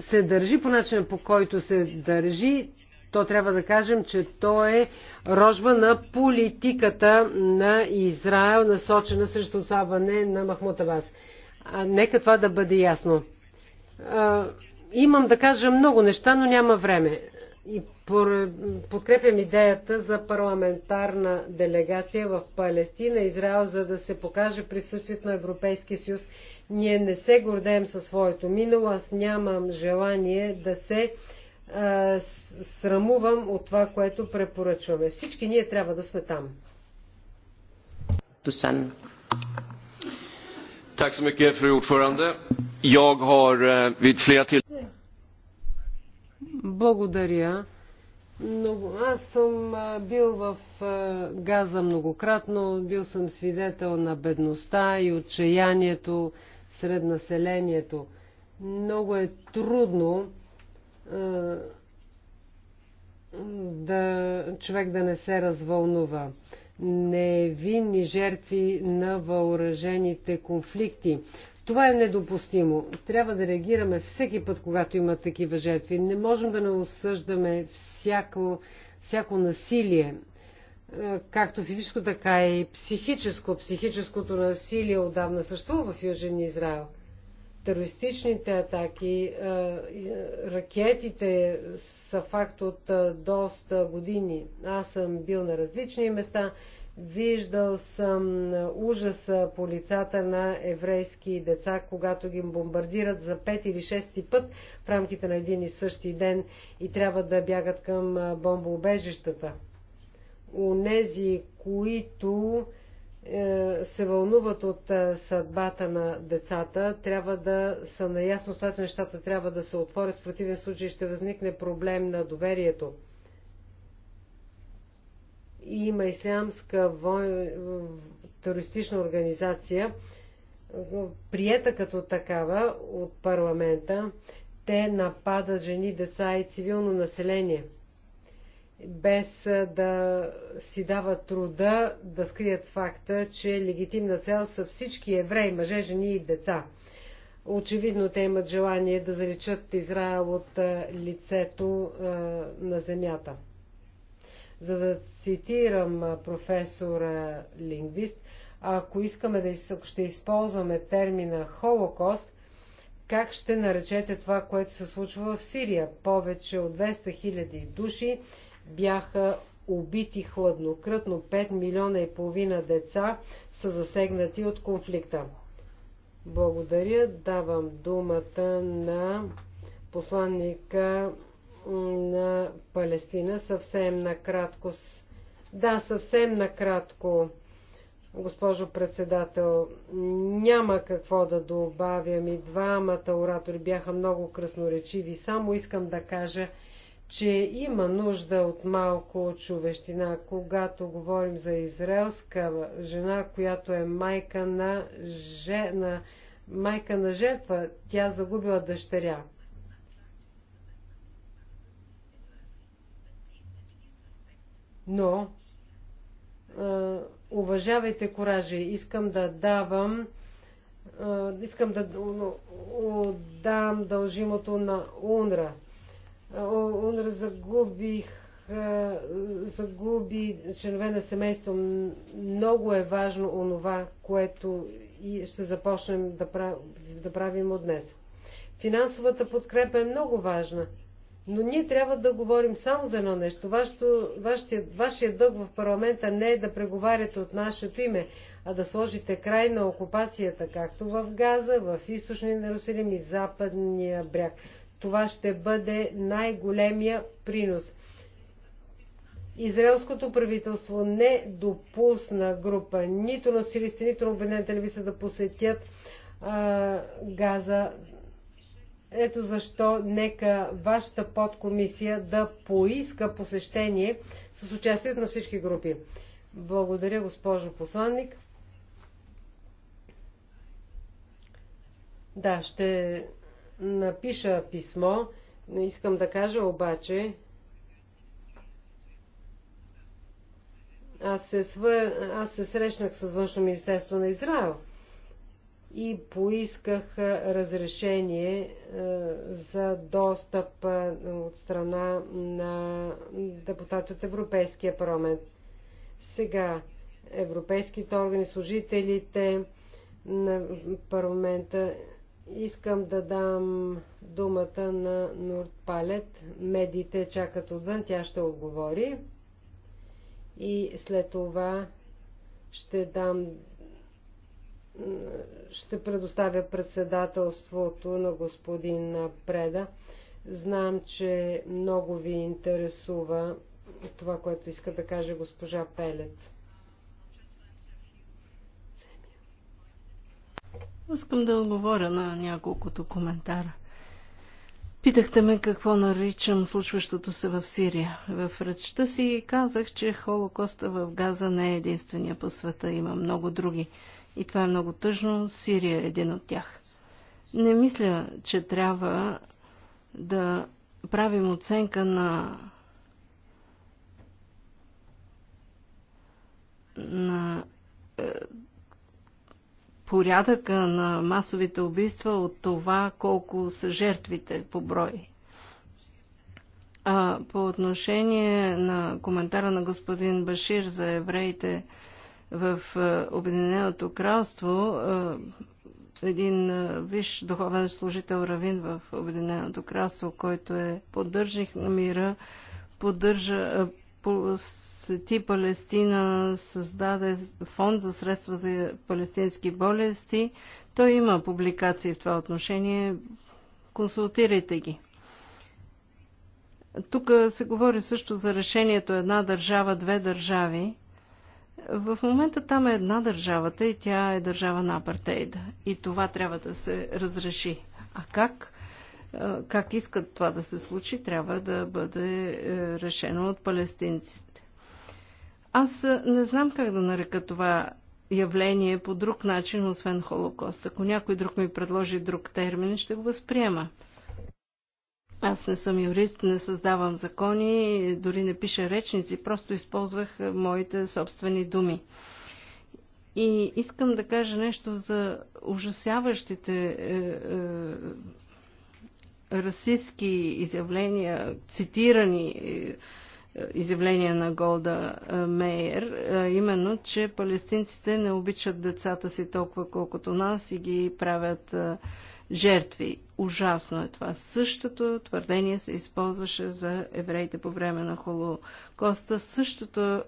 се държи по начина по който се държи, то трябва да кажем, че то е рожба на политиката на Израел, насочена срещу отслабване на Махмут Абас. А, нека това да бъде ясно. А, имам да кажа много неща, но няма време. И подкрепям идеята за парламентарна делегация в Палестина, Израел, за да се покаже присъствието на Европейския съюз. Ние не се гордеем със своето минало, аз нямам желание да се срамувам от това, което препоръчваме. Всички ние трябва да сме там. Тусан. Так så mycket, fru ordförande. Jag har eh, vid flera tillfällen... Благодаря. Много... Аз съм бил в Газа многократно, бил съм свидетел на бедността и отчаянието сред населението. Много е трудно е, да, човек да не се развълнува. Невинни жертви на въоръжените конфликти. Това е недопустимо. Трябва да реагираме всеки път, когато има такива жертви. Не можем да не осъждаме всяко, всяко насилие, е, както физическо, така и психическо. Психическото насилие отдавна съществува в Южен Израел терористичните атаки, е, е, ракетите са факт от е, доста години. Аз съм бил на различни места, виждал съм ужаса по лицата на еврейски деца, когато ги бомбардират за пет или шести път в рамките на един и същи ден и трябва да бягат към бомбоубежищата. нези, които е, се вълнуват от е, съдбата на децата, трябва да са наясно с това, че нещата трябва да се отворят. В противен случай ще възникне проблем на доверието. И има ислямска вой... терористична организация, приета като такава от парламента. Те нападат жени, деца и цивилно население – без да си дават труда да скрият факта, че легитимна цел са всички евреи, мъже, жени и деца. Очевидно те имат желание да заличат Израел от лицето на земята. За да цитирам професора лингвист, ако искаме да ще използваме термина Холокост, как ще наречете това, което се случва в Сирия? Повече от 200 000 души бяха убити хладнокрътно 5 милиона и половина деца са засегнати от конфликта. Благодаря. Давам думата на посланника на Палестина съвсем накратко. Да, съвсем накратко, госпожо председател. Няма какво да добавям и двамата оратори бяха много красноречиви. Само искам да кажа, че има нужда от малко човещина, когато говорим за израелска жена, която е майка на, жена, майка на жертва, тя загубила дъщеря. Но, уважавайте коражи, искам да давам искам да дам дължимото на УНРА он загубих, загуби членове на семейство. Много е важно онова, което и ще започнем да, да правим от днес. Финансовата подкрепа е много важна, но ние трябва да говорим само за едно нещо. Вашето, вашия, вашия дълг в парламента не е да преговаряте от нашето име, а да сложите край на окупацията, както в Газа, в източния Иерусалим и западния бряг. Това ще бъде най-големия принос. Израелското правителство не допусна група нито на сирийците, нито на обединената са да посетят а, Газа. Ето защо нека вашата подкомисия да поиска посещение с участието на всички групи. Благодаря, госпожо посланник. Да, ще напиша писмо. Искам да кажа обаче, аз се, свъ... аз се срещнах с Външно министерство на Израел и поисках разрешение за достъп от страна на депутати от Европейския парламент. Сега европейските органи, служителите на парламента Искам да дам думата на Нурт Палет. Медиите чакат отвън, тя ще отговори. И след това ще дам ще предоставя председателството на господин Преда. Знам, че много ви интересува това, което иска да каже госпожа Пелет. Искам да отговоря на няколкото коментара. Питахте ме какво наричам случващото се в Сирия. В речта си казах, че Холокоста в Газа не е единствения по света. Има много други. И това е много тъжно. Сирия е един от тях. Не мисля, че трябва да правим оценка на на е, порядъка на масовите убийства от това колко са жертвите по брой. А, по отношение на коментара на господин Башир за евреите в Обединеното кралство, един виш духовен служител Равин в Обединеното кралство, който е поддържих на мира, поддържа, Свети Палестина, създаде фонд за средства за палестински болести. Той има публикации в това отношение. Консултирайте ги. Тук се говори също за решението една държава, две държави. В момента там е една държавата и тя е държава на апартейда. И това трябва да се разреши. А как? Как искат това да се случи, трябва да бъде е, решено от палестинците. Аз не знам как да нарека това явление по друг начин, освен Холокост. Ако някой друг ми предложи друг термин, ще го възприема. Аз не съм юрист, не създавам закони, дори не пиша речници, просто използвах моите собствени думи. И искам да кажа нещо за ужасяващите е, е, расистски изявления, цитирани. Е, изявление на Голда Мейер, именно, че палестинците не обичат децата си толкова колкото нас и ги правят жертви. Ужасно е това. Същото твърдение се използваше за евреите по време на Холокоста. Същото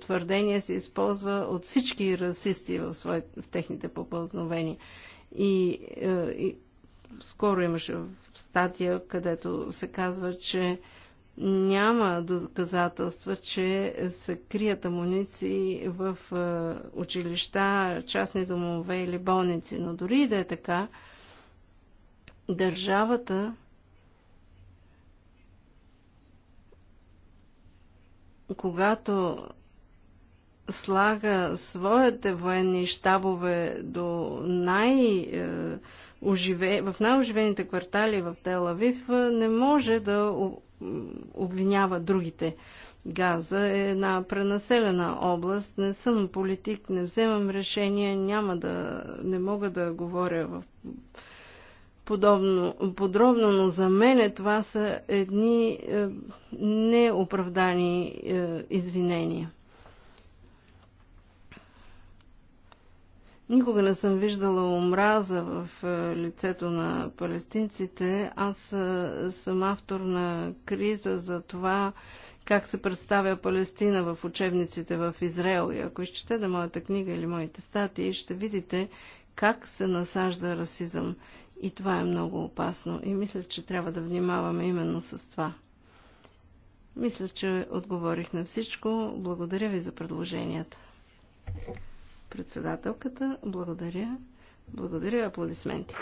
твърдение се използва от всички расисти в, свои, в техните попълзновения. И, и скоро имаше статия, където се казва, че няма доказателства, че се крият амуниции в е, училища, частни домове или болници. Но дори и да е така, държавата когато слага своите военни щабове до най- е, в най-оживените квартали в Телавив, е, не може да обвинява другите. Газа е една пренаселена област. Не съм политик, не вземам решения, няма да, не мога да говоря в подобно, подробно, но за мен е това са едни е, неоправдани е, извинения. Никога не съм виждала омраза в е, лицето на палестинците. Аз е, съм автор на криза за това как се представя Палестина в учебниците в Израел. И ако изчетете моята книга или моите статии, ще видите как се насажда расизъм. И това е много опасно. И мисля, че трябва да внимаваме именно с това. Мисля, че отговорих на всичко. Благодаря ви за предложенията. Председателката, благодаря. Благодаря. Аплодисменти.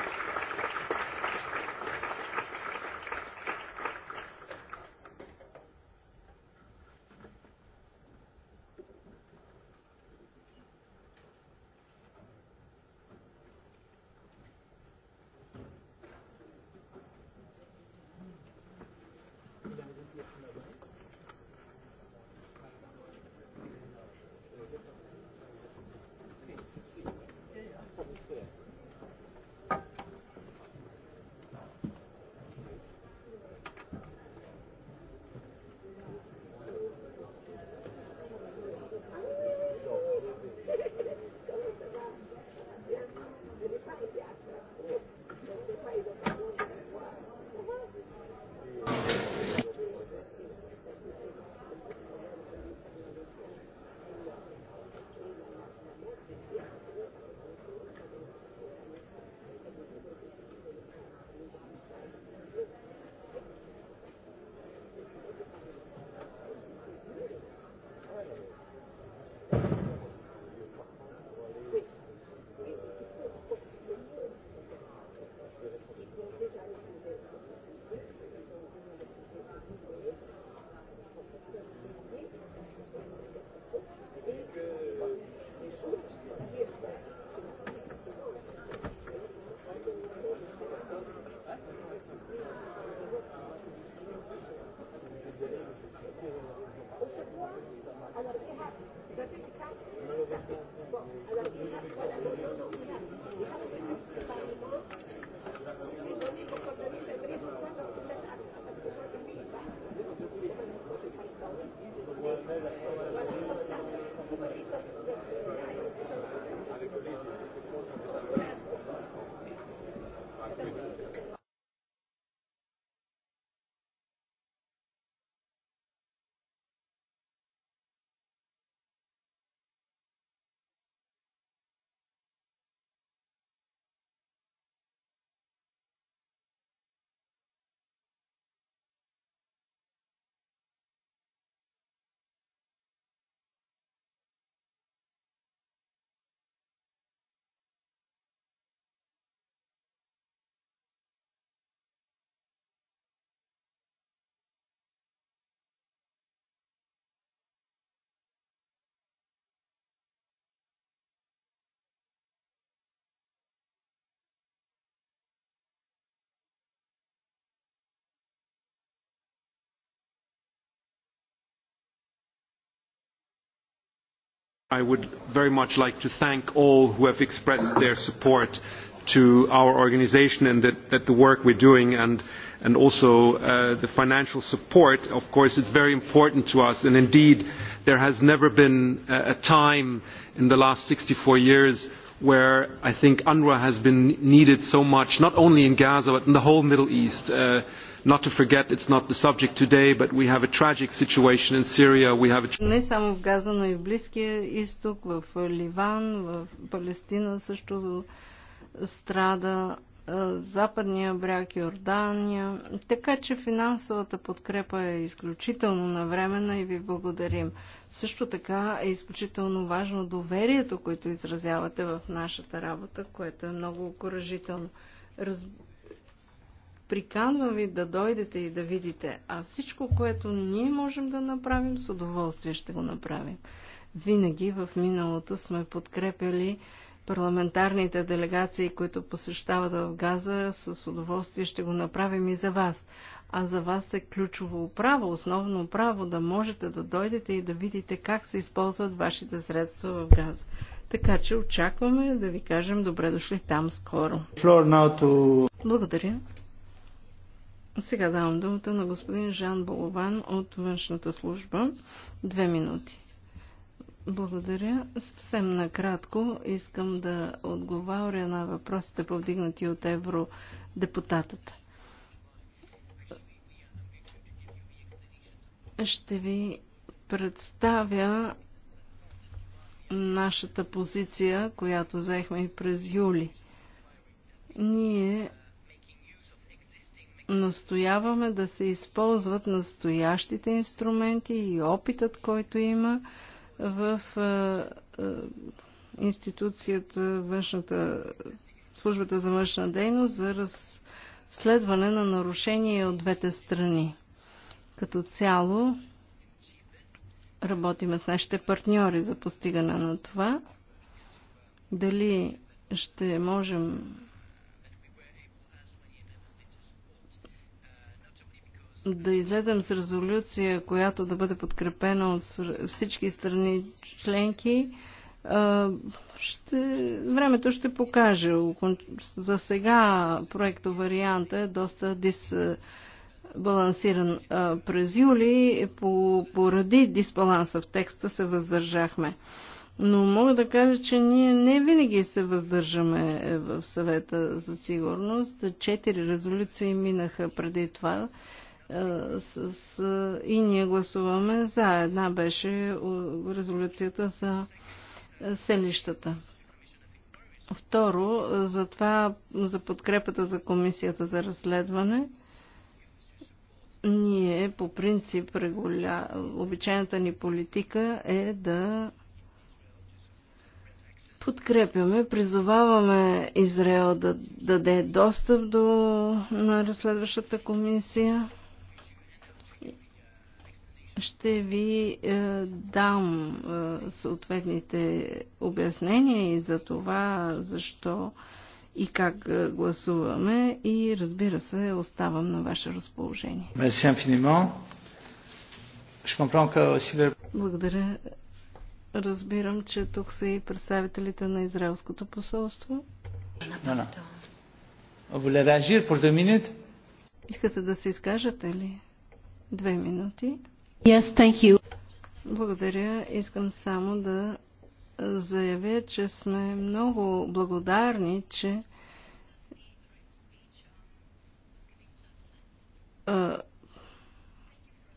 I would very much like to thank all who have expressed their support to our organisation and that, the work we are doing and, also the financial support. Of course, it is very important to us and indeed there has never been a time in the last sixty four years where I think UNRWA has been needed so much, not only in Gaza but in the whole Middle East. Uh, Not to forget, it's not the subject today, but we have a tragic situation in Syria. We have a... Не само в Газа, но и в Близкия изток, в Ливан, в Палестина също страда Западния бряг, Йордания. Така че финансовата подкрепа е изключително навремена и ви благодарим. Също така е изключително важно доверието, което изразявате в нашата работа, което е много окоръжително. Приканвам ви да дойдете и да видите. А всичко, което ние можем да направим, с удоволствие ще го направим. Винаги в миналото сме подкрепили парламентарните делегации, които посещават в Газа, с удоволствие ще го направим и за вас. А за вас е ключово право, основно право да можете да дойдете и да видите как се използват вашите средства в Газа. Така че очакваме да ви кажем добре дошли там скоро. Благодаря. Сега давам думата на господин Жан Болован от външната служба. Две минути. Благодаря. Съвсем накратко искам да отговаря на въпросите повдигнати от евродепутатата. Ще ви представя нашата позиция, която заехме и през юли. Ние настояваме да се използват настоящите инструменти и опитът, който има в институцията, външната, службата за външна дейност за разследване на нарушения от двете страни. Като цяло работиме с нашите партньори за постигане на това. Дали ще можем да излезем с резолюция, която да бъде подкрепена от всички страни членки, ще, времето ще покаже. За сега проекто варианта е доста дисбалансиран. През юли по, поради дисбаланса в текста се въздържахме. Но мога да кажа, че ние не винаги се въздържаме е, в съвета за сигурност. Четири резолюции минаха преди това с, с, и ние гласуваме за. Една беше резолюцията за селищата. Второ, за това, за подкрепата за комисията за разследване, ние по принцип регуля... обичайната ни политика е да подкрепяме, призоваваме Израел да даде достъп до на разследващата комисия ще ви е, дам е, съответните обяснения и за това, защо и как е, гласуваме и разбира се, оставам на ваше разположение. Благодаря. Разбирам, че тук са и представителите на Израелското посолство. Искате да се изкажете ли? Две минути. Yes, thank you. Благодаря. Искам само да заявя, че сме много благодарни, че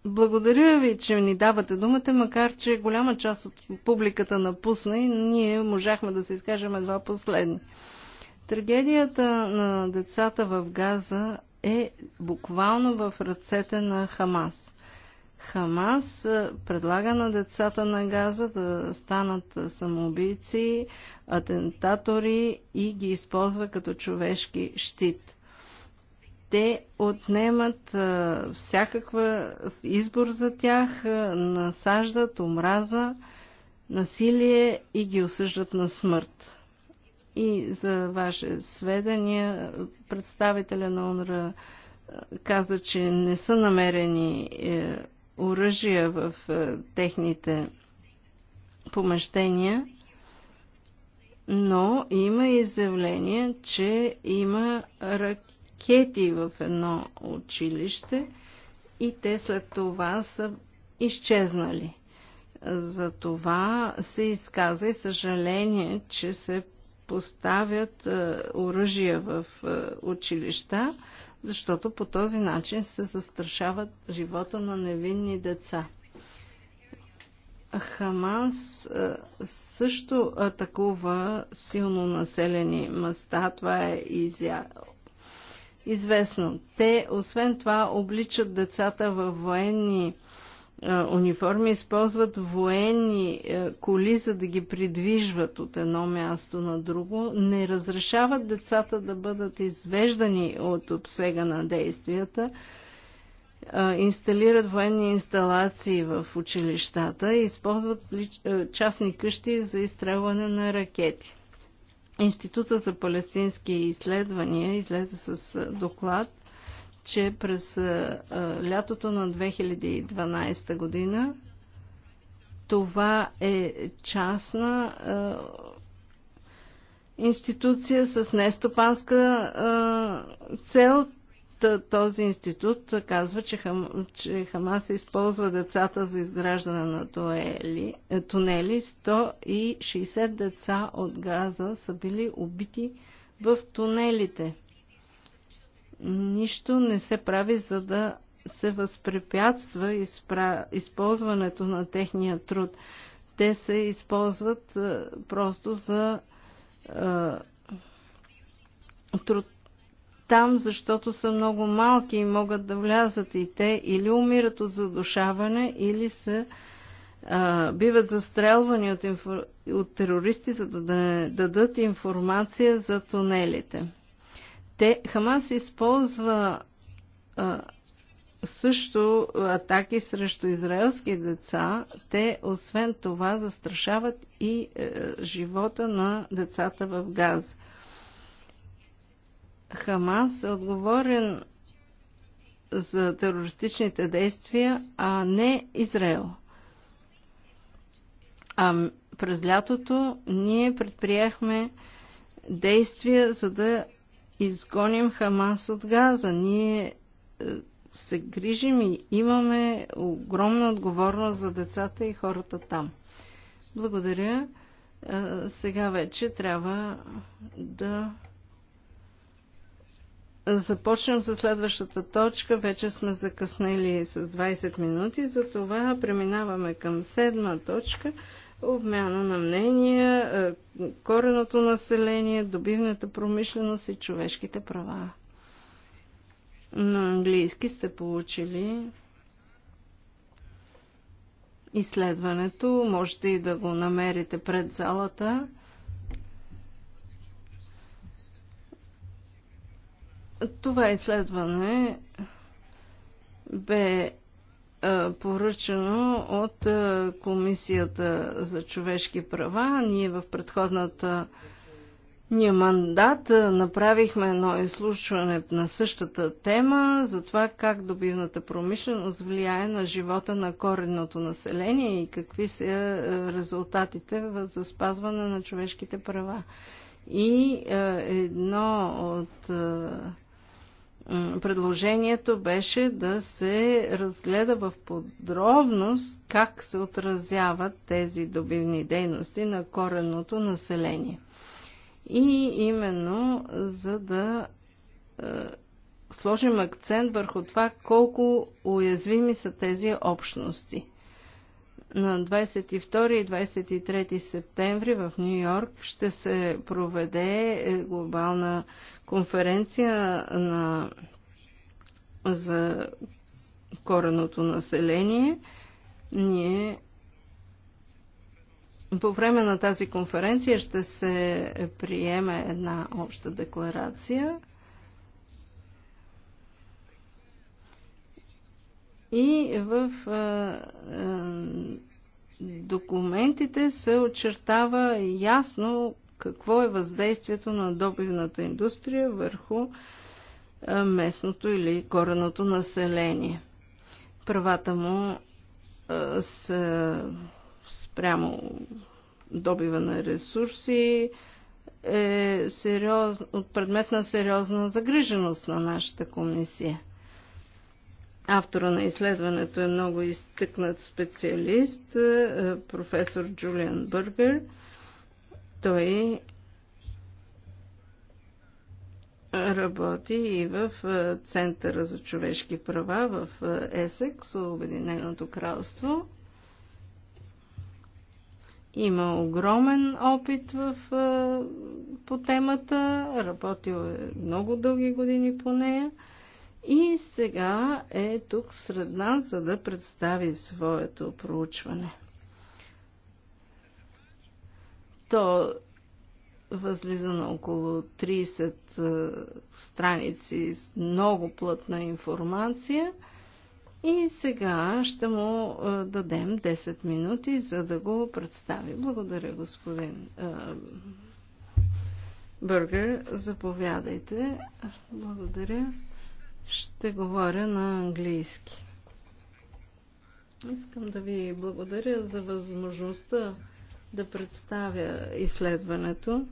Благодаря ви, че ни давате думата, макар че голяма част от публиката напусна и ние можахме да се изкажем едва последни. Трагедията на децата в Газа е буквално в ръцете на Хамас. Хамас е, предлага на децата на Газа да станат самоубийци, атентатори и ги използва като човешки щит. Те отнемат е, всякаква избор за тях, е, насаждат омраза, насилие и ги осъждат на смърт. И за ваше сведения, представителя на ОНРА каза, че не са намерени оръжия в е, техните помещения, но има изявление, че има ракети в едно училище и те след това са изчезнали. За това се изказа и съжаление, че се поставят е, оръжия в е, училища защото по този начин се застрашават живота на невинни деца. Хаманс е, също атакува силно населени места. Това е изя... известно. Те, освен това, обличат децата във военни униформи, използват военни коли, за да ги придвижват от едно място на друго, не разрешават децата да бъдат извеждани от обсега на действията, инсталират военни инсталации в училищата и използват частни къщи за изстрелване на ракети. Института за палестински изследвания излезе с доклад – че през лятото на 2012 година това е частна институция с нестопанска цел. Този институт казва, че, Хам, че Хамас използва децата за изграждане на туели, е, тунели. 160 деца от Газа са били убити в тунелите нищо не се прави, за да се възпрепятства изпра... използването на техния труд. Те се използват а, просто за а, труд там, защото са много малки и могат да влязат и те или умират от задушаване, или са, а, биват застрелвани от, инфо... от терористи, за да, не дадат информация за тунелите. Те, Хамас използва а, също атаки срещу израелски деца. Те, освен това, застрашават и е, живота на децата в Газ. Хамас е отговорен за терористичните действия, а не Израел. А през лятото ние предприяхме действия, за да изгоним Хамас от Газа. Ние е, се грижим и имаме огромна отговорност за децата и хората там. Благодаря. Е, сега вече трябва да започнем с следващата точка. Вече сме закъснели с 20 минути, затова преминаваме към седма точка – обмяна на мнения, е, кореното население, добивната промишленост и човешките права. На английски сте получили изследването, можете и да го намерите пред залата. Това изследване бе е, поръчано от е, Комисията за човешки права. Ние в предходната ние мандат е, направихме едно изслушване на същата тема за това как добивната промишленост влияе на живота на коренното население и какви са резултатите за спазване на човешките права. И едно от предложението беше да се разгледа в подробност как се отразяват тези добивни дейности на коренното население. И именно за да е, сложим акцент върху това колко уязвими са тези общности на 22 и 23 септември в Нью Йорк ще се проведе е, глобална конференция на, за кореното население. Ние по време на тази конференция ще се приеме една обща декларация И в документите се очертава ясно какво е въздействието на добивната индустрия върху местното или кореното население. Правата му са спрямо добива на ресурси е сериоз, от предмет на сериозна загриженост на нашата комисия. Автора на изследването е много изтъкнат специалист, е, професор Джулиан Бъргер. Той работи и в е, Центъра за човешки права в е, Есекс, Обединеното кралство. Има огромен опит в, по темата, работил е много дълги години по нея. И сега е тук сред нас, за да представи своето проучване. То възлиза на около 30 е, страници с много плътна информация. И сега ще му е, дадем 10 минути, за да го представи. Благодаря, господин е, Бъргер. Заповядайте. Благодаря. Ще говоря на английски. Искам да ви благодаря за възможността да представя изследването,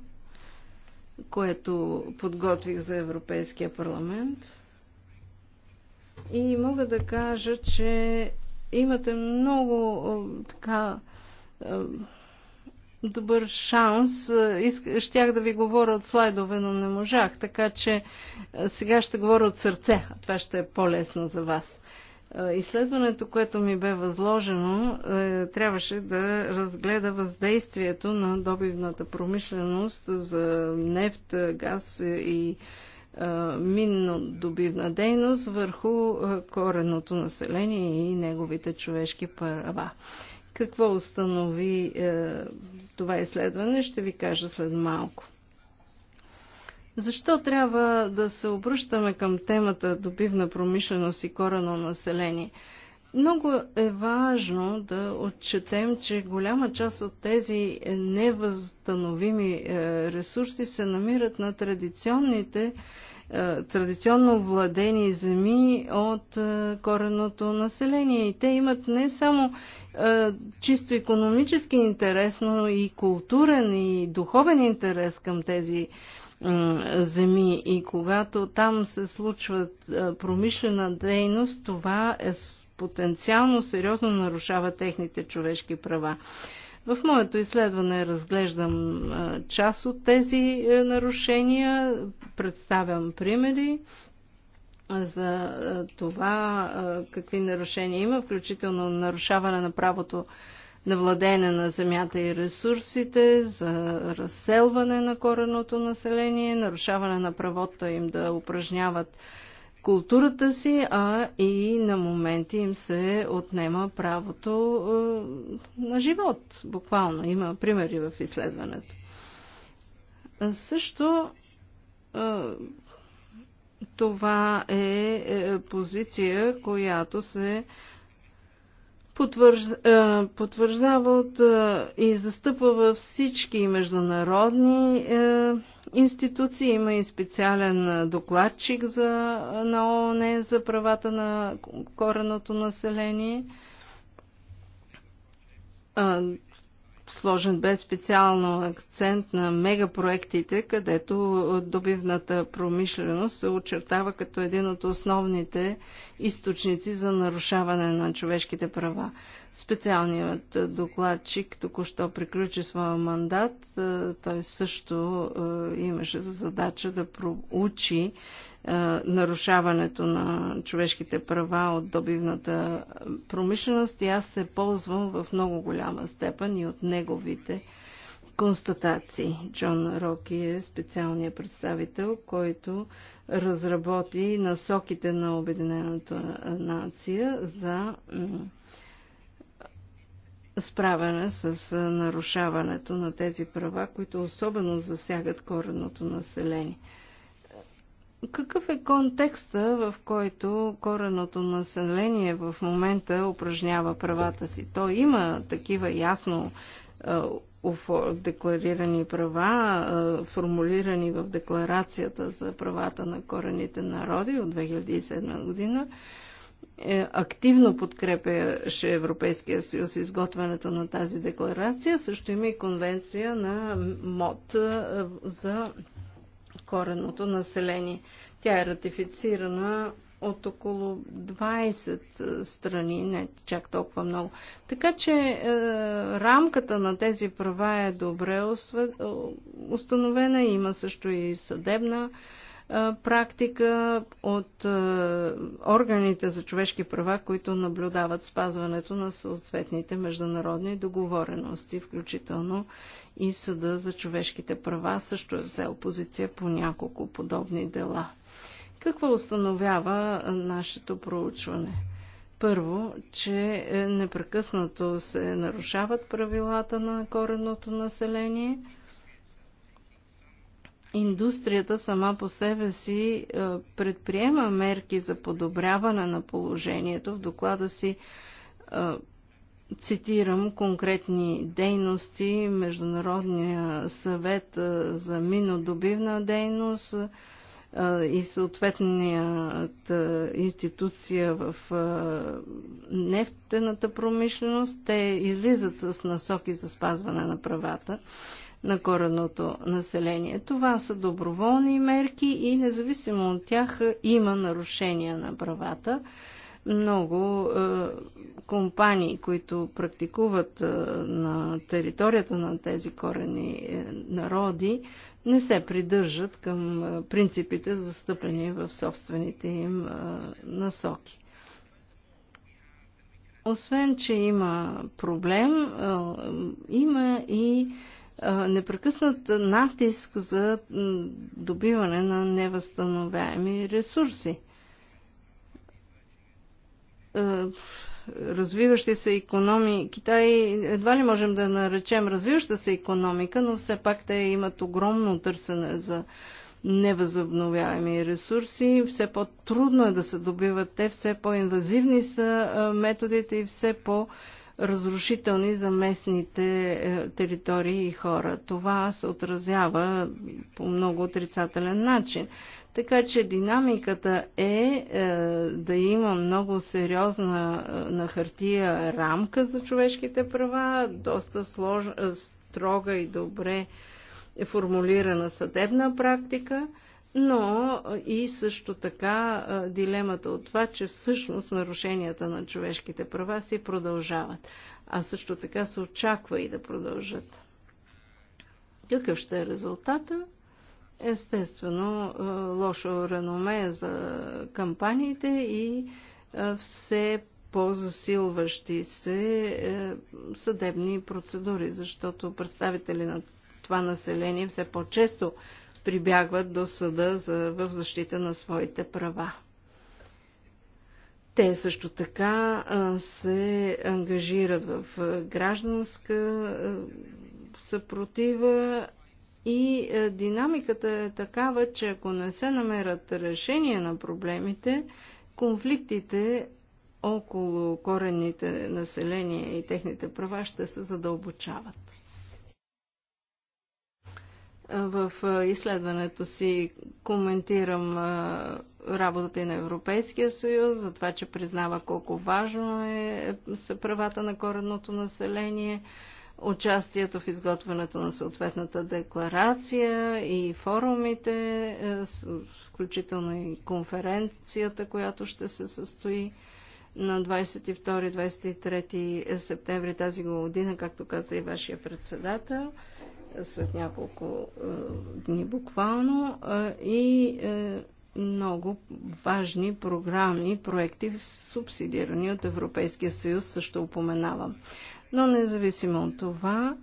което подготвих за Европейския парламент. И мога да кажа, че имате много така добър шанс. Щях да ви говоря от слайдове, но не можах, така че е, сега ще говоря от сърце. Това ще е по-лесно за вас. Е, изследването, което ми бе възложено, е, трябваше да разгледа въздействието на добивната промишленост за нефт, газ и минно-добивна дейност върху кореното население и неговите човешки права. Какво установи е, това изследване, ще ви кажа след малко. Защо трябва да се обръщаме към темата добивна промишленост и корено население? Много е важно да отчетем, че голяма част от тези невъзстановими е, ресурси се намират на традиционните е, традиционно владени земи от е, коренното население. И те имат не само е, чисто економически интерес, но и културен и духовен интерес към тези земи. И когато там се случват промишлена дейност, това е потенциално сериозно нарушава техните човешки права. В моето изследване разглеждам част от тези е, нарушения, представям примери за това какви нарушения има, включително нарушаване на правото на владеене на земята и ресурсите, за разселване на кореното население, нарушаване на правота им да упражняват културата си, а и на моменти им се отнема правото е, на живот. Буквално има примери в изследването. Също е, това е, е позиция, която се потвърждава от и застъпва във всички международни институции. Има и специален докладчик за, на ООН за правата на кореното население. Сложен бе специално акцент на мегапроектите, където добивната промишленост се очертава като един от основните източници за нарушаване на човешките права. Специалният е, докладчик току-що приключи своя мандат. Е, той също е, имаше за задача да проучи нарушаването на човешките права от добивната промишленост и аз се ползвам в много голяма степен и от неговите констатации. Джон Роки е специалният представител, който разработи насоките на Обединената нация за справяне с нарушаването на тези права, които особено засягат коренното население. Какъв е контекста, в който кореното население в момента упражнява правата си? То има такива ясно декларирани права, формулирани в Декларацията за правата на корените народи от 2007 година. Е, активно подкрепяше Европейския съюз изготвянето на тази декларация. Също има и конвенция на МОД е, за коренното население. Тя е ратифицирана от около 20 е, страни, не чак толкова много. Така че е, рамката на тези права е добре установена. Има също и съдебна е, практика от органите за човешки права, които наблюдават спазването на съответните международни договорености, включително и Съда за човешките права също е взел позиция по няколко подобни дела. Какво установява нашето проучване? Първо, че е, непрекъснато се нарушават правилата на коренното население – индустрията сама по себе си е, предприема мерки за подобряване на положението. В доклада си е, цитирам конкретни дейности, Международния съвет е, за минодобивна дейност и съответната институция в нефтената промишленост. Те излизат с насоки за спазване на правата на коренното население. Това са доброволни мерки и независимо от тях има нарушения на правата. Много е, компании, които практикуват е, на територията на тези корени е, народи, не се придържат към е, принципите, застъпени в собствените им е, насоки. Освен, че има проблем, е, има и е, непрекъснат натиск за добиване на невъзстановяеми ресурси. Развиващи се економии. Китай едва ли можем да наречем развиваща се економика, но все пак те имат огромно търсене за невъзобновяеми ресурси. Все по-трудно е да се добиват те, все по-инвазивни са методите и все по- разрушителни за местните е, територии и хора. Това се отразява по много отрицателен начин. Така че динамиката е, е да има много сериозна е, на хартия рамка за човешките права, доста сложна, е, строга и добре формулирана съдебна практика – но и също така дилемата от това, че всъщност нарушенията на човешките права си продължават, а също така се очаква и да продължат. Какъв ще е резултата? Естествено, лошо реноме за кампаниите и все по-засилващи се е, съдебни процедури, защото представители на това население все по-често прибягват до съда за, в защита на своите права. Те също така се ангажират в гражданска съпротива и динамиката е такава, че ако не се намерят решение на проблемите, конфликтите около корените населения и техните права ще се задълбочават. В изследването си коментирам работата и на Европейския съюз, за това, че признава колко важно е, са правата на коренното население, участието в изготвянето на съответната декларация и форумите, включително и конференцията, която ще се състои на 22-23 септември тази година, както каза и вашия председател след няколко е, дни буквално е, и е, много важни програми, проекти, субсидирани от Европейския съюз, също упоменавам. Но независимо от това,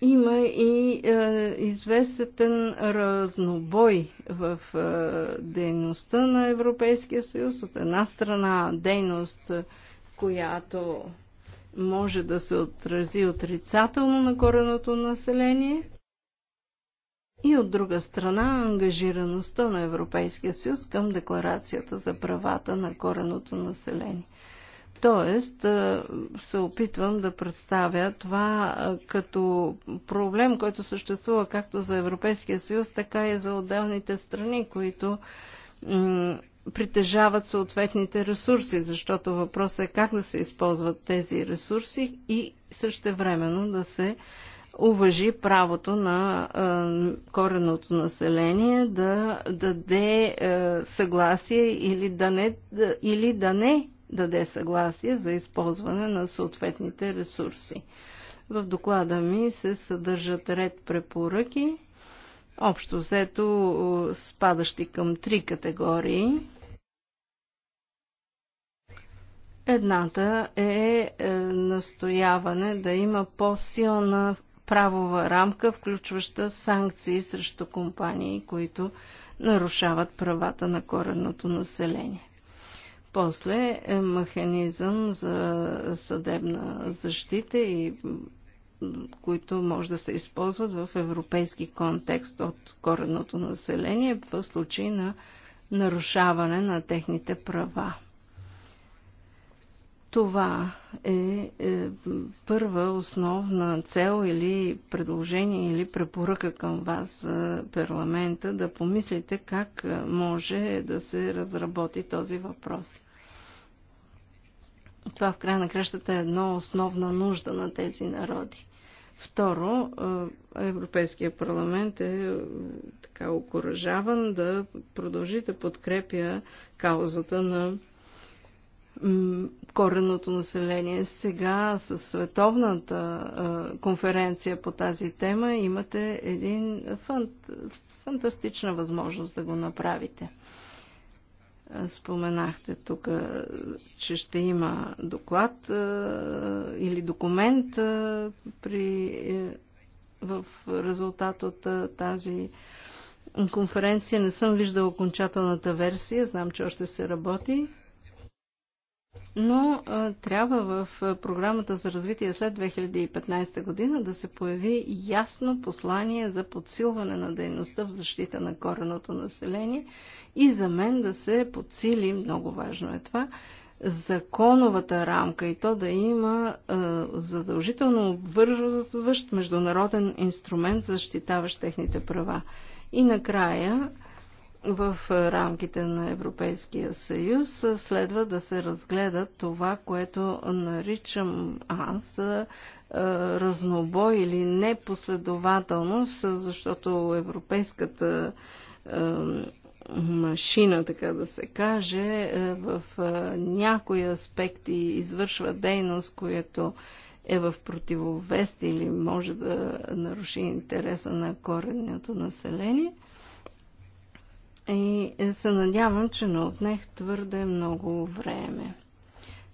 има и е, известен разнобой в е, дейността на Европейския съюз. От една страна дейност, която може да се отрази отрицателно на кореното население и от друга страна ангажираността на Европейския съюз към Декларацията за правата на кореното население. Тоест, се опитвам да представя това като проблем, който съществува както за Европейския съюз, така и за отделните страни, които притежават съответните ресурси, защото въпросът е как да се използват тези ресурси и същевременно да се уважи правото на кореното население да даде съгласие или да не, или да не даде съгласие за използване на съответните ресурси. В доклада ми се съдържат ред препоръки, общо взето спадащи към три категории. Едната е, е настояване да има по-силна правова рамка, включваща санкции срещу компании, които нарушават правата на коренното население. После е механизъм за съдебна защита и които може да се използват в европейски контекст от коренното население в случай на нарушаване на техните права. Това е, е първа основна цел или предложение или препоръка към вас за парламента да помислите как може да се разработи този въпрос. Това в края на кращата е едно основна нужда на тези народи. Второ, е, Европейския парламент е, е така окоръжаван да продължи да подкрепя каузата на коренното население. Сега с световната е, конференция по тази тема имате един фант, фантастична възможност да го направите. Е, споменахте тук, е, че ще има доклад е, или документ при, в резултат от тази конференция. Не съм виждала окончателната версия, знам, че още се работи. Но а, трябва в а, програмата за развитие след 2015 година да се появи ясно послание за подсилване на дейността в защита на кореното население и за мен да се подсили, много важно е това, законовата рамка и то да има а, задължително обвързващ международен инструмент, защитаващ техните права. И накрая, в рамките на Европейския съюз следва да се разгледа това, което наричам аз разнобой или непоследователност, защото европейската машина, така да се каже, е, в някои аспекти извършва дейност, която е в противовест или може да наруши интереса на коренното население – и се надявам, че не отнех твърде много време.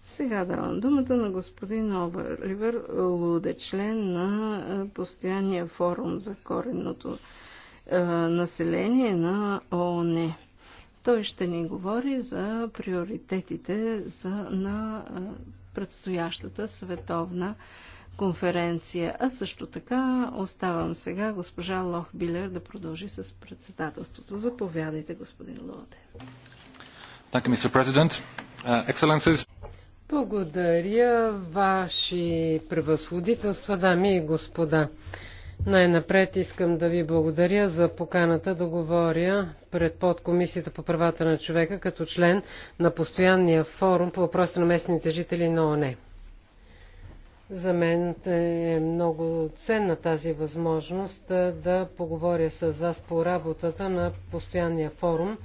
Сега давам думата на господин Оливер Луде, член на е, постоянния форум за коренното е, население на ООН. Той ще ни говори за приоритетите за, на е, предстоящата световна е, конференция. А също така оставам сега госпожа Лох Билер да продължи с председателството. Заповядайте, господин Лоде. Thank you, Mr. President. Uh, excellences. Благодаря, ваши превъзходителства, дами и господа. Най-напред искам да ви благодаря за поканата да говоря пред подкомисията по правата на човека като член на постоянния форум по въпросите на местните жители на ОНЕ. За мен е много ценна тази възможност да поговоря с вас по работата на постоянния форум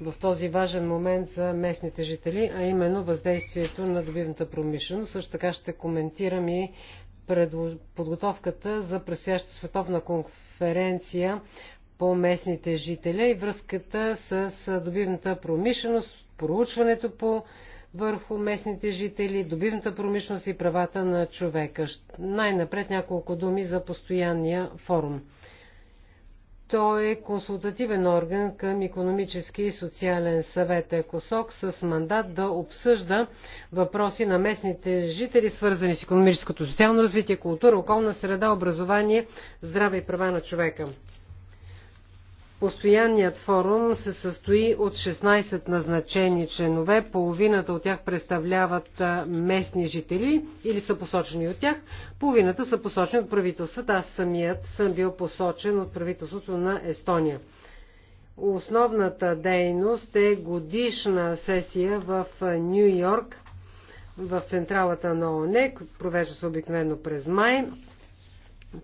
в този важен момент за местните жители, а именно въздействието на добивната промишленост. Също така ще коментирам и подготовката за предстояща световна конференция по местните жители и връзката с добивната промишленост, проучването по върху местните жители, добивната промишленост и правата на човека. Най-напред няколко думи за постоянния форум. Той е консултативен орган към економически и социален съвет ЕКОСОК с мандат да обсъжда въпроси на местните жители, свързани с економическото социално развитие, култура, околна среда, образование, здраве и права на човека. Постоянният форум се състои от 16 назначени членове, половината от тях представляват местни жители или са посочени от тях, половината са посочени от правителствата. Аз самият съм бил посочен от правителството на Естония. Основната дейност е годишна сесия в Нью Йорк, в централата на ОНЕ, провежда се обикновено през май.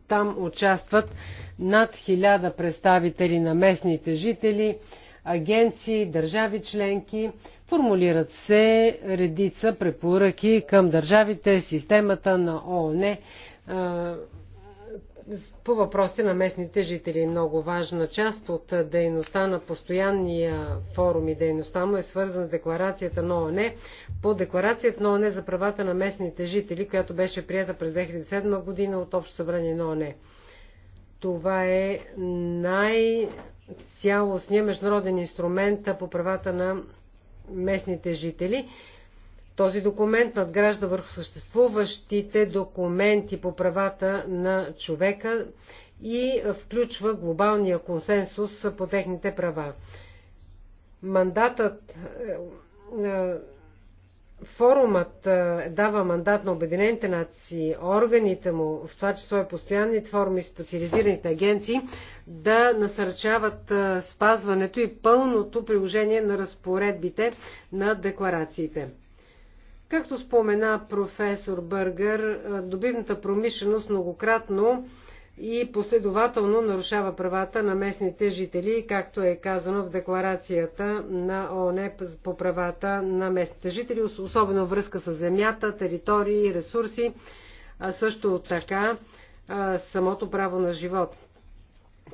Там участват над хиляда представители на местните жители, агенции, държави членки. Формулират се редица препоръки към държавите, системата на ООН, по въпроси на местните жители. Много важна част от дейността на постоянния форум и дейността му е свързана с декларацията на ОНЕ. По декларацията на ОНЕ за правата на местните жители, която беше прията през 2007 година от Общо събрание на ОНЕ. Това е най-цялостният международен инструмент по правата на местните жители. Този документ надгражда върху съществуващите документи по правата на човека и включва глобалния консенсус по техните права. Мандатът е, е, Форумът е, дава мандат на Обединените нации, органите му, в това число и постоянните форуми, специализираните агенции, да насърчават спазването и пълното приложение на разпоредбите на декларациите. Както спомена професор Бъргър, е, добивната промишленост многократно и последователно нарушава правата на местните жители, както е казано в декларацията на ООН по правата на местните жители, особено връзка с земята, територии, ресурси, а също така самото право на живот.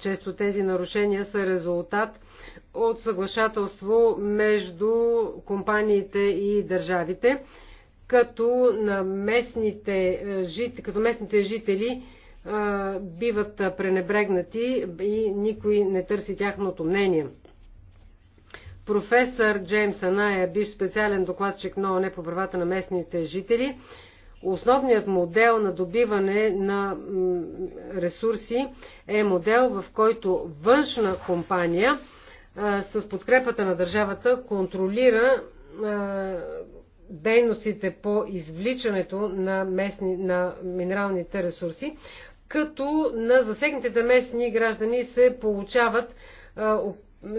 Често тези нарушения са резултат от съглашателство между компаниите и държавите като, на местните, е, като местните жители е, биват е, пренебрегнати и никой не търси тяхното мнение. Професор Джеймс Аная, бивш специален докладчик на ОНЕ по правата на местните жители, Основният модел на добиване на ресурси е модел, в който външна компания с подкрепата на държавата контролира дейностите по извличането на, местни, на минералните ресурси, като на засегнатите местни граждани се получават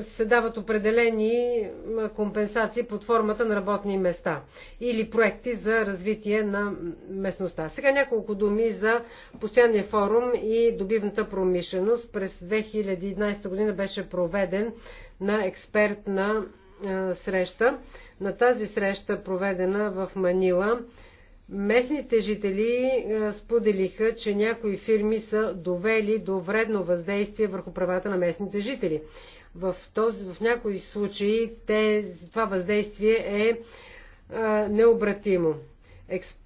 се дават определени компенсации под формата на работни места или проекти за развитие на местността. Сега няколко думи за постоянния форум и добивната промишленост. През 2011 година беше проведен на експертна е, среща. На тази среща, проведена в Манила, местните жители е, споделиха, че някои фирми са довели до вредно въздействие върху правата на местните жители. В, този, в някои случаи те, това въздействие е а, е, необратимо. Експ,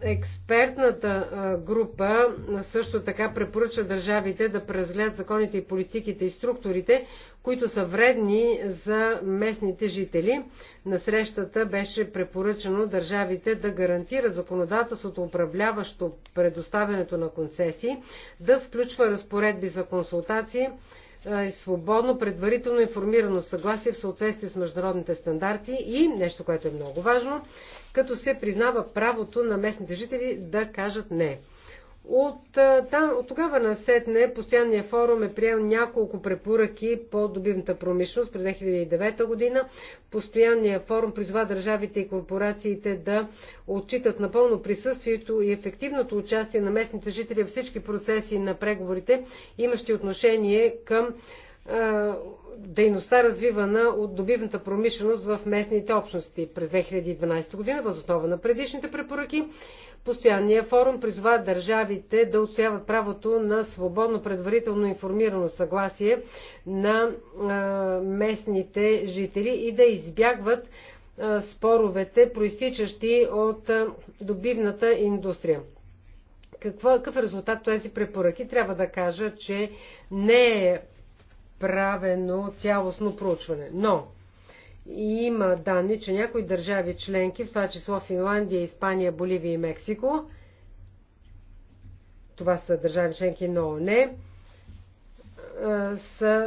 експертната а, група също така препоръча държавите да преразгледат законите и политиките и структурите, които са вредни за местните жители. На срещата беше препоръчено държавите да гарантират законодателството, управляващо предоставянето на концесии, да включва разпоредби за консултации и свободно, предварително информирано съгласие в съответствие с международните стандарти и, нещо, което е много важно, като се признава правото на местните жители да кажат не. От, там, от тогава насетне постоянния форум е приел няколко препоръки по добивната промишленост през 2009 година. Постоянния форум призва държавите и корпорациите да отчитат напълно присъствието и ефективното участие на местните жители във всички процеси на преговорите, имащи отношение към дейността развивана от добивната промишленост в местните общности. През 2012 година, възоснова на предишните препоръки, Постоянния форум призова държавите да отстояват правото на свободно предварително информирано съгласие на местните жители и да избягват споровете, проистичащи от добивната индустрия. Какво, какъв е резултат тези препоръки? Трябва да кажа, че не е правено цялостно проучване. Но има данни, че някои държави членки, в това число Финландия, Испания, Боливия и Мексико, това са държави членки на ОНЕ,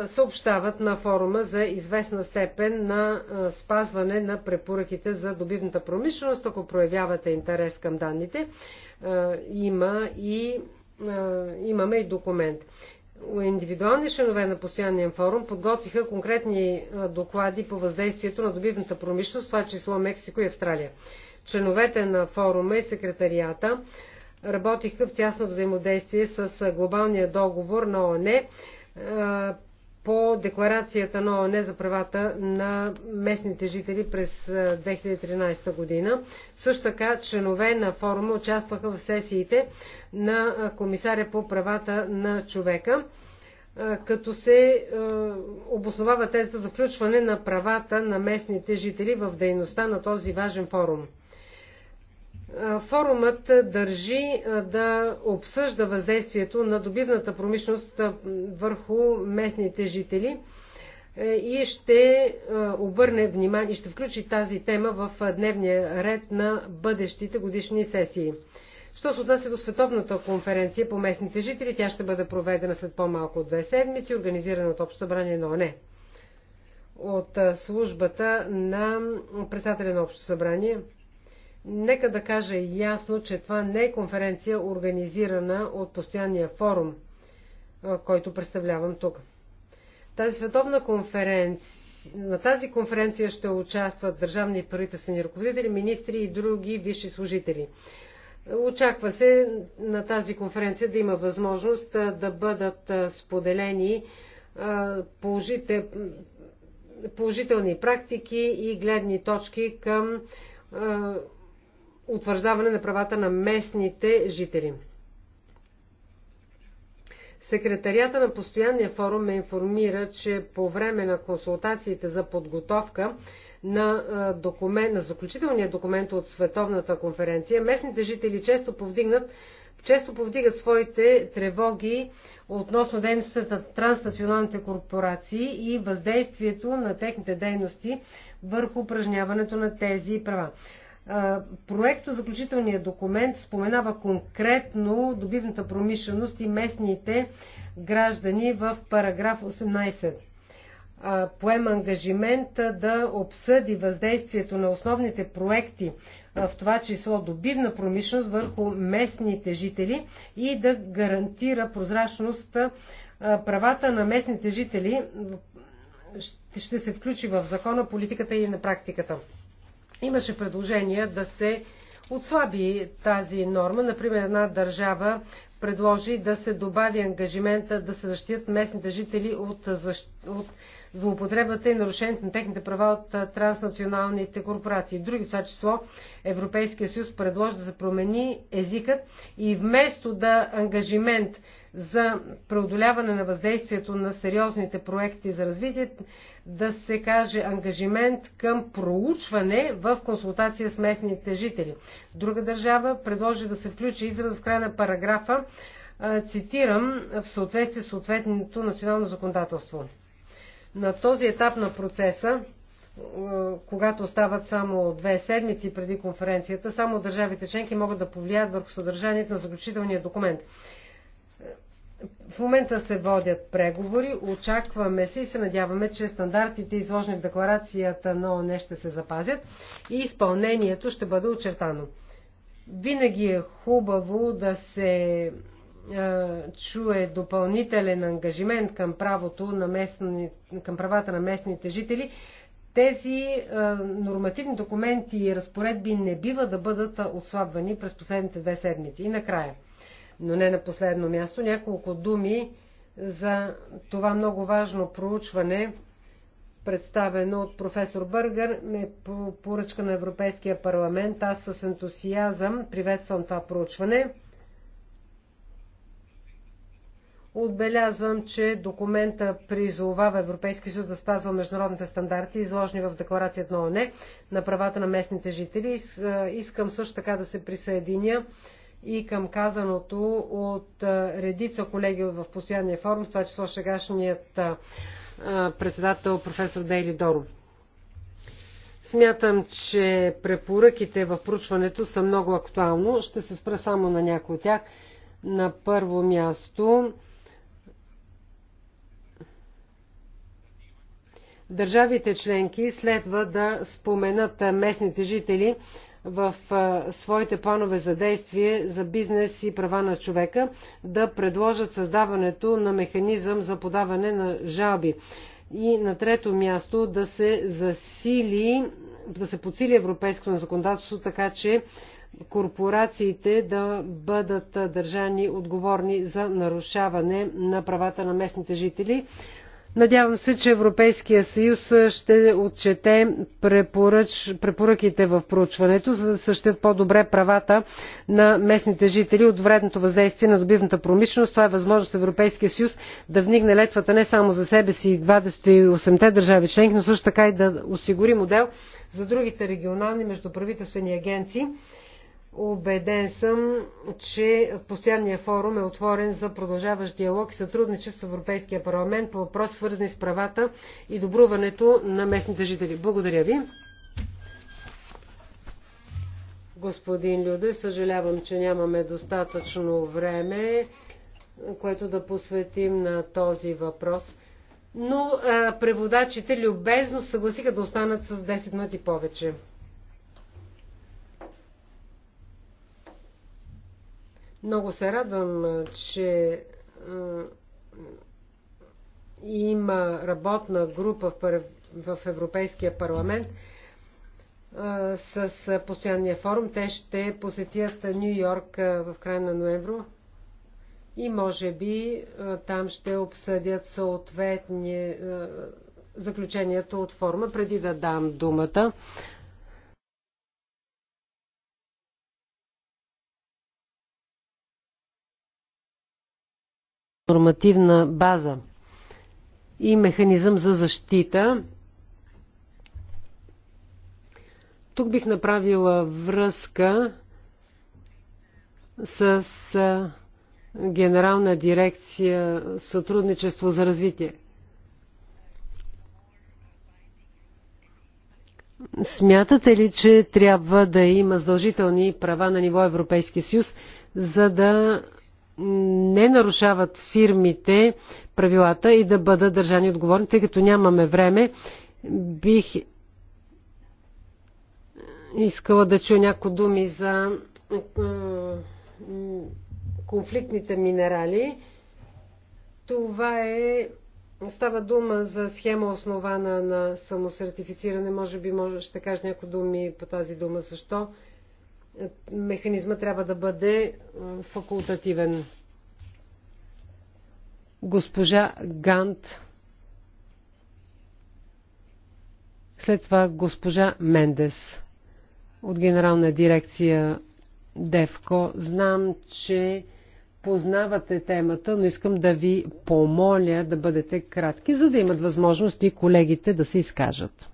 съобщават на форума за известна степен на е, спазване на препоръките за добивната промишленост. Ако проявявате интерес към данните, е, има и, е, имаме и документ индивидуални членове на постоянния форум подготвиха конкретни доклади по въздействието на добивната промишленост, това число Мексико и Австралия. Членовете на форума и секретарията работиха в тясно взаимодействие с глобалния договор на ОНЕ по декларацията на ОНЕ за правата на местните жители през 2013 година. Също така членове на форума участваха в сесиите на комисаря по правата на човека, като се обосновава тезата за включване на правата на местните жители в дейността на този важен форум. Форумът държи да обсъжда въздействието на добивната промишленост върху местните жители е, и ще обърне внимание, ще включи тази тема в дневния ред на бъдещите годишни сесии. Що се отнася до Световната конференция по местните жители, тя ще бъде проведена след по-малко от две седмици, организирана от Общо събрание на ОНЕ. От службата на председателя на Общо събрание Нека да кажа ясно, че това не е конференция, организирана от постоянния форум, който представлявам тук. Тази световна конференция на тази конференция ще участват държавни правителствени ръководители, министри и други висши служители. Очаква се на тази конференция да има възможност да бъдат споделени положителни практики и гледни точки към утвърждаване на правата на местните жители. Секретарията на постоянния форум ме информира, че по време на консултациите за подготовка на, документ, на заключителния документ от Световната конференция, местните жители често повдигнат често повдигат своите тревоги относно дейността на транснационалните корпорации и въздействието на техните дейности върху упражняването на тези права. Проекто заключителният документ споменава конкретно добивната промишленост и местните граждани в параграф 18. Поема ангажимент да обсъди въздействието на основните проекти, в това число добивна промишленост върху местните жители и да гарантира прозрачност правата на местните жители ще се включи в закона, политиката и на практиката. Имаше предложение да се отслаби тази норма. Например, една държава предложи да се добави ангажимента да се защитят местните жители от, защ... от злоупотребата и нарушението на техните права от транснационалните корпорации. Други в това число Европейския съюз предложи да се промени езикът и вместо да ангажимент за преодоляване на въздействието на сериозните проекти за развитие, да се каже ангажимент към проучване в консултация с местните жители. Друга държава предложи да се включи израз в края на параграфа, цитирам, в съответствие с съответното национално законодателство. На този етап на процеса, е, когато остават само две седмици преди конференцията, само държавите членки могат да повлияят върху съдържанието на заключителния документ. В момента се водят преговори, очакваме се и се надяваме, че стандартите, изложени в декларацията на ОНЕ, ще се запазят и изпълнението ще бъде очертано. Винаги е хубаво да се е, чуе допълнителен ангажимент към, правото на местни, към правата на местните жители, тези е, нормативни документи и разпоредби не бива да бъдат отслабвани през последните две седмици. И накрая, но не на последно място, няколко думи за това много важно проучване, представено от професор Бъргър, е, по поръчка на Европейския парламент. Аз с ентусиазъм приветствам това проучване. Отбелязвам, че документа призовава Европейски съюз да спазва международните стандарти, изложени в декларацията на ОНЕ на правата на местните жители. Искам също така да се присъединя и към казаното от редица колеги в постоянния форум, в това число сегашният председател професор Дейли Доро. Смятам, че препоръките в проучването са много актуално. Ще се спра само на някои от тях. На първо място Държавите членки следва да споменат местните жители в своите планове за действие за бизнес и права на човека, да предложат създаването на механизъм за подаване на жалби. И на трето място да се засили, да се подсили европейското на законодателство, така че корпорациите да бъдат държани отговорни за нарушаване на правата на местните жители. Надявам се, че Европейския съюз ще отчете препоръч, препоръките в проучването, за да същат по-добре правата на местните жители от вредното въздействие на добивната промишленост. Това е възможност Европейския съюз да вникне летвата не само за себе си и 28-те държави членки, но също така и да осигури модел за другите регионални междуправителствени агенции Обеден съм, че постоянният форум е отворен за продължаващ диалог и сътрудничество с Европейския парламент по въпроси свързани с правата и добруването на местните жители. Благодаря ви. Господин Люде, съжалявам, че нямаме достатъчно време, което да посветим на този въпрос. Но а, преводачите любезно съгласиха да останат с 10 минути повече. Много се радвам, че има работна група в Европейския парламент с постоянния форум. Те ще посетят Нью Йорк в края на ноември и може би там ще обсъдят съответни заключението от форма, преди да дам думата нормативна база и механизъм за защита. Тук бих направила връзка с Генерална дирекция Сътрудничество за развитие. Смятате ли, че трябва да има задължителни права на ниво Европейски съюз, за да не нарушават фирмите правилата и да бъдат държани отговорни, тъй като нямаме време, бих искала да чуя някои думи за конфликтните минерали. Това е Става дума за схема основана на самосертифициране. Може би може, ще кажа някои думи по тази дума. Защо? механизма трябва да бъде факултативен. Госпожа Гант. След това госпожа Мендес от генерална дирекция Девко. Знам, че познавате темата, но искам да ви помоля да бъдете кратки, за да имат възможност и колегите да се изкажат.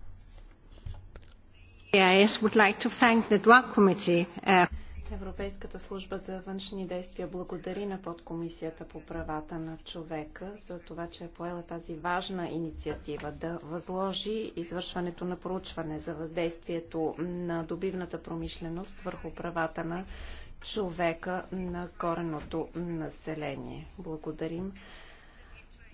Uh, Европейската служба за външни действия благодари на подкомисията по правата на човека за това, че е поела тази важна инициатива да възложи извършването на проучване за въздействието на добивната промишленост върху правата на човека на кореното население. Благодарим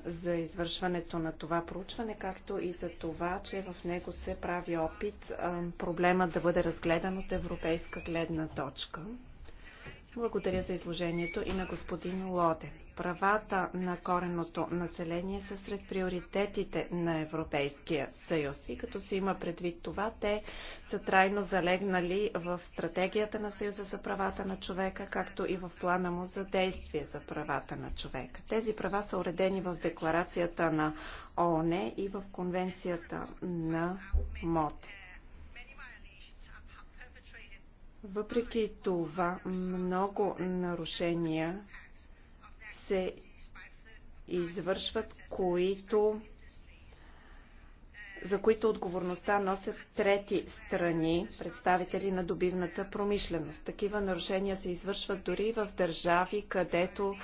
за извършването на това проучване, както и за това, че в него се прави опит проблема да бъде разгледан от европейска гледна точка. Благодаря за изложението и на господин Лоден правата на кореното население са сред приоритетите на Европейския съюз. И като се има предвид това, те са трайно залегнали в стратегията на Съюза за правата на човека, както и в плана му за действие за правата на човека. Тези права са уредени в декларацията на ООН и в конвенцията на МОД. Въпреки това, много нарушения се извършват, които, за които отговорността носят трети страни, представители на добивната промишленост. Такива нарушения се извършват дори в държави, където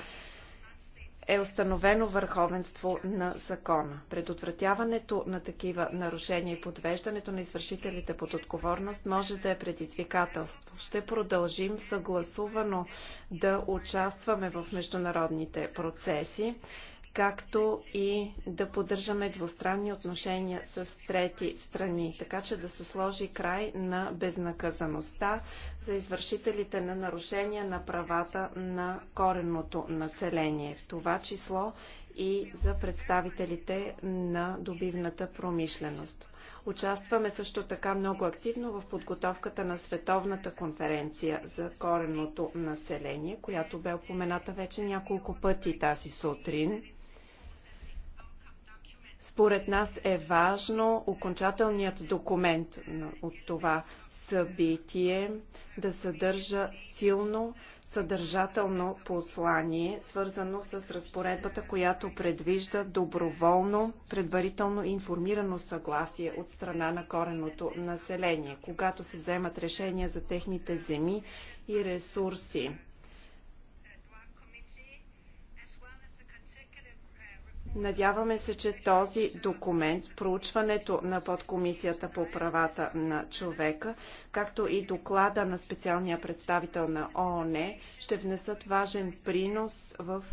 е установено върховенство на закона. Предотвратяването на такива нарушения и подвеждането на извършителите под отговорност може да е предизвикателство. Ще продължим съгласувано да участваме в международните процеси както и да поддържаме двустранни отношения с трети страни, така че да се сложи край на безнаказаността за извършителите на нарушения на правата на коренното население, в това число и за представителите на добивната промишленост. Участваме също така много активно в подготовката на Световната конференция за коренното население, която бе опомената вече няколко пъти тази сутрин. Според нас е важно окончателният документ от това събитие да съдържа силно съдържателно послание, свързано с разпоредбата, която предвижда доброволно, предварително информирано съгласие от страна на кореното население, когато се вземат решения за техните земи и ресурси. Надяваме се, че този документ, проучването на подкомисията по правата на човека, както и доклада на специалния представител на ООН, ще внесат важен принос в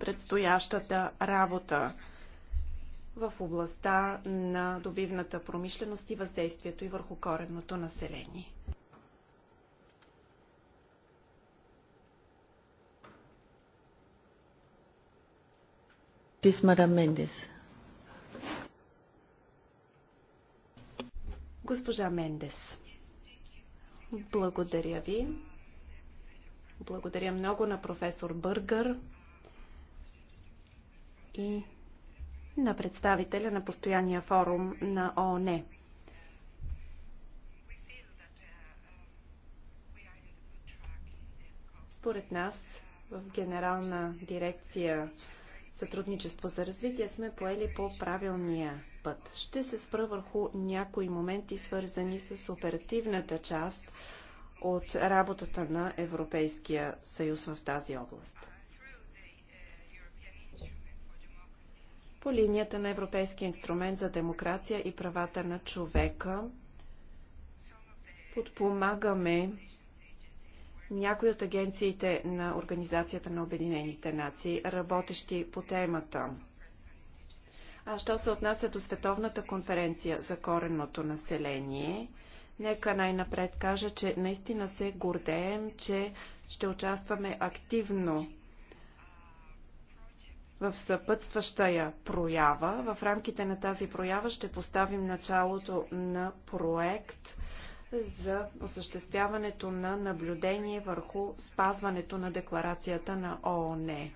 предстоящата работа в областта на добивната промишленост и въздействието и върху коренното население. Госпожа Мендес, благодаря ви. Благодаря много на професор Бъргър и на представителя на постоянния форум на ООН. Според нас в Генерална дирекция сътрудничество за развитие сме поели по правилния път. Ще се спра върху някои моменти, свързани с оперативната част от работата на Европейския съюз в тази област. По линията на Европейския инструмент за демокрация и правата на човека подпомагаме някои от агенциите на Организацията на Обединените нации, работещи по темата. А що се отнася до Световната конференция за коренното население, нека най-напред кажа, че наистина се гордеем, че ще участваме активно в съпътстваща я проява. В рамките на тази проява ще поставим началото на проект за осъществяването на наблюдение върху спазването на декларацията на ООН.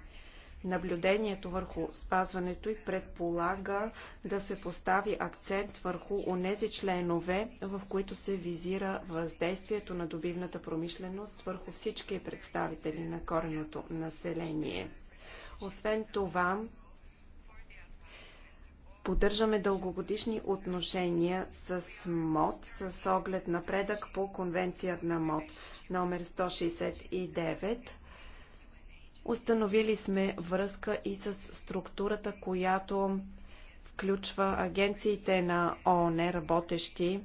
Наблюдението върху спазването и предполага да се постави акцент върху онези членове, в които се визира въздействието на добивната промишленост върху всички представители на кореното население. Освен това, Поддържаме дългогодишни отношения с МОД с оглед напредък по конвенцията на МОД номер 169. Установили сме връзка и с структурата, която включва агенциите на ООН, работещи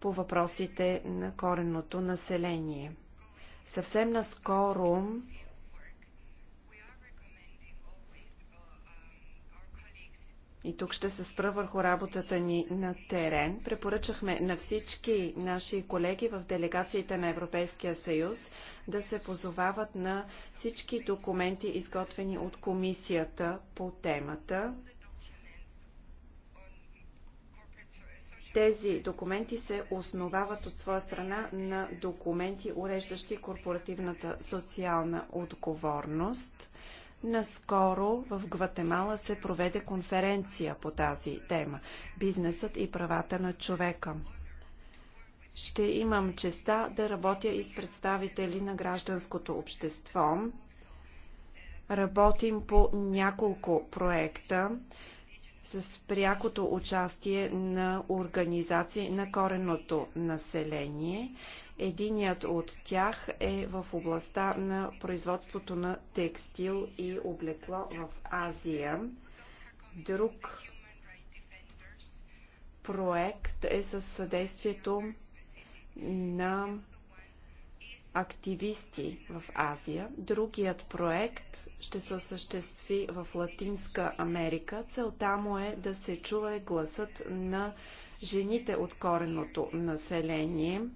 по въпросите на коренното население. Съвсем наскоро И тук ще се спра върху работата ни на терен. Препоръчахме на всички наши колеги в делегациите на Европейския съюз да се позовават на всички документи, изготвени от комисията по темата. Тези документи се основават от своя страна на документи, уреждащи корпоративната социална отговорност – Наскоро в Гватемала се проведе конференция по тази тема – бизнесът и правата на човека. Ще имам честа да работя и с представители на гражданското общество. Работим по няколко проекта с прякото участие на организации на кореното население. Единият от тях е в областта на производството на текстил и облекло в Азия. Друг проект е със съдействието на активисти в Азия. Другият проект ще се осъществи в Латинска Америка. Целта му е да се чуе гласът на жените от кореното население –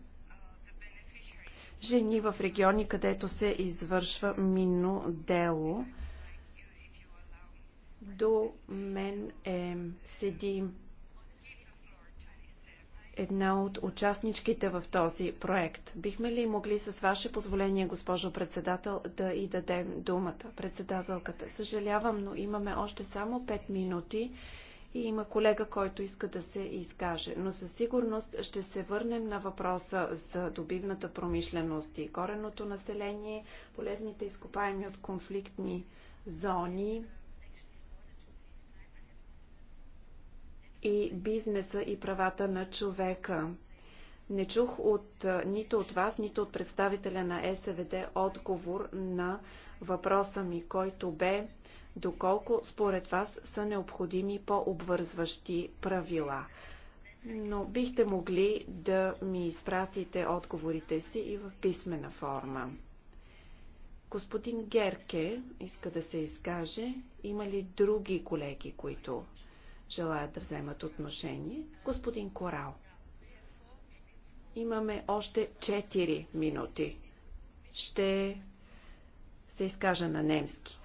жени в региони, където се извършва минно дело. До мен е, седи една от участничките в този проект. Бихме ли могли с ваше позволение, госпожо председател, да и дадем думата? Председателката, съжалявам, но имаме още само 5 минути и има колега, който иска да се изкаже. Но със сигурност ще се върнем на въпроса за добивната промишленост и кореното население, полезните изкопаеми от конфликтни зони и бизнеса и правата на човека. Не чух от, нито от вас, нито от представителя на СВД отговор на въпроса ми, който бе доколко според вас са необходими по-обвързващи правила. Но бихте могли да ми изпратите отговорите си и в писмена форма. Господин Герке иска да се изкаже. Има ли други колеги, които желаят да вземат отношение? Господин Корал. Имаме още 4 минути. Ще се изкажа на немски.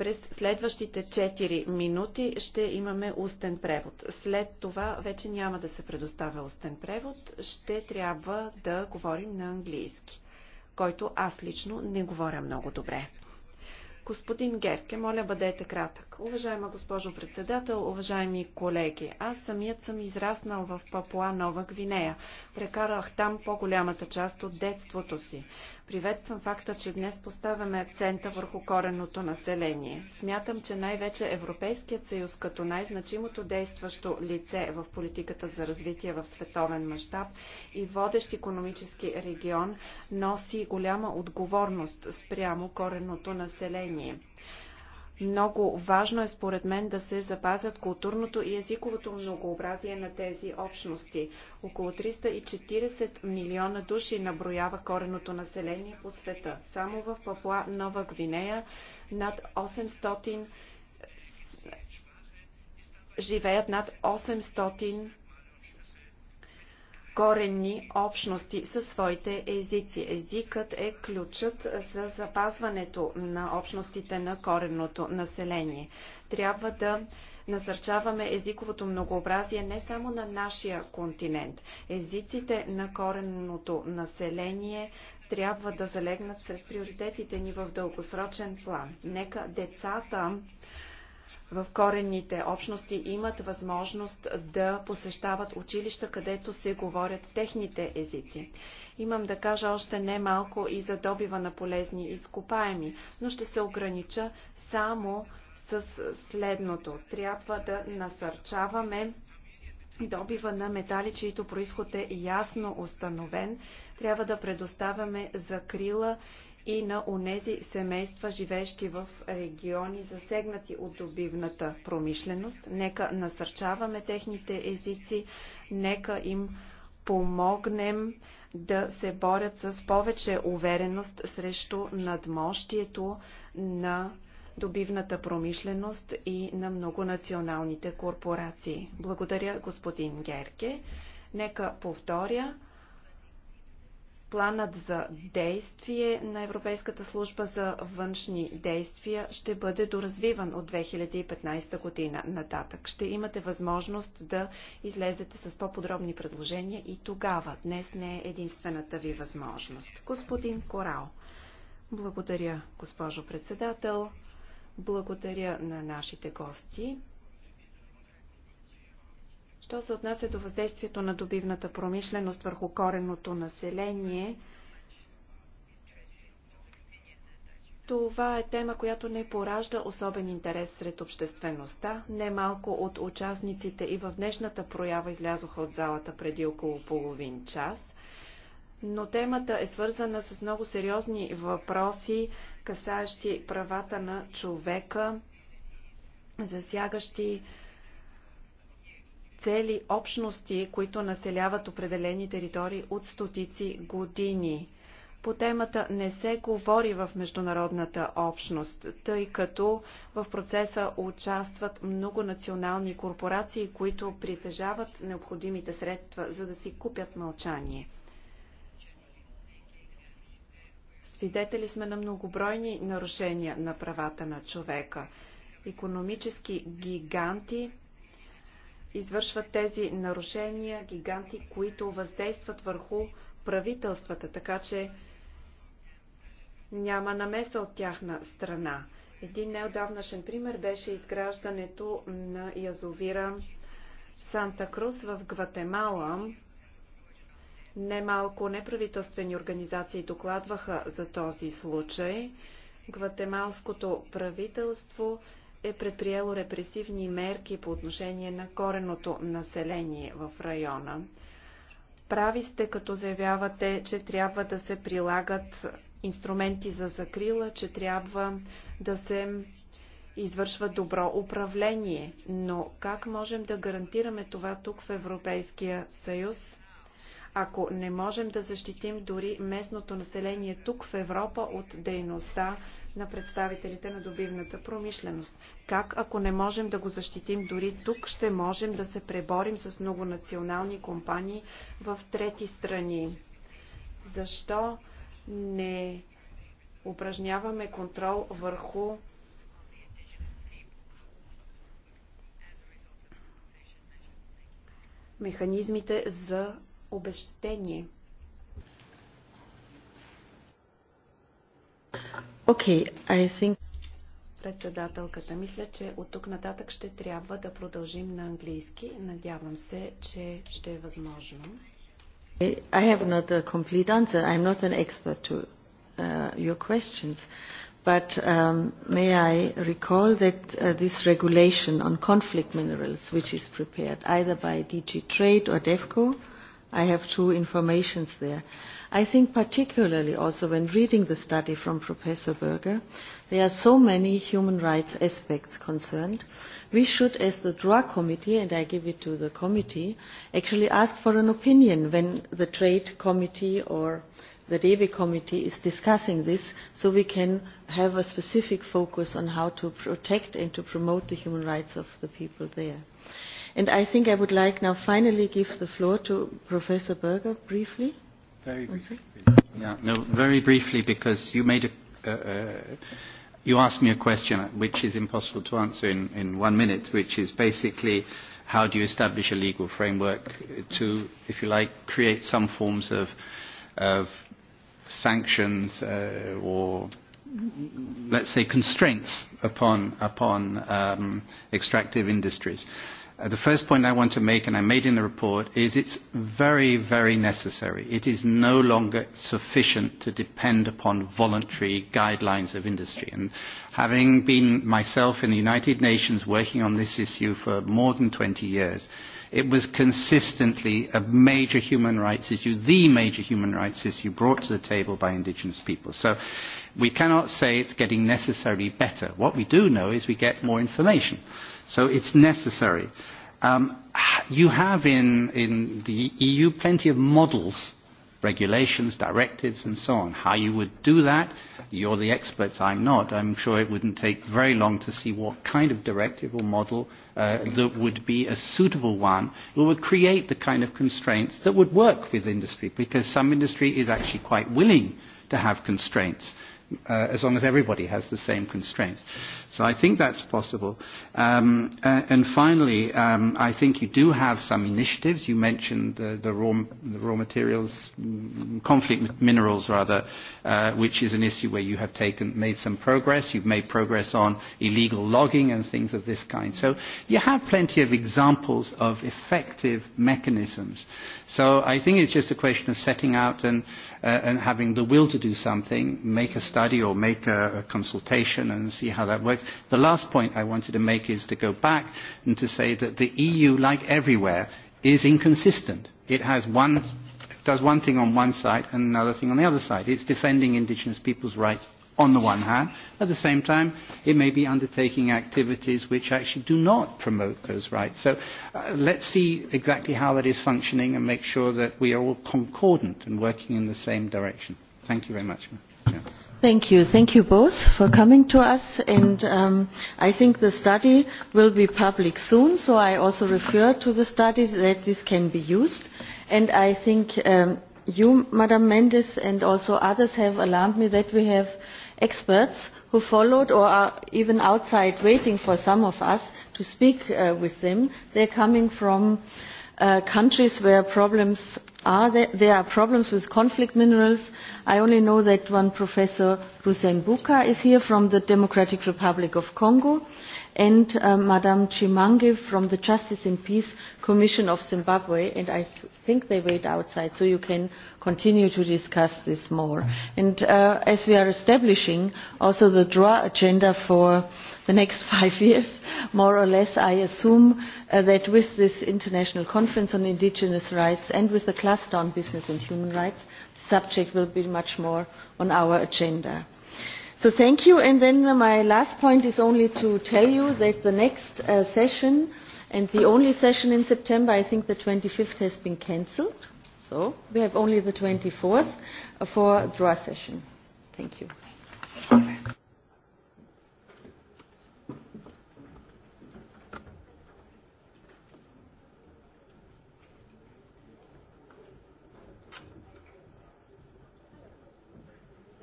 През следващите 4 минути ще имаме устен превод. След това вече няма да се предоставя устен превод. Ще трябва да говорим на английски, който аз лично не говоря много добре. Господин Герке, моля бъдете кратък. Уважаема госпожо председател, уважаеми колеги, аз самият съм израснал в Папуа Нова Гвинея. Прекарах там по-голямата част от детството си. Приветствам факта, че днес поставяме акцента върху коренното население. Смятам, че най-вече Европейският съюз като най-значимото действащо лице в политиката за развитие в световен мащаб и водещ економически регион носи голяма отговорност спрямо коренното население. Много важно е според мен да се запазят културното и езиковото многообразие на тези общности. Около 340 милиона души наброява кореното население по света. Само в Папуа Нова Гвинея над 800 живеят над 800 коренни общности със своите езици. Езикът е ключът за запазването на общностите на коренното население. Трябва да насърчаваме езиковото многообразие не само на нашия континент. Езиците на коренното население трябва да залегнат сред приоритетите ни в дългосрочен план. Нека децата в коренните общности имат възможност да посещават училища, където се говорят техните езици. Имам да кажа още не малко и за добива на полезни изкопаеми, но ще се огранича само с следното. Трябва да насърчаваме добива на метали, чието происход е ясно установен. Трябва да предоставяме закрила и на онези семейства, живеещи в региони, засегнати от добивната промишленост. Нека насърчаваме техните езици, нека им помогнем да се борят с повече увереност срещу надмощието на добивната промишленост и на многонационалните корпорации. Благодаря, господин Герке. Нека повторя, Планът за действие на Европейската служба за външни действия ще бъде доразвиван от 2015 година нататък. Ще имате възможност да излезете с по-подробни предложения и тогава. Днес не е единствената ви възможност. Господин Корал, благодаря, госпожо председател. Благодаря на нашите гости. Що се отнася до въздействието на добивната промишленост върху коренното население, това е тема, която не поражда особен интерес сред обществеността. Немалко от участниците и в днешната проява излязоха от залата преди около половин час. Но темата е свързана с много сериозни въпроси, касаещи правата на човека, засягащи цели общности, които населяват определени територии от стотици години. По темата не се говори в международната общност, тъй като в процеса участват много национални корпорации, които притежават необходимите средства, за да си купят мълчание. Свидетели сме на многобройни нарушения на правата на човека. Економически гиганти извършват тези нарушения гиганти, които въздействат върху правителствата, така че няма намеса от тяхна страна. Един неодавнашен пример беше изграждането на язовира Санта Крус в Гватемала. Немалко неправителствени организации докладваха за този случай. Гватемалското правителство е предприело репресивни мерки по отношение на кореното население в района. Прави сте, като заявявате, че трябва да се прилагат инструменти за закрила, че трябва да се извършва добро управление. Но как можем да гарантираме това тук в Европейския съюз? Ако не можем да защитим дори местното население тук в Европа от дейността на представителите на добивната промишленост. Как, ако не можем да го защитим дори тук, ще можем да се преборим с многонационални компании в трети страни? Защо не упражняваме контрол върху механизмите за обещение? Okay, I think... Председателката, мисля, че от тук нататък ще трябва да продължим на английски. Надявам се, че ще е възможно. I have not a complete answer. I'm not an expert to uh, your questions. But um, may I recall that uh, this regulation on conflict minerals, which is prepared either by DG Trade or DEFCO, I have two informations there. I think particularly also when reading the study from Professor Berger, there are so many human rights aspects concerned. We should, as the DROIT committee, and I give it to the committee, actually ask for an opinion when the trade committee or the DEVE committee is discussing this so we can have a specific focus on how to protect and to promote the human rights of the people there. And I think I would like now finally give the floor to Professor Berger briefly. Very briefly. Yeah, no, very briefly, because you made a, uh, uh you asked me a question which is impossible to answer in, in one minute, which is basically how do you establish a legal framework to, if you like, create some forms of, of sanctions uh, or let's say constraints upon upon um, extractive industries. Uh, the first point I want to make, and I made in the report, is it's very, very necessary. It is no longer sufficient to depend upon voluntary guidelines of industry. And having been myself in the United Nations working on this issue for more than 20 years, it was consistently a major human rights issue, the major human rights issue brought to the table by indigenous people. So we cannot say it's getting necessarily better. What we do know is we get more information So it's necessary. Um, you have in, in the EU plenty of models, regulations, directives, and so on. How you would do that, you're the experts, I'm not. I'm sure it wouldn't take very long to see what kind of directive or model uh, that would be a suitable one that would create the kind of constraints that would work with industry, because some industry is actually quite willing to have constraints uh, as long as everybody has the same constraints. So I think that's possible. Um, uh, and finally, um, I think you do have some initiatives. You mentioned the, the, raw, the raw materials, conflict minerals rather, uh, which is an issue where you have taken, made some progress. You've made progress on illegal logging and things of this kind. So you have plenty of examples of effective mechanisms. So I think it's just a question of setting out and uh, and having the will to do something, make a study or make a, a consultation and see how that works. The last point I wanted to make is to go back and to say that the EU, like everywhere, is inconsistent. It has one, does one thing on one side and another thing on the other side. It's defending indigenous people's rights on the one hand. At the same time, it may be undertaking activities which actually do not promote those rights. So uh, let's see exactly how that is functioning and make sure that we are all concordant and working in the same direction. Thank you very much. Thank you. Thank you both for coming to us. And um, I think the study will be public soon, so I also refer to the study that this can be used. And I think um, you, Madam Mendes, and also others have alarmed me that we have experts who followed or are even outside waiting for some of us to speak with them. They are coming from countries where problems are. There are problems with conflict minerals. I only know that one professor, Rusem Buka, is here from the Democratic Republic of Congo and uh, Madame Chimange from the Justice and Peace Commission of Zimbabwe, and I think they wait outside, so you can continue to discuss this more. And uh, as we are establishing also the draw agenda for the next five years, more or less, I assume uh, that with this International Conference on Indigenous Rights and with the cluster on business and human rights, the subject will be much more on our agenda. So thank you. And then my last point is only to tell you that the next uh, session and the only session in September, I think the 25th has been cancelled. So we have only the 24th for draw session. Thank you.